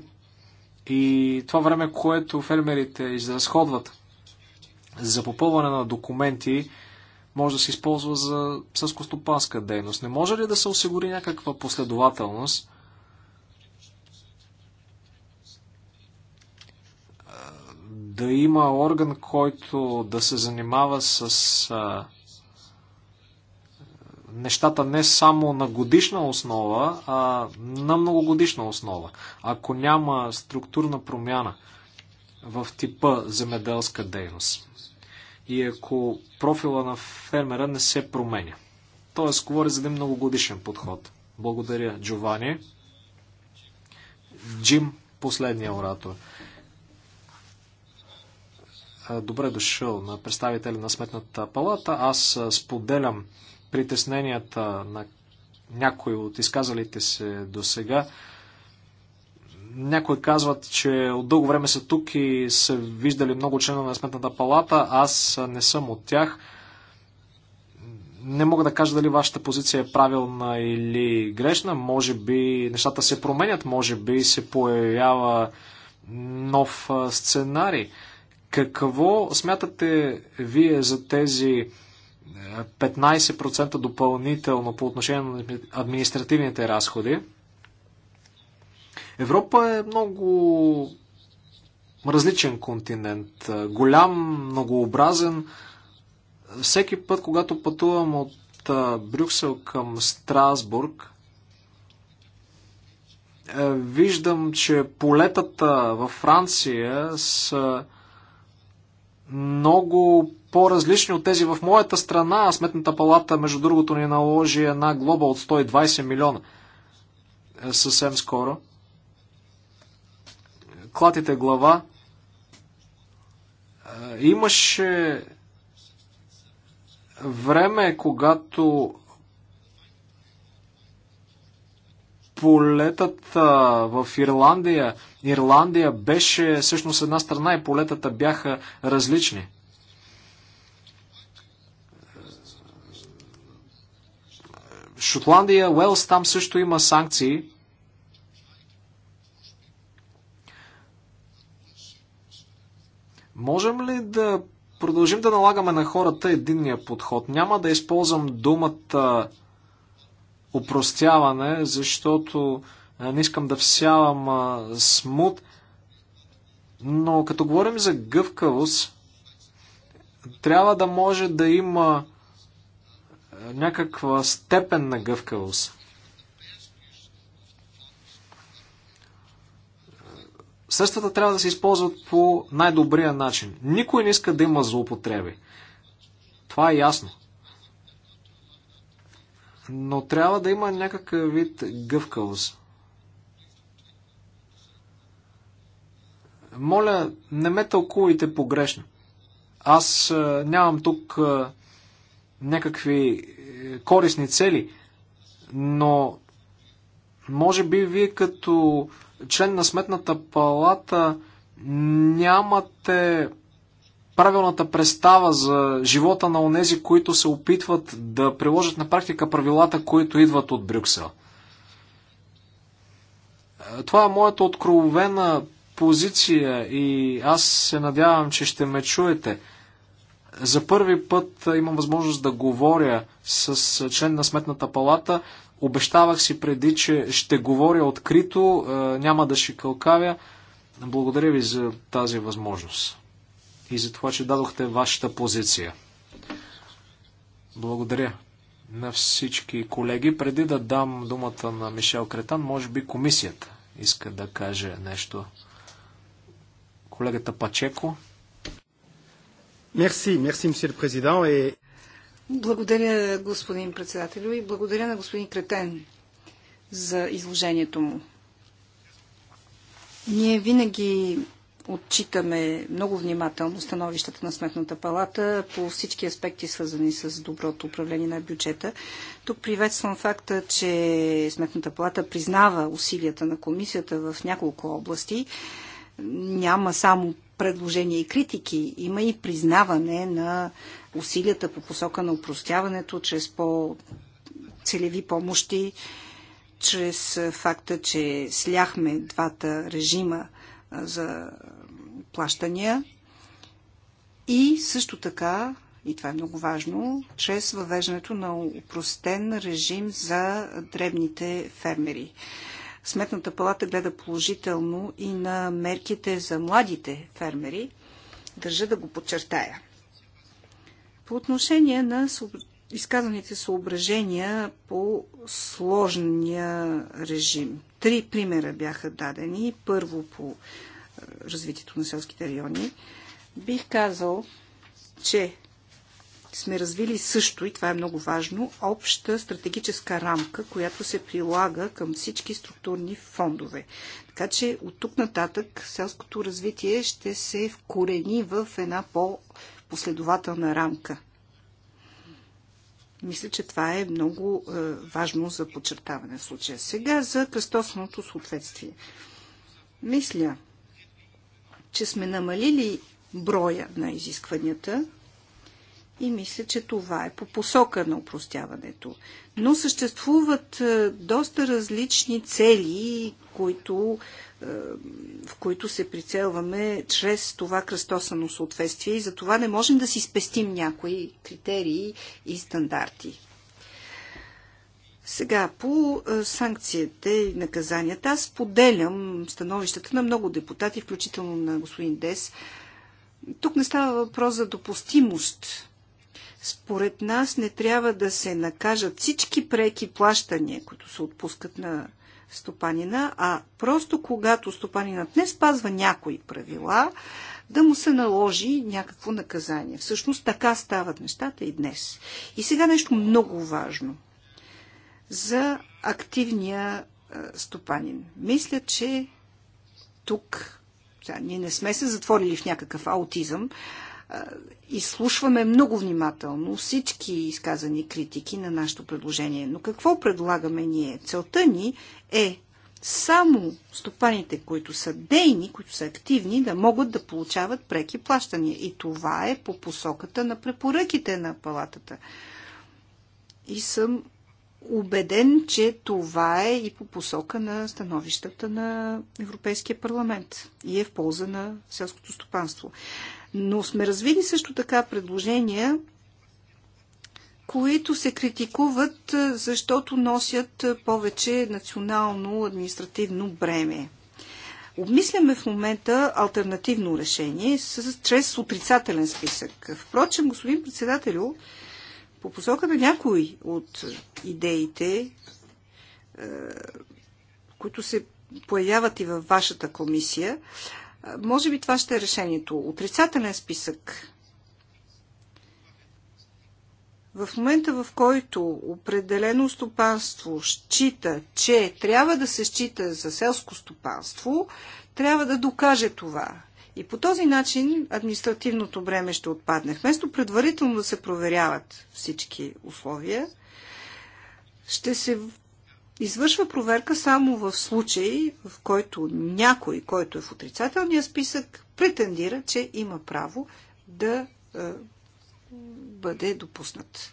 и това време, което фермерите изразходват за попълване на документи, може да се използва за съскостопанска дейност. Не може ли да се осигури някаква последователност? Е, да има орган, който да се занимава с нещата не само на годишна основа, а на многогодишна основа. Ако няма структурна промяна в типа земеделска дейност и ако профила на фермера не се променя. Тоест, говори за един многогодишен подход. Благодаря, Джовани. Джим, последния оратор. Добре дошъл на представители на Сметната палата. Аз споделям притесненията на някои от изказалите се до сега. Някои казват, че от дълго време са тук и са виждали много членове на Сметната палата. Аз не съм от тях. Не мога да кажа дали вашата позиция е правилна или грешна. Може би нещата се променят, може би се появява нов сценарий. Какво смятате вие за тези 15% допълнително по отношение на административните разходи. Европа е много различен континент, голям, многообразен. Всеки път, когато пътувам от Брюксел към Страсбург, е, виждам, че полетата във Франция са много по-различни от тези в моята страна. Сметната палата, между другото, ни наложи една глоба от 120 милиона е, съвсем скоро. Клатите глава. Е, имаше време, когато Полетата в Ирландия. Ирландия беше всъщност една страна и полетата бяха различни. Шотландия, Уелс, там също има санкции. Можем ли да продължим да налагаме на хората единния подход? Няма да използвам думата упростяване, защото не искам да всявам смут, но като говорим за гъвкавост, трябва да може да има някаква степен на гъвкавост. Средствата трябва да се използват по най-добрия начин. Никой не иска да има злоупотреби. Това е ясно. Но трябва да има някакъв вид гъвкавост. Моля, не ме тълкувайте погрешно. Аз е, нямам тук е, някакви е, корисни цели, но може би вие като член на Сметната палата нямате правилната представа за живота на онези, които се опитват да приложат на практика правилата, които идват от Брюксел. Това е моята откровена позиция и аз се надявам, че ще ме чуете. За първи път имам възможност да говоря с член на Сметната палата. Обещавах си преди, че ще говоря открито, е, няма да шикалкавя. Благодаря ви за тази възможност и за това, че дадохте вашата позиция. Благодаря на всички колеги. Преди да дам думата на Мишел Кретан, може би комисията иска да каже нещо. Колегата Пачеко. Мерси, мерси, мсир президент. Е- благодаря, господин председател, и благодаря на господин Кретен за изложението му. Ние винаги отчитаме много внимателно становищата на Сметната палата по всички аспекти, свързани с доброто управление на бюджета. Тук приветствам факта, че Сметната палата признава усилията на комисията в няколко области. Няма само предложения и критики, има и признаване на усилията по посока на упростяването чрез по-целеви помощи, чрез факта, че сляхме двата режима – за плащания и също така, и това е много важно, чрез въвеждането на упростен режим за дребните фермери. Сметната палата гледа положително и на мерките за младите фермери. Държа да го подчертая. По отношение на изказаните съображения по сложния режим. Три примера бяха дадени. Първо по е, развитието на селските райони. Бих казал, че сме развили също, и това е много важно, обща стратегическа рамка, която се прилага към всички структурни фондове. Така че от тук нататък селското развитие ще се вкорени в една по-последователна рамка – мисля, че това е много е, важно за подчертаване в случая. Сега за кръстосното съответствие. Мисля, че сме намалили броя на изискванията и мисля, че това е по посока на упростяването. Но съществуват е, доста различни цели, които е, в които се прицелваме чрез това кръстосано съответствие и за това не можем да си спестим някои критерии и стандарти. Сега, по е, санкциите и наказанията, аз поделям становищата на много депутати, включително на господин Дес. Тук не става въпрос за допустимост. Според нас не трябва да се накажат всички преки плащания, които се отпускат на стопанина, а просто когато стопанинът не спазва някои правила, да му се наложи някакво наказание. Всъщност така стават нещата и днес. И сега нещо много важно за активния стопанин. Мисля, че тук, сега, ние не сме се затворили в някакъв аутизъм, изслушваме много внимателно всички изказани критики на нашето предложение. Но какво предлагаме ние? Целта ни е само стопаните, които са дейни, които са активни, да могат да получават преки плащания. И това е по посоката на препоръките на палатата. И съм убеден, че това е и по посока на становищата на Европейския парламент и е в полза на селското стопанство. Но сме развили също така предложения, които се критикуват, защото носят повече национално административно бреме. Обмисляме в момента альтернативно решение с, чрез отрицателен списък. Впрочем, господин председателю, по посока на някои от идеите, които се появяват и във вашата комисия, може би това ще е решението. Отрицателен списък. В момента, в който определено стопанство счита, че трябва да се счита за селско стопанство, трябва да докаже това. И по този начин административното бреме ще отпадне. Вместо предварително да се проверяват всички условия, ще се извършва проверка само в случай, в който някой, който е в отрицателния списък, претендира, че има право да е, бъде допуснат.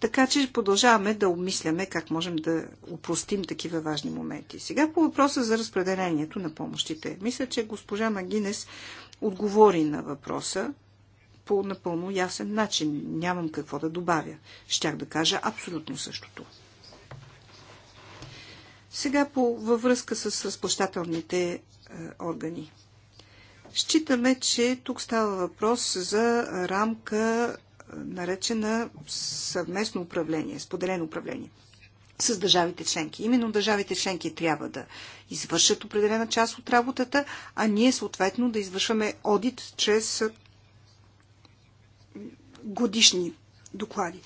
Така че продължаваме да обмисляме как можем да упростим такива важни моменти. Сега по въпроса за разпределението на помощите. Мисля, че госпожа Магинес отговори на въпроса по напълно ясен начин. Нямам какво да добавя. Щях да кажа абсолютно същото. Сега по, във връзка с разплащателните е, органи. Считаме, че тук става въпрос за рамка, е, наречена съвместно управление, споделено управление с държавите членки. Именно държавите членки трябва да извършат определена част от работата, а ние съответно да извършваме одит чрез е, годишни доклади.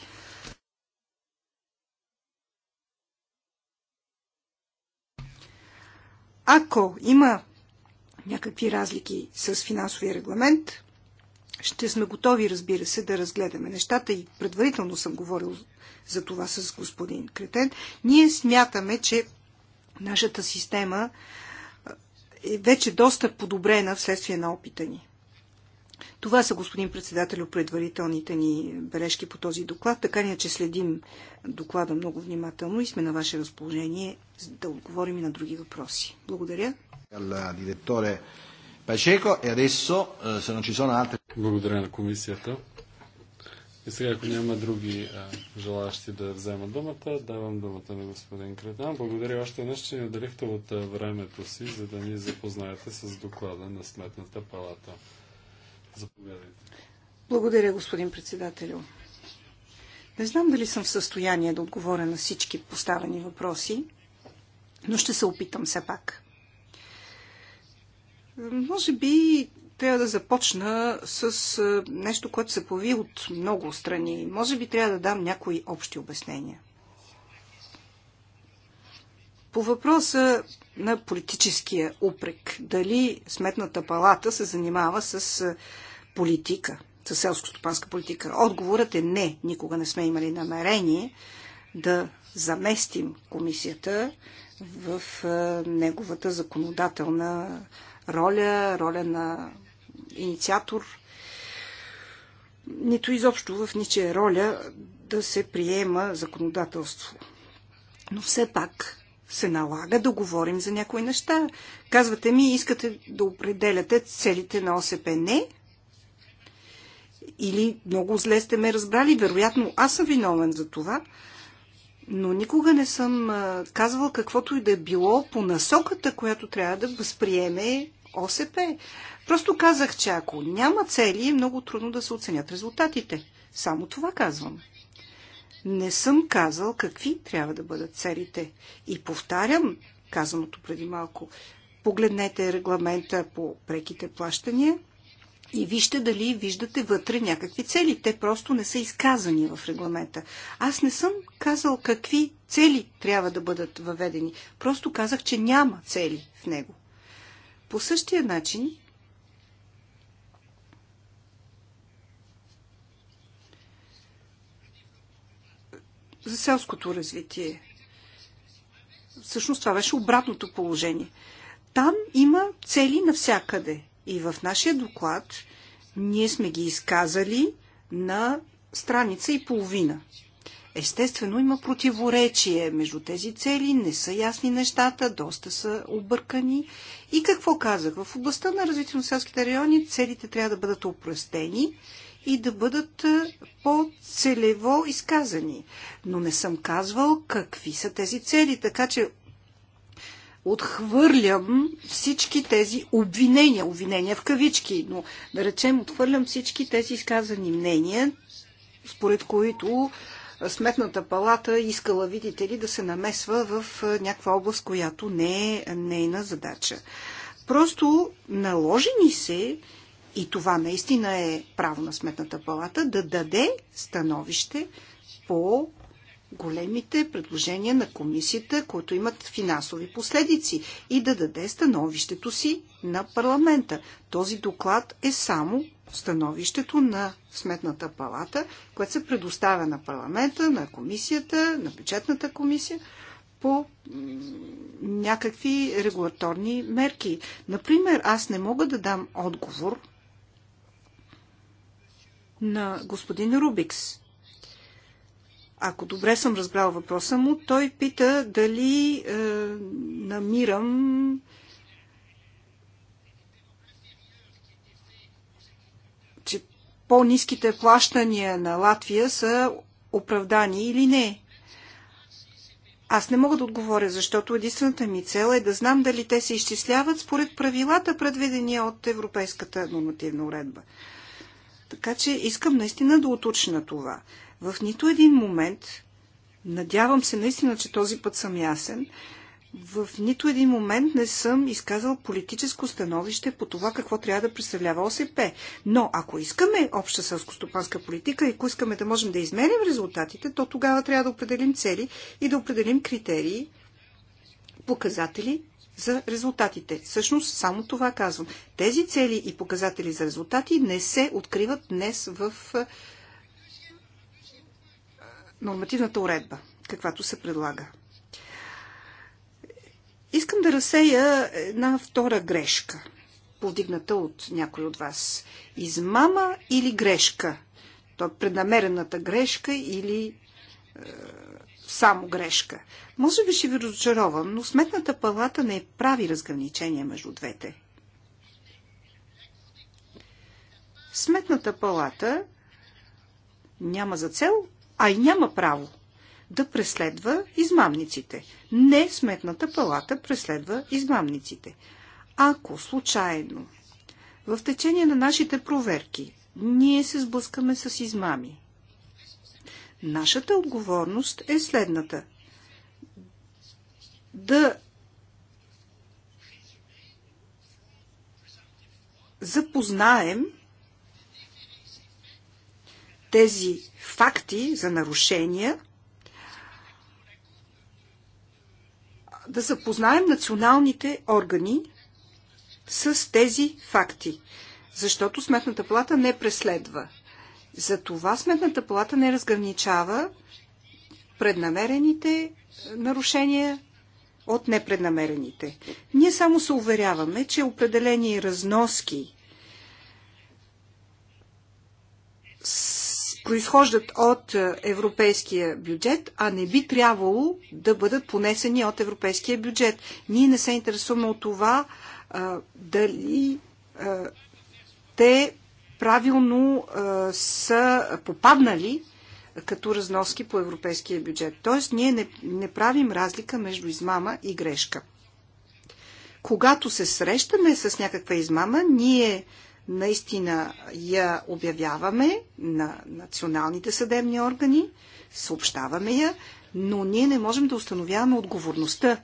Ако има някакви разлики с финансовия регламент, ще сме готови, разбира се, да разгледаме нещата и предварително съм говорил за това с господин Кретен. Ние смятаме, че нашата система е вече доста подобрена вследствие на опита ни. Това са, господин председател, предварителните ни бележки по този доклад. Така ни, че следим доклада много внимателно и сме на ваше разположение да отговорим и на други въпроси. Благодаря. E eh, Благодаря на комисията. И сега, ако няма други желащи желаящи да вземат думата, давам думата на господин Кретан. Благодаря още днес, че ни отделихте от е, времето си, за да ни запознаете с доклада на Сметната палата. Заповядайте. Благодаря, господин председателю. Не знам дали съм в състояние да отговоря на всички поставени въпроси, но ще се опитам все пак. Може би трябва да започна с е, нещо, което се появи от много страни. Може би трябва да дам някои общи обяснения – по въпроса на политическия упрек, дали Сметната палата се занимава с политика, с селско-стопанска политика. Отговорът е не. Никога не сме имали намерение да заместим комисията в неговата законодателна роля, роля на инициатор, нито изобщо в ничия роля да се приема законодателство. Но все пак се налага да говорим за някои неща. Казвате ми, искате да определяте целите на ОСП. Не. Или много зле сте ме разбрали. Вероятно, аз съм виновен за това. Но никога не съм казвал каквото и да е било по насоката, която трябва да възприеме ОСП. Просто казах, че ако няма цели, е много трудно да се оценят резултатите. Само това казвам не съм казал какви трябва да бъдат целите. И повтарям казаното преди малко. Погледнете регламента по преките плащания и вижте дали виждате вътре някакви цели. Те просто не са изказани в регламента. Аз не съм казал какви цели трябва да бъдат въведени. Просто казах, че няма цели в него. По същия начин за селското развитие. Всъщност това беше обратното положение. Там има цели навсякъде. И в нашия доклад ние сме ги изказали на страница и половина. Естествено има противоречие между тези цели, не са ясни нещата, доста са объркани. И какво казах? В областта на развитие на селските райони целите трябва да бъдат упростени, и да бъдат по-целево изказани. Но не съм казвал какви са тези цели, така че отхвърлям всички тези обвинения, обвинения в кавички, но да речем отхвърлям всички тези изказани мнения, според които Сметната палата искала, видите ли, да се намесва в някаква област, която не е нейна задача. Просто наложи ни се и това наистина е право на Сметната палата да даде становище по големите предложения на комисията, които имат финансови последици и да даде становището си на парламента. Този доклад е само становището на Сметната палата, което се предоставя на парламента, на комисията, на бюджетната комисия по някакви регулаторни мерки. Например, аз не мога да дам отговор на господин Рубикс. Ако добре съм разбрал въпроса му, той пита дали е, намирам че по-низките плащания на Латвия са оправдани или не. Аз не мога да отговоря, защото единствената ми цел е да знам дали те се изчисляват според правилата, предведения от Европейската нормативна уредба. Така че искам наистина да уточна това. В нито един момент, надявам се наистина, че този път съм ясен, в нито един момент не съм изказал политическо становище по това какво трябва да представлява ОСП. Но ако искаме обща сълско-стопанска политика и ако искаме да можем да измерим резултатите, то тогава трябва да определим цели и да определим критерии, показатели за резултатите. Същност, само това казвам. Тези цели и показатели за резултати не се откриват днес в нормативната уредба, каквато се предлага. Искам да разсея една втора грешка, повдигната от някой от вас. Измама или грешка? То е преднамерената грешка или само грешка. Може би ще ви разочаровам, но Сметната палата не прави разграничение между двете. Сметната палата няма за цел, а и няма право да преследва измамниците. Не Сметната палата преследва измамниците. Ако случайно в течение на нашите проверки ние се сблъскаме с измами, Нашата отговорност е следната. Да запознаем тези факти за нарушения, да запознаем националните органи с тези факти, защото Сметната плата не преследва затова Сметната палата не разграничава преднамерените нарушения от непреднамерените. Ние само се уверяваме, че определени разноски произхождат от европейския бюджет, а не би трябвало да бъдат понесени от европейския бюджет. Ние не се интересуваме от това а, дали а, те правилно са попаднали като разноски по европейския бюджет. Тоест, ние не, не правим разлика между измама и грешка. Когато се срещаме с някаква измама, ние наистина я обявяваме на националните съдебни органи, съобщаваме я, но ние не можем да установяваме отговорността.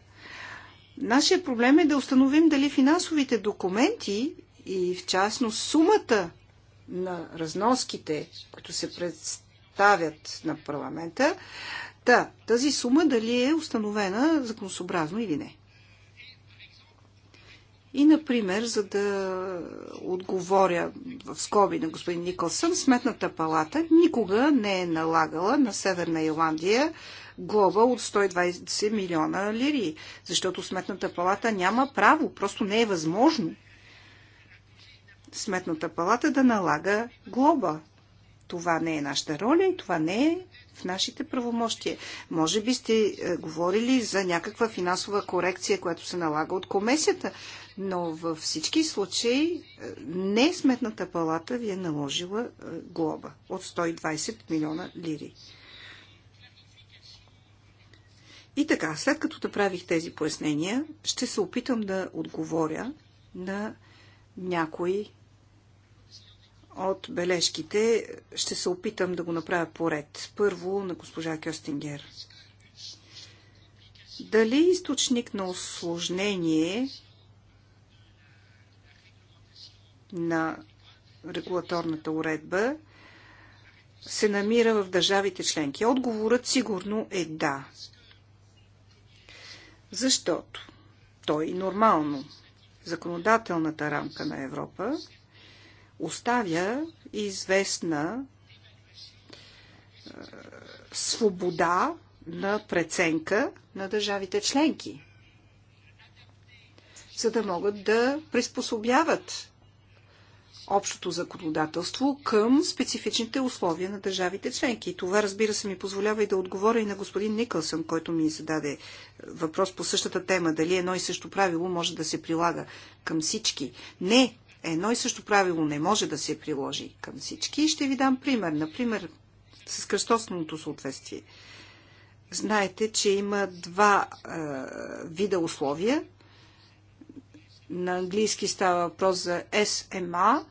Нашия проблем е да установим дали финансовите документи и в частност сумата на разноските, които се представят на парламента, да, тази сума дали е установена законосообразно или не. И, например, за да отговоря в скоби на господин Николсън, Сметната палата никога не е налагала на Северна Ирландия глоба от 120 милиона лири, защото Сметната палата няма право, просто не е възможно Сметната палата да налага глоба. Това не е нашата роля и това не е в нашите правомощия. Може би сте е, говорили за някаква финансова корекция, която се налага от комисията, но във всички случаи е, не Сметната палата ви е наложила е, глоба от 120 милиона лири. И така, след като направих тези пояснения, ще се опитам да отговоря на някои от бележките. Ще се опитам да го направя поред. Първо на госпожа Кьостингер. Дали източник на осложнение на регулаторната уредба се намира в държавите членки? Отговорът сигурно е да. Защото той нормално законодателната рамка на Европа оставя известна е, свобода на преценка на държавите членки, за да могат да приспособяват общото законодателство към специфичните условия на държавите членки. И това, разбира се, ми позволява и да отговоря и на господин Никълсън, който ми зададе въпрос по същата тема. Дали едно и също правило може да се прилага към всички. Не, едно и също правило не може да се приложи към всички. Ще ви дам пример. Например, с кръстосното съответствие. Знаете, че има два е, вида условия. На английски става въпрос за SMA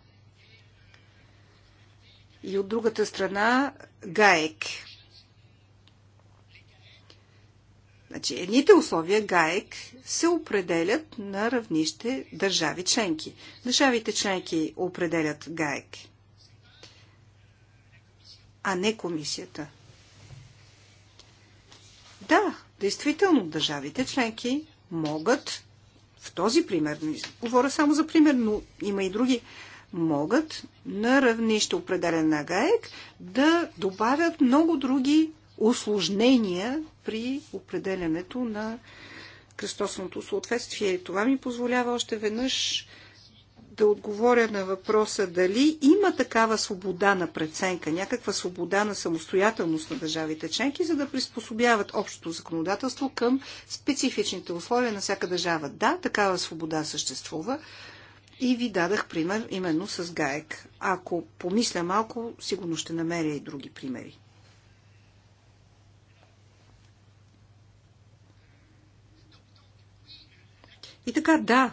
и от другата страна ГАЕК – Значи, едните условия ГАЕК се определят на равнище държави членки. Държавите членки определят ГАЕК, а не комисията. Да, действително държавите членки могат, в този пример, говоря само за пример, но има и други, могат на равнище определен на ГАЕК да добавят много други осложнения при определянето на кръстосното съответствие. Това ми позволява още веднъж да отговоря на въпроса дали има такава свобода на преценка, някаква свобода на самостоятелност на държавите членки, за да приспособяват общото законодателство към специфичните условия на всяка държава. Да, такава свобода съществува и ви дадах пример именно с ГАЕК. Ако помисля малко, сигурно ще намеря и други примери. И така, да,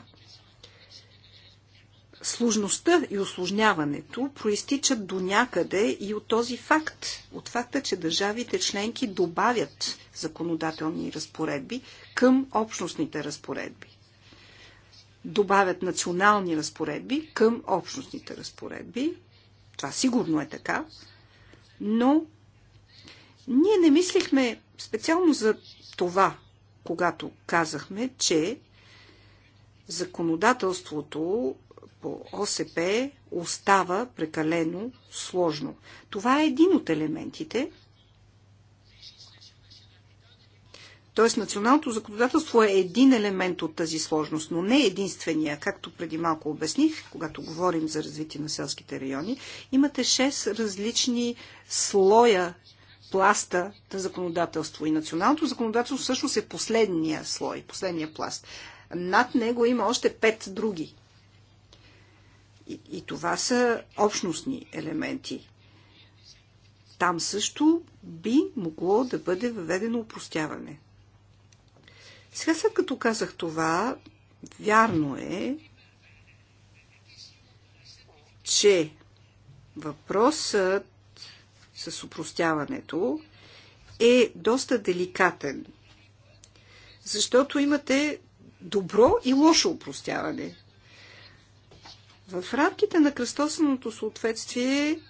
сложността и осложняването проистичат до някъде и от този факт, от факта, че държавите членки добавят законодателни разпоредби към общностните разпоредби. Добавят национални разпоредби към общностните разпоредби. Това сигурно е така. Но ние не мислихме специално за това, когато казахме, че законодателството по ОСП остава прекалено сложно. Това е един от елементите. Тоест, националното законодателство е един елемент от тази сложност, но не единствения. Както преди малко обясних, когато говорим за развитие на селските райони, имате 6 различни слоя пласта на законодателство. И националното законодателство всъщност е последния слой, последния пласт над него има още пет други. И, и това са общностни елементи. Там също би могло да бъде въведено упростяване. Сега след като казах това, вярно е, че въпросът с упростяването е доста деликатен. Защото имате добро и лошо упростяване. В рамките на кръстосаното съответствие,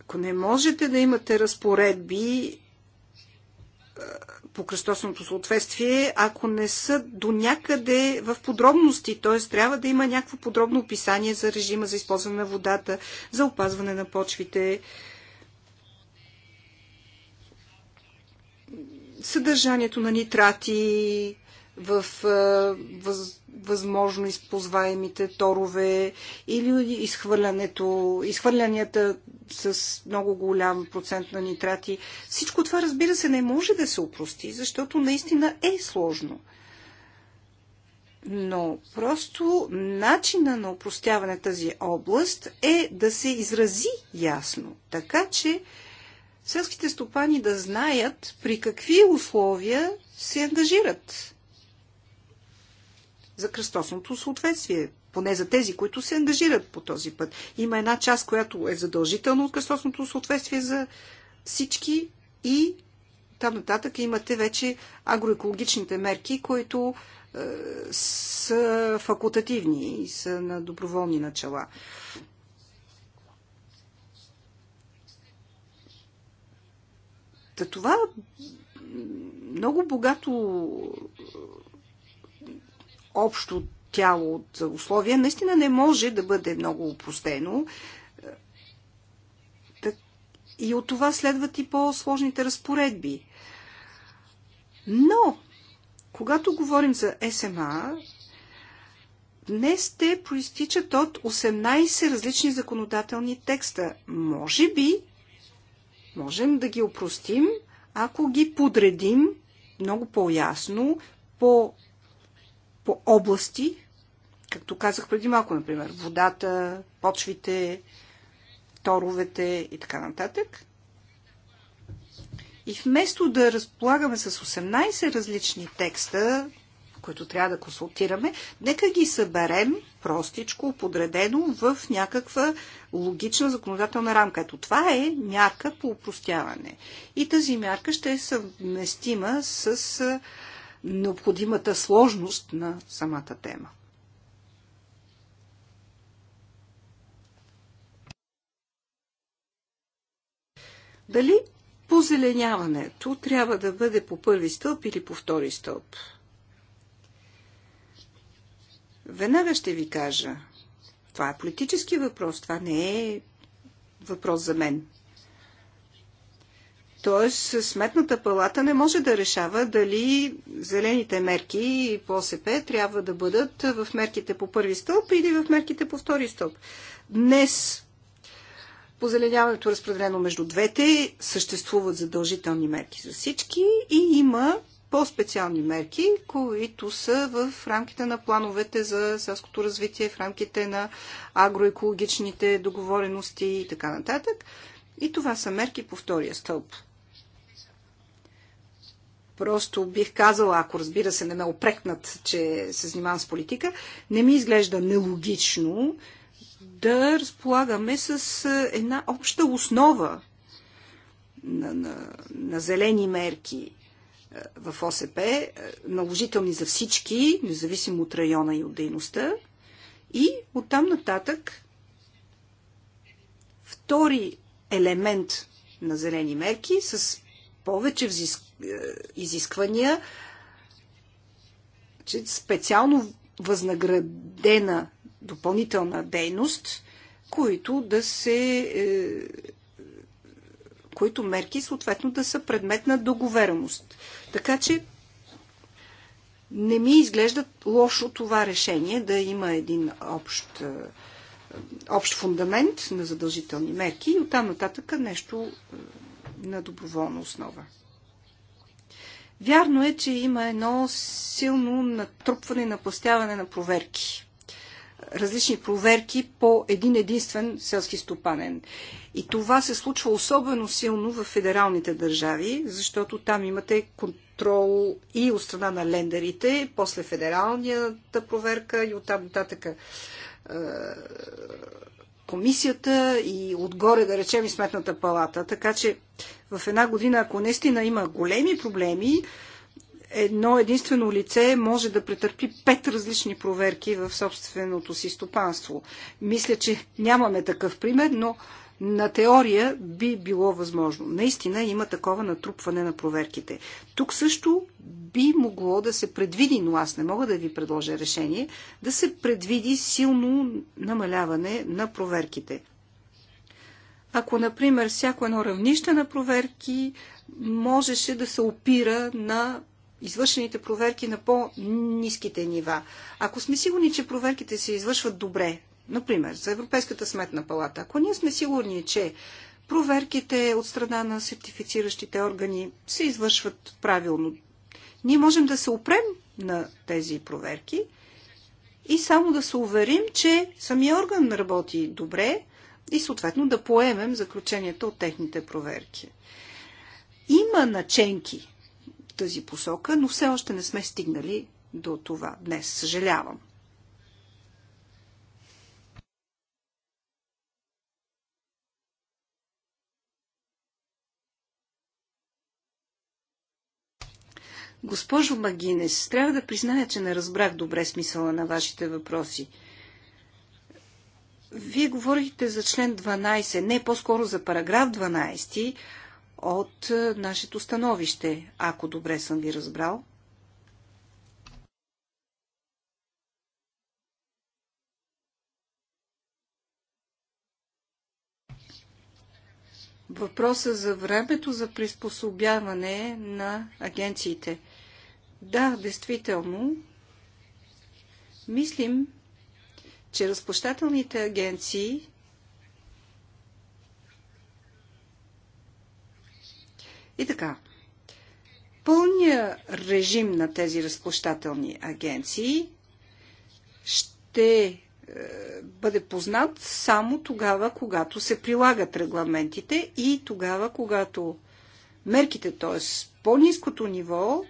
ако не можете да имате разпоредби по кръстосаното съответствие, ако не са до някъде в подробности, т.е. трябва да има някакво подробно описание за режима за използване на водата, за опазване на почвите, съдържанието на нитрати в е, въз, възможно използваемите торове или изхвърлянето, изхвърлянията с много голям процент на нитрати. Всичко това, разбира се, не може да се упрости, защото наистина е сложно. Но просто начина на упростяване тази област е да се изрази ясно, така че селските стопани да знаят при какви условия се ангажират за кръстосното съответствие, поне за тези, които се ангажират по този път. Има една част, която е задължителна от кръстосното съответствие за всички и там нататък имате вече агроекологичните мерки, които е, са факултативни и са на доброволни начала. Та това много богато е, общо тяло от условия наистина не може да бъде много упростено. Е, и от това следват и по-сложните разпоредби. Но, когато говорим за СМА, днес те проистичат от 18 различни законодателни текста. Може би Можем да ги опростим, ако ги подредим много по-ясно, по, по области, както казах преди малко, например, водата, почвите, торовете и така нататък. И вместо да разполагаме с 18 различни текста, които трябва да консултираме, нека ги съберем простичко, подредено в някаква логична законодателна рамка. Ето това е мярка по упростяване. И тази мярка ще е съвместима с необходимата сложност на самата тема. Дали позеленяването трябва да бъде по първи стълб или по втори стълб? Веднага ще ви кажа. Това е политически въпрос, това не е въпрос за мен. Тоест, сметната палата не може да решава дали зелените мерки по ОСП трябва да бъдат в мерките по първи стълб или в мерките по втори стълб. Днес позеленяването разпределено между двете, съществуват задължителни мерки за всички и има по-специални мерки, които са в рамките на плановете за селското развитие, в рамките на агроекологичните договорености и така нататък. И това са мерки по втория стълб. Просто бих казала, ако разбира се не ме опрекнат, че се занимавам с политика, не ми изглежда нелогично да разполагаме с една обща основа на, на, на зелени мерки, в ОСП, е, наложителни за всички, независимо от района и от дейността. И оттам нататък втори елемент на зелени мерки с повече е, изисквания, че специално възнаградена допълнителна дейност, които да се е, които мерки съответно да са предмет на договереност. Така че не ми изглежда лошо това решение да има един общ, е, общ фундамент на задължителни мерки и оттам нататък нещо е, на доброволна основа. Вярно е, че има едно силно натрупване и напластяване на проверки различни проверки по един единствен селски стопанен. И това се случва особено силно в федералните държави, защото там имате контрол и от страна на лендерите, после федералната проверка и оттам нататък е, комисията и отгоре, да речем, и сметната палата. Така че в една година, ако наистина има големи проблеми, едно единствено лице може да претърпи пет различни проверки в собственото си стопанство. Мисля, че нямаме такъв пример, но на теория би било възможно. Наистина има такова натрупване на проверките. Тук също би могло да се предвиди, но аз не мога да ви предложа решение, да се предвиди силно намаляване на проверките. Ако, например, всяко едно равнище на проверки можеше да се опира на извършените проверки на по-низките нива. Ако сме сигурни, че проверките се извършват добре, например, за Европейската сметна палата, ако ние сме сигурни, че проверките от страна на сертифициращите органи се извършват правилно, ние можем да се опрем на тези проверки и само да се уверим, че самия орган работи добре и съответно да поемем заключенията от техните проверки. Има наченки тази посока, но все още не сме стигнали до това днес. Съжалявам. Госпожо Магинес, трябва да призная, че не разбрах добре смисъла на вашите въпроси. Вие говорихте за член 12, не по-скоро за параграф 12, от е, нашето становище, ако добре съм ви разбрал. Въпроса за времето за приспособяване на агенциите. Да, действително, мислим, че разплащателните агенции И така, пълния режим на тези разплащателни агенции ще е, бъде познат само тогава, когато се прилагат регламентите и тогава, когато мерките, т.е. по-низкото ниво,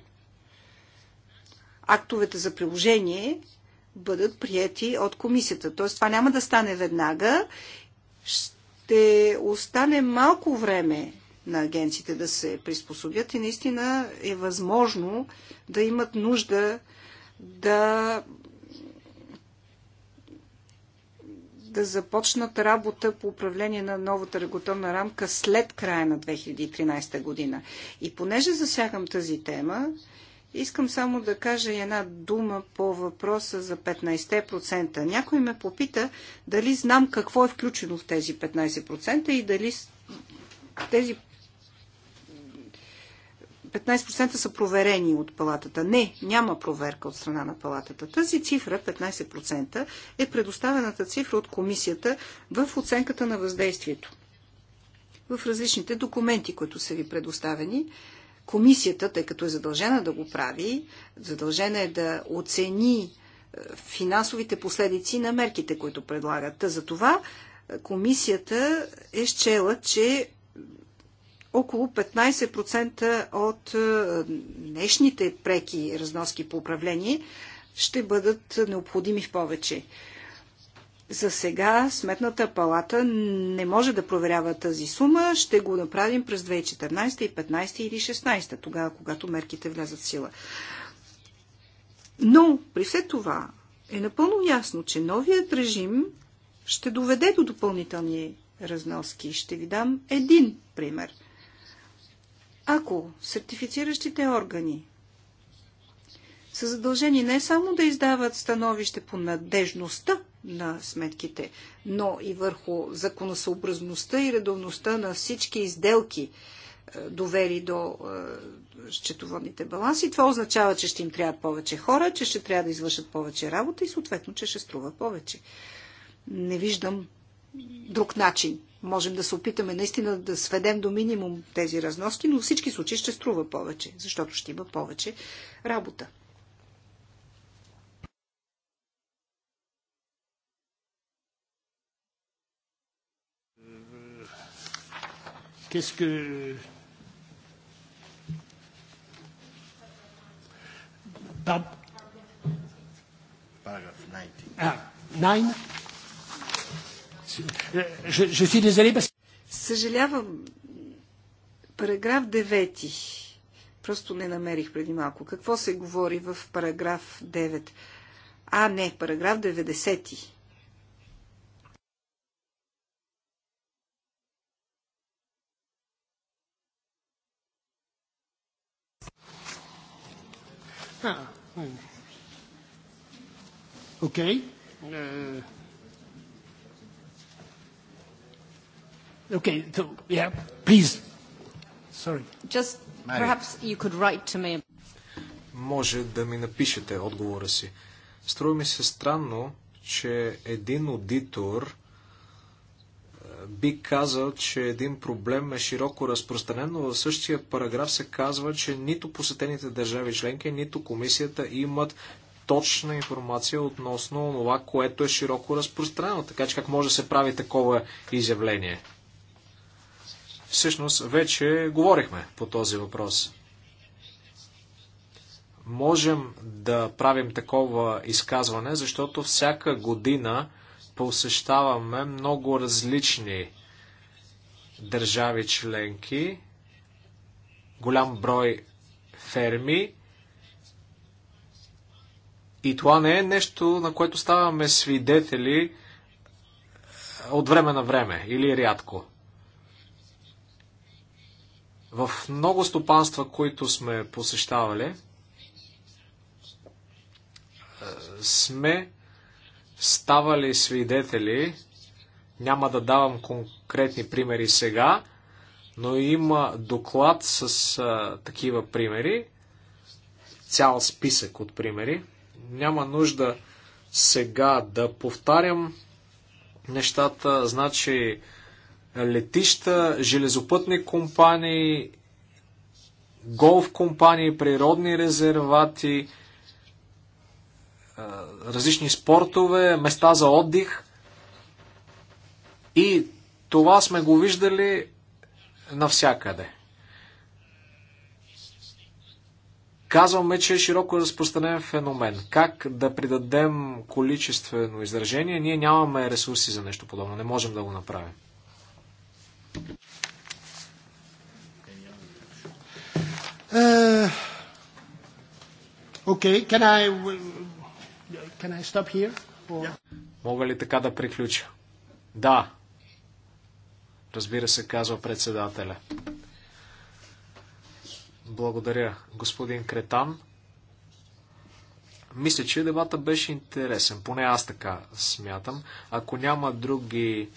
актовете за приложение бъдат прияти от комисията. Т.е. това няма да стане веднага. Ще остане малко време на агенциите да се приспособят и наистина е възможно да имат нужда да да започнат работа по управление на новата регулаторна рамка след края на 2013 година. И понеже засягам тази тема, искам само да кажа една дума по въпроса за 15%. Някой ме попита дали знам какво е включено в тези 15% и дали тези 15% са проверени от палатата. Не, няма проверка от страна на палатата. Тази цифра, 15%, е предоставената цифра от комисията в оценката на въздействието. В различните документи, които са ви предоставени, комисията, тъй като е задължена да го прави, задължена е да оцени е, финансовите последици на мерките, които предлагат. За това е, комисията е счела, че около 15% от е, днешните преки разноски по управление ще бъдат необходими в повече. За сега Сметната палата не може да проверява тази сума. Ще го направим през 2014, и 2015 или 2016, тогава, когато мерките влязат в сила. Но при все това е напълно ясно, че новият режим ще доведе до допълнителни разноски. Ще ви дам един пример – ако сертифициращите органи са задължени не само да издават становище по надежността на сметките, но и върху законосъобразността и редовността на всички изделки, е, довери до е, счетоводните баланси. Това означава, че ще им трябва повече хора, че ще трябва да извършат повече работа и съответно, че ще струва повече. Не виждам друг начин. Можем да се опитаме наистина да сведем до минимум тези разноски, но в всички случаи ще струва повече, защото ще има повече работа. Параграф ce que. 9. Съжалявам. Параграф 9. Просто не намерих преди малко. Какво се говори в параграф 9? А, не, параграф 90. А, окей. Okay. Uh... Okay, so, yeah, please. Sorry. Just perhaps you could write to me. Може да ми напишете отговора си. Струва ми се странно, че един аудитор е, би казал, че един проблем е широко разпространен, но в същия параграф се казва, че нито посетените държави членки, нито комисията имат точна информация относно това, което е широко разпространено. Така че как може да се прави такова изявление? Всъщност, вече говорихме по този въпрос. Можем да правим такова изказване, защото всяка година посещаваме много различни държави членки, голям брой ферми. И това не е нещо, на което ставаме свидетели от време на време или рядко. В много стопанства, които сме посещавали, е, сме ставали свидетели, няма да давам конкретни примери сега, но има доклад с а, е, такива примери, цял списък от примери. Няма нужда сега да повтарям нещата, значи летища, железопътни компании, голф компании, природни резервати, различни спортове, места за отдих. И това сме го виждали навсякъде. Казваме, че е широко разпространен феномен. Как да придадем количествено изражение? Ние нямаме ресурси за нещо подобно. Не можем да го направим. Uh, okay, can I, can I stop here? Or... Мога ли така да приключа? Да. Разбира се, казва председателя. Благодаря, господин Кретан. Мисля, че дебата беше интересен, поне аз така смятам. Ако няма други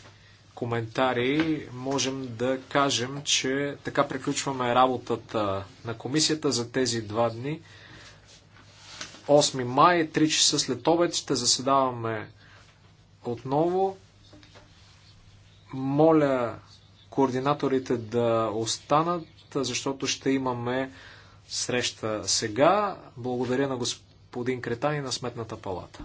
коментари можем да кажем, че така приключваме работата на комисията за тези два дни. 8 май, 3 часа след обед, ще заседаваме отново. Моля координаторите да останат, защото ще имаме среща сега. Благодаря на господин Кретани на Сметната палата.